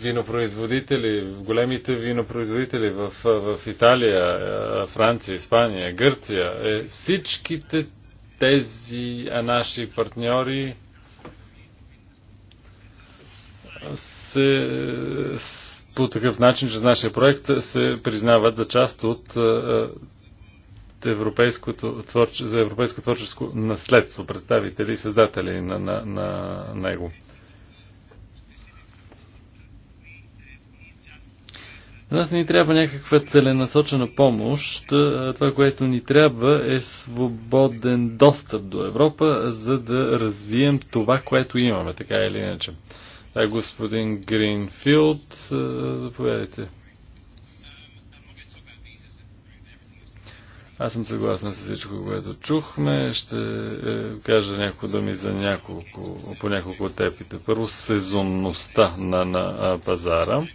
винопроизводители, големите винопроизводители в, в Италия, Франция, Испания, Гърция, е, всичките тези наши партньори се по такъв начин, че нашия проект се признават за част от европейското, творче, за европейско творческо наследство, представители и създатели на, на, на него. На нас ни трябва някаква целенасочена помощ. Е, това, което ни трябва е свободен достъп до Европа, за да развием това, което имаме, така или иначе. Да, господин Гринфилд, е, заповядайте. Аз съм съгласен с всичко, което чухме. Ще е, кажа някои думи за няколко, по няколко от тепите. Първо, сезонността на, на пазара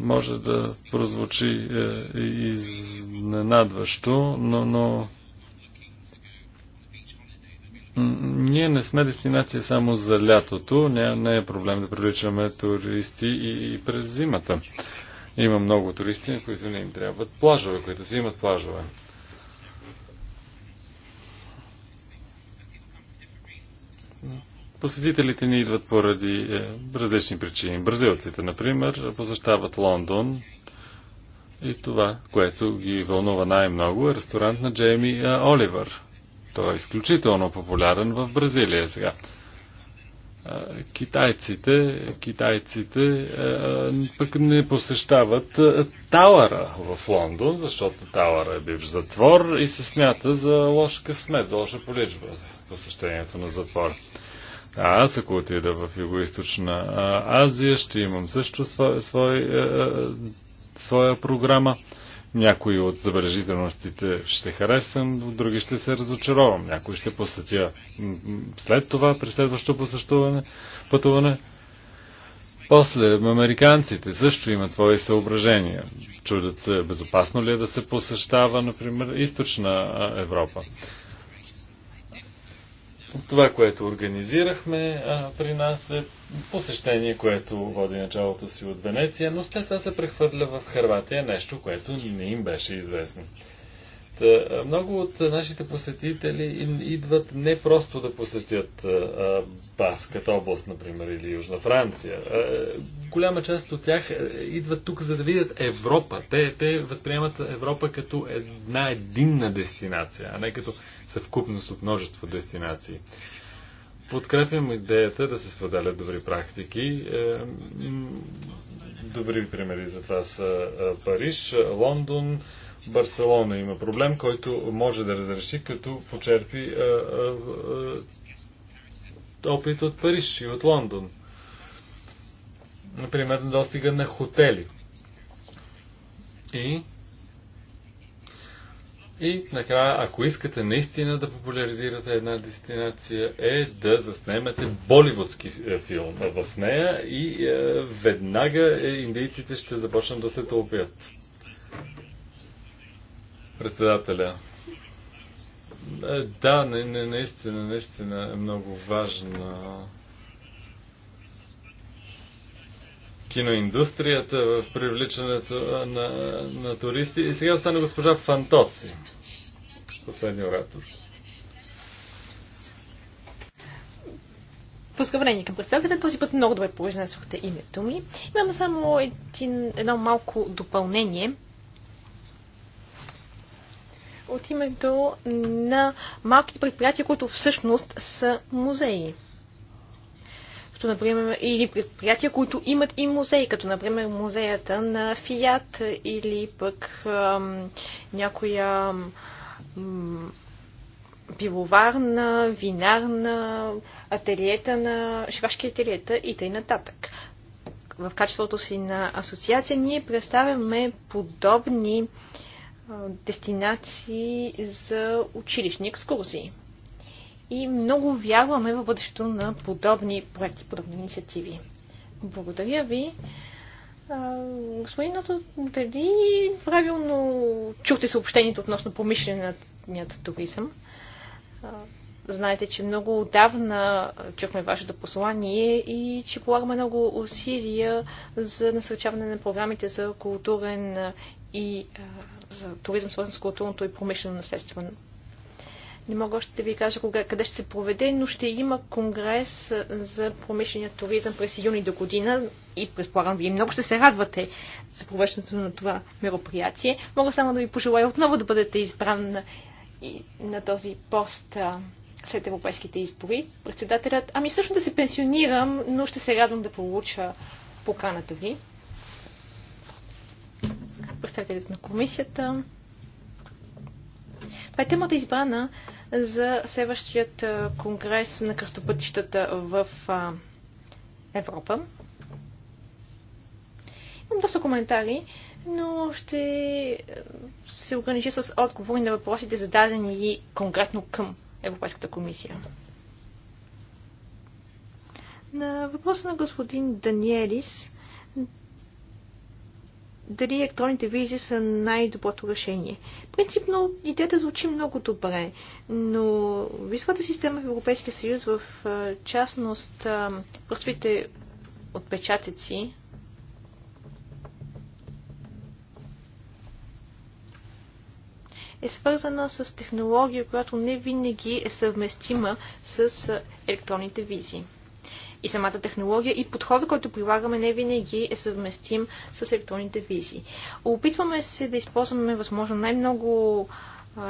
може да прозвучи е, изненадващо, но, но ние не сме дестинация само за лятото. Не, не е проблем да привличаме туристи и, през зимата. Има много туристи, които не им трябват плажове, които си имат плажове. Посетителите ни идват поради е, различни причини. Бразилците, например, посещават Лондон и това, което ги вълнува най-много е ресторант на Джейми е, Оливър. Той е изключително популярен в Бразилия сега е, китайците, китайците е, пък не посещават Тауъра в Лондон, защото Тауъра е бивш затвор и се смята за лош късмет, за лоша поличба посещението на затвора. А аз, ако отида в Юго-Источна Азия, ще имам също своя, своя, е, е, своя програма. Някои от забележителностите ще харесам, други ще се разочаровам. Някои ще посетя след това, при следващото посещуване, пътуване. После, американците също имат свои съображения. Чудят се, безопасно ли е да се посещава, например, източна Европа. Това, което организирахме а, при нас е посещение, което води началото си от Венеция, но след това се прехвърля в Харватия, нещо, което не им беше известно. Е, много от нашите посетители идват не просто да посетят е, е, Баската област, например, или Южна Франция. Голяма част от тях идват тук, за да видят Европа. Те, те възприемат Европа като една единна дестинация, а не като съвкупност от множество дестинации. Подкрепям идеята да се споделят добри практики. Добри примери за това са Париж, Лондон, Барселона има проблем, който може да разреши, като почерпи а, а, а, опит от Париж и от Лондон. Например, достига на хотели. И и накрая, ако искате наистина да популяризирате една дестинация, е да заснемете боливудски е, филм в нея и е, веднага е, индийците ще започнат да се тълпят. Председателя. Е, да, не, не, наистина, наистина е много важна киноиндустрията в привличането на, на туристи. И сега остана госпожа Фантоци, последния оратор. Поздравление към председателя. Този път много добре произнесохте името ми. Имам само един, едно малко допълнение от името на малките предприятия, които всъщност са музеи. Като, например, или предприятия, които имат и музеи, като например музеята на Фият или пък ам, някоя ам, пивоварна, винарна, ателиета на шивашки ателиета и т.н. В качеството си на асоциация ние представяме подобни дестинации за училищни екскурзии. И много вярваме в бъдещето на подобни проекти, подобни инициативи. Благодаря ви. Господин Ато, дали правилно чухте съобщението относно помишленият туризъм? Знаете, че много отдавна чухме вашето послание и че полагаме много усилия за насърчаване на програмите за културен и за туризъм, свързан с културното и промишлено наследство. Не мога още да ви кажа кога, къде ще се проведе, но ще има конгрес за промишления туризъм през юни до година и предполагам вие много ще се радвате за провеждането на това мероприятие. Мога само да ви пожелая отново да бъдете избран на, на този пост след европейските избори. Председателят, ами всъщност да се пенсионирам, но ще се радвам да получа поканата ви. Представителите на комисията. Това е темата избрана за следващият конгрес на кръстопътищата в Европа. Имам доста коментари, но ще се огранича с отговори на въпросите, зададени конкретно към Европейската комисия. На въпроса на господин Даниелис дали електронните визи са най-доброто решение. Принципно идеята звучи много добре, но визовата система в Европейския съюз, в частност простите отпечатъци, е свързана с технология, която не винаги е съвместима с електронните визи и самата технология и подхода, който прилагаме, не винаги е съвместим с електронните визи. Опитваме се да използваме възможно най-много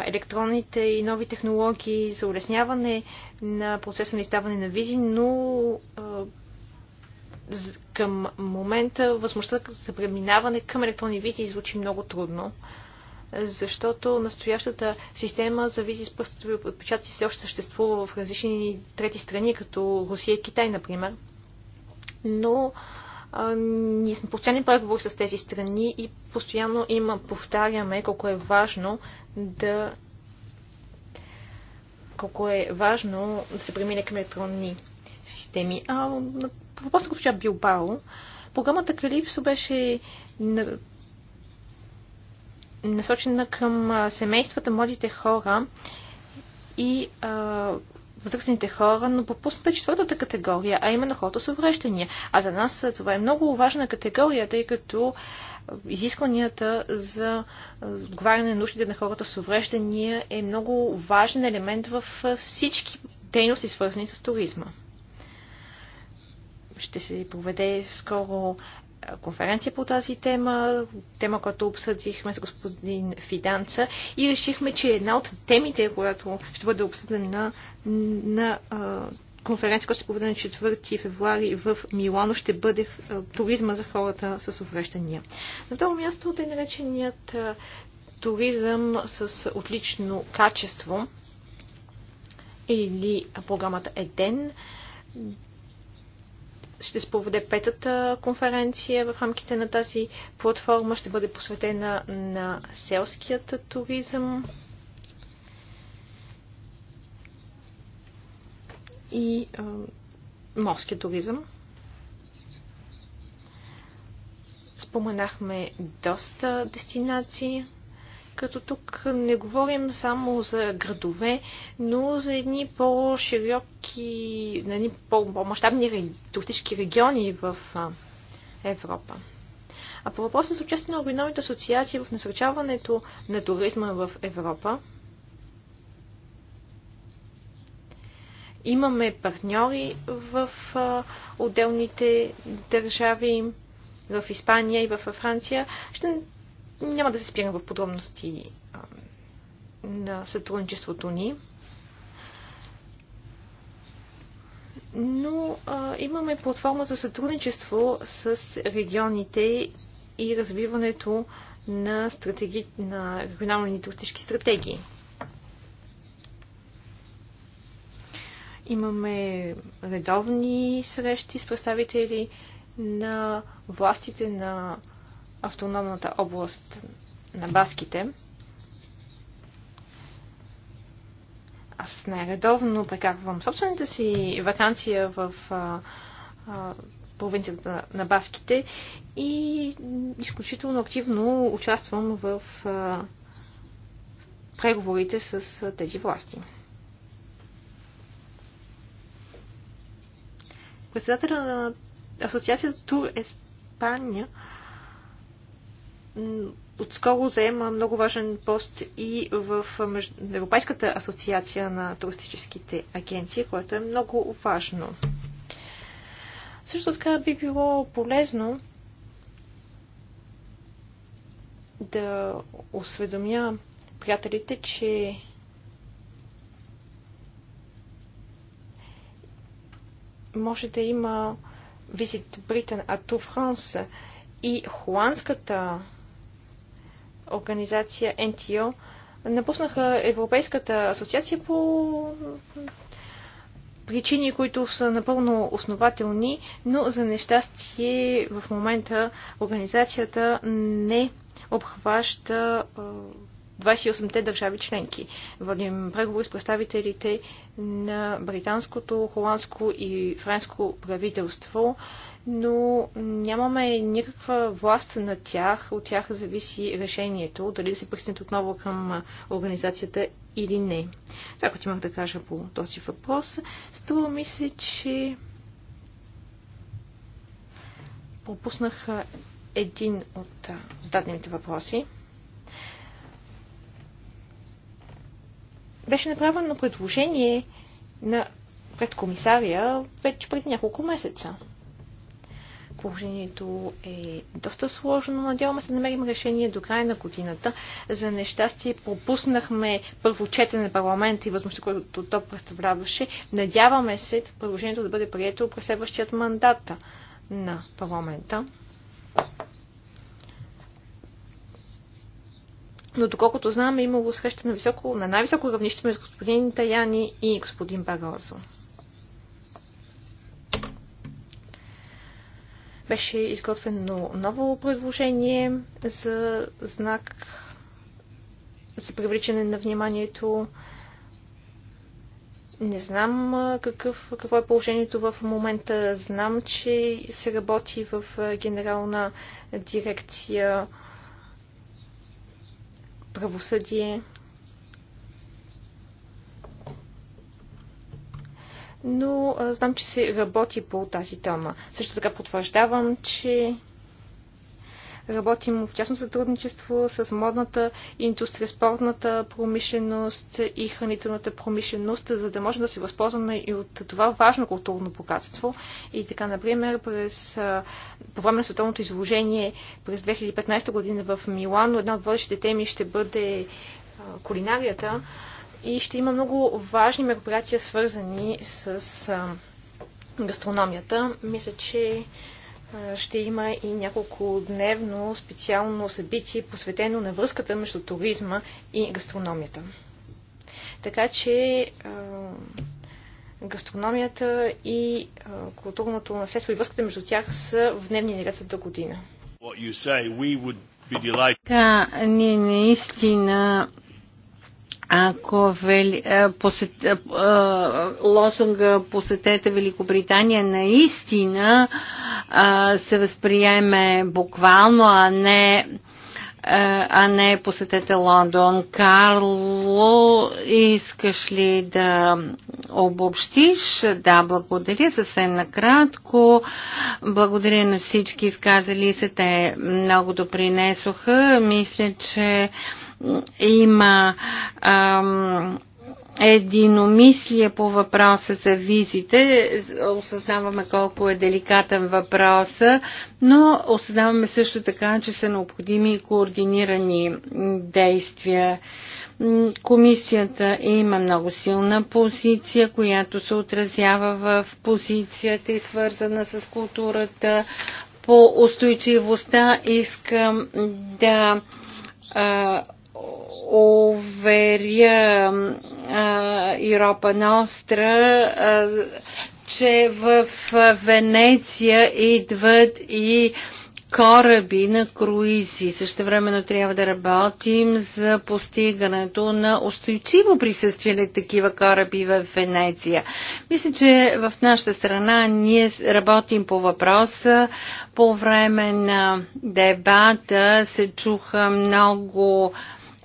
електронните и нови технологии за улесняване на процеса на издаване на визи, но към момента възможността за преминаване към електронни визи звучи много трудно защото настоящата система за визи с пръстови отпечатъци все още съществува в различни трети страни, като Русия и Китай, например. Но а, ние сме постоянни преговори с тези страни и постоянно има, повтаряме колко е важно да колко е важно да се премине към електронни системи. А въпросът, въпроса на госпожа Билбао, програмата Калипсо беше насочена към семействата, младите хора и а, възрастните хора, но пропусната четвъртата категория, а именно хората с увреждания. А за нас това е много важна категория, тъй като изискванията за отговаряне на нуждите на хората с увреждания е много важен елемент в всички дейности, свързани с туризма ще се проведе скоро конференция по тази тема, тема, която обсъдихме с господин Фиданца и решихме, че една от темите, която ще бъде обсъдена на, на конференция, която се проведе на 4 февруари в Милано, ще бъде туризма за хората с увреждания. На второ място, е нареченият туризъм с отлично качество или програмата ЕДЕН ще се проведе петата конференция в рамките на тази платформа. Ще бъде посветена на селският туризъм. и а, морския туризъм. Споменахме доста дестинации като тук не говорим само за градове, но за едни по-широки, едни по-масштабни туристически региони в Европа. А по въпроса с участие на регионалните асоциации в насърчаването на туризма в Европа, имаме партньори в отделните държави, в Испания и в Франция. Ще няма да се спирам в подробности на сътрудничеството ни. Но а, имаме платформа за сътрудничество с регионите и развиването на, стратеги... на регионални туристически стратегии. Имаме редовни срещи с представители на властите на автономната област на баските. Аз най-редовно прекарвам собствената си вакансия в а, а, провинцията на баските и изключително активно участвам в а, преговорите с а, тези власти. Председателя на Асоциацията Тур Еспания отскоро заема много важен пост и в Европейската асоциация на туристическите агенции, което е много важно. Също така би било полезно да осведомя приятелите, че може да има визит Britain at Tour France и холандската организация НТО напуснаха Европейската асоциация по причини, които са напълно основателни, но за нещастие в момента организацията не обхваща 28-те държави членки. Водим преговори с представителите на британското, холандско и френско правителство но нямаме никаква власт на тях. От тях зависи решението дали да се пръснат отново към организацията или не. Това, е, което имах да кажа по този въпрос, струва ми се, че пропуснах един от зададените въпроси. Беше направено предложение на предкомисария вече преди няколко месеца. Положението е доста сложно. Надяваме се да намерим решение до края на годината. За нещастие пропуснахме първо четене на парламента и възможността, която то представляваше. Надяваме се предложението да бъде прието през следващият мандат на парламента. но доколкото знаме, имало среща на, високо, на най-високо равнище между господин Таяни и господин Барозо. Беше изготвено ново предложение за знак за привличане на вниманието. Не знам какъв, какво е положението в момента. Знам, че се работи в генерална дирекция правосъдие. но а, знам, че се работи по тази тема. Също така потвърждавам, че работим в частно сътрудничество с модната индустрия, спортната промишленост и хранителната промишленост, за да можем да се възползваме и от това важно културно богатство. И така, например, през, по време на световното изложение през 2015 година в Милано една от водещите теми ще бъде кулинарията и ще има много важни мероприятия, свързани с гастрономията. Мисля, че ще има и няколко дневно специално събитие, посветено на връзката между туризма и гастрономията. Така че гастрономията и културното наследство и връзката между тях са в дневни ред до година. Та, ние наистина ако вели, посет, лозунга посетете Великобритания наистина се възприеме буквално, а не а не посетете Лондон. Карло, искаш ли да обобщиш? Да, благодаря съвсем накратко. Благодаря на всички изказали се. Те много допринесоха. Мисля, че има ам, единомислие по въпроса за визите. Осъзнаваме колко е деликатен въпроса, но осъзнаваме също така, че са необходими и координирани действия. Комисията има много силна позиция, която се отразява в позицията и свързана с културата. По устойчивостта искам да уверя Европа Ностра, че в Венеция идват и кораби на круизи. Също времено трябва да работим за постигането на устойчиво присъствие на такива кораби в Венеция. Мисля, че в нашата страна ние работим по въпроса. По време на дебата се чуха много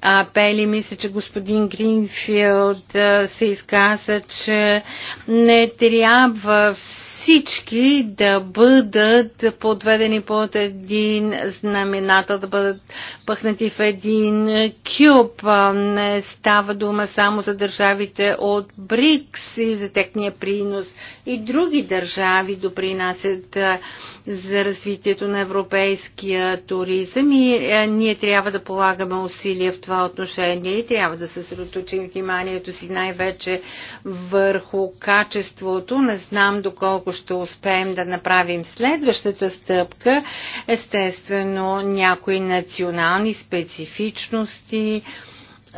апели. Мисля, че господин Гринфилд се изказа, че не трябва все всички да бъдат подведени под един знамената, да бъдат пъхнати в един кюб. Не става дума само за държавите от БРИКС и за техния принос. И други държави допринасят за развитието на европейския туризъм и ние трябва да полагаме усилия в това отношение и трябва да съсредоточим вниманието си най-вече върху качеството. Не знам доколко ще успеем да направим следващата стъпка, естествено някои национални специфичности,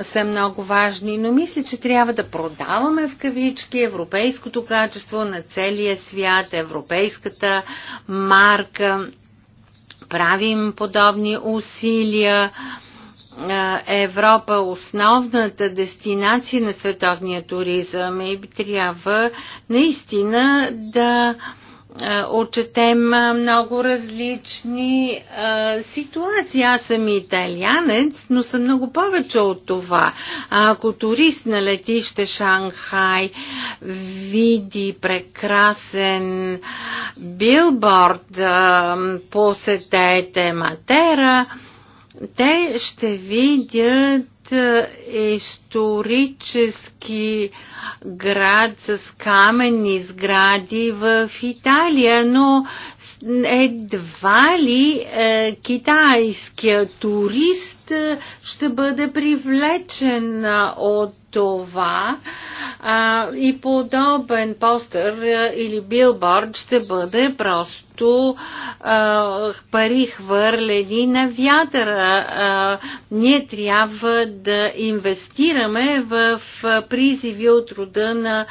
са много важни, но мисля, че трябва да продаваме в кавички европейското качество на целия свят, европейската марка. Правим подобни усилия Европа основната дестинация на световния туризъм и трябва наистина да отчетем много различни а, ситуации. Аз съм италианец, но съм много повече от това. А ако турист на летище Шанхай види прекрасен билборд а, посетете Матера, те ще видят е, исторически град с каменни сгради в Италия, но едва ли е, китайският турист е, ще бъде привлечен е, от това а, и подобен постър или билборд ще бъде просто като а, пари хвърлени на вятъра. А, ние трябва да инвестираме в призиви от рода на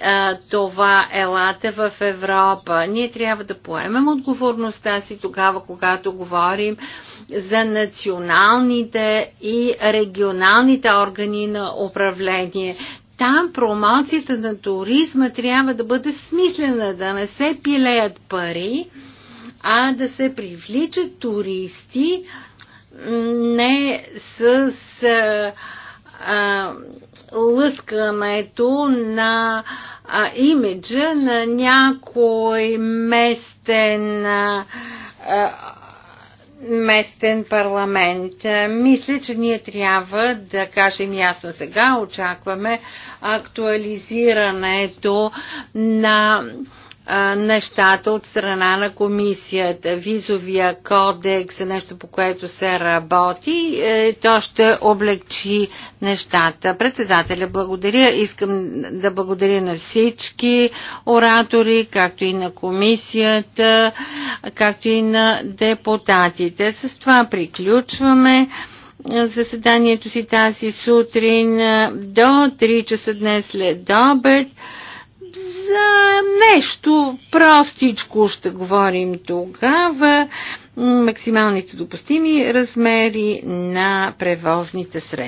а, това елате в Европа. Ние трябва да поемем отговорността си тогава, когато говорим за националните и регионалните органи на управление там промоцията на туризма трябва да бъде смислена, да не се пилеят пари, а да се привличат туристи не с а, а, лъскането на а, имиджа на някой местен а, местен парламент. Мисля, че ние трябва да кажем ясно сега. Очакваме актуализирането на нещата от страна на комисията. Визовия кодекс е нещо по което се работи. Е, то ще облегчи нещата. Председателя, благодаря. Искам да благодаря на всички оратори, както и на комисията, както и на депутатите. С това приключваме заседанието си тази сутрин до 3 часа днес след обед. За нещо простичко ще говорим тогава максималните допустими размери на превозните средства.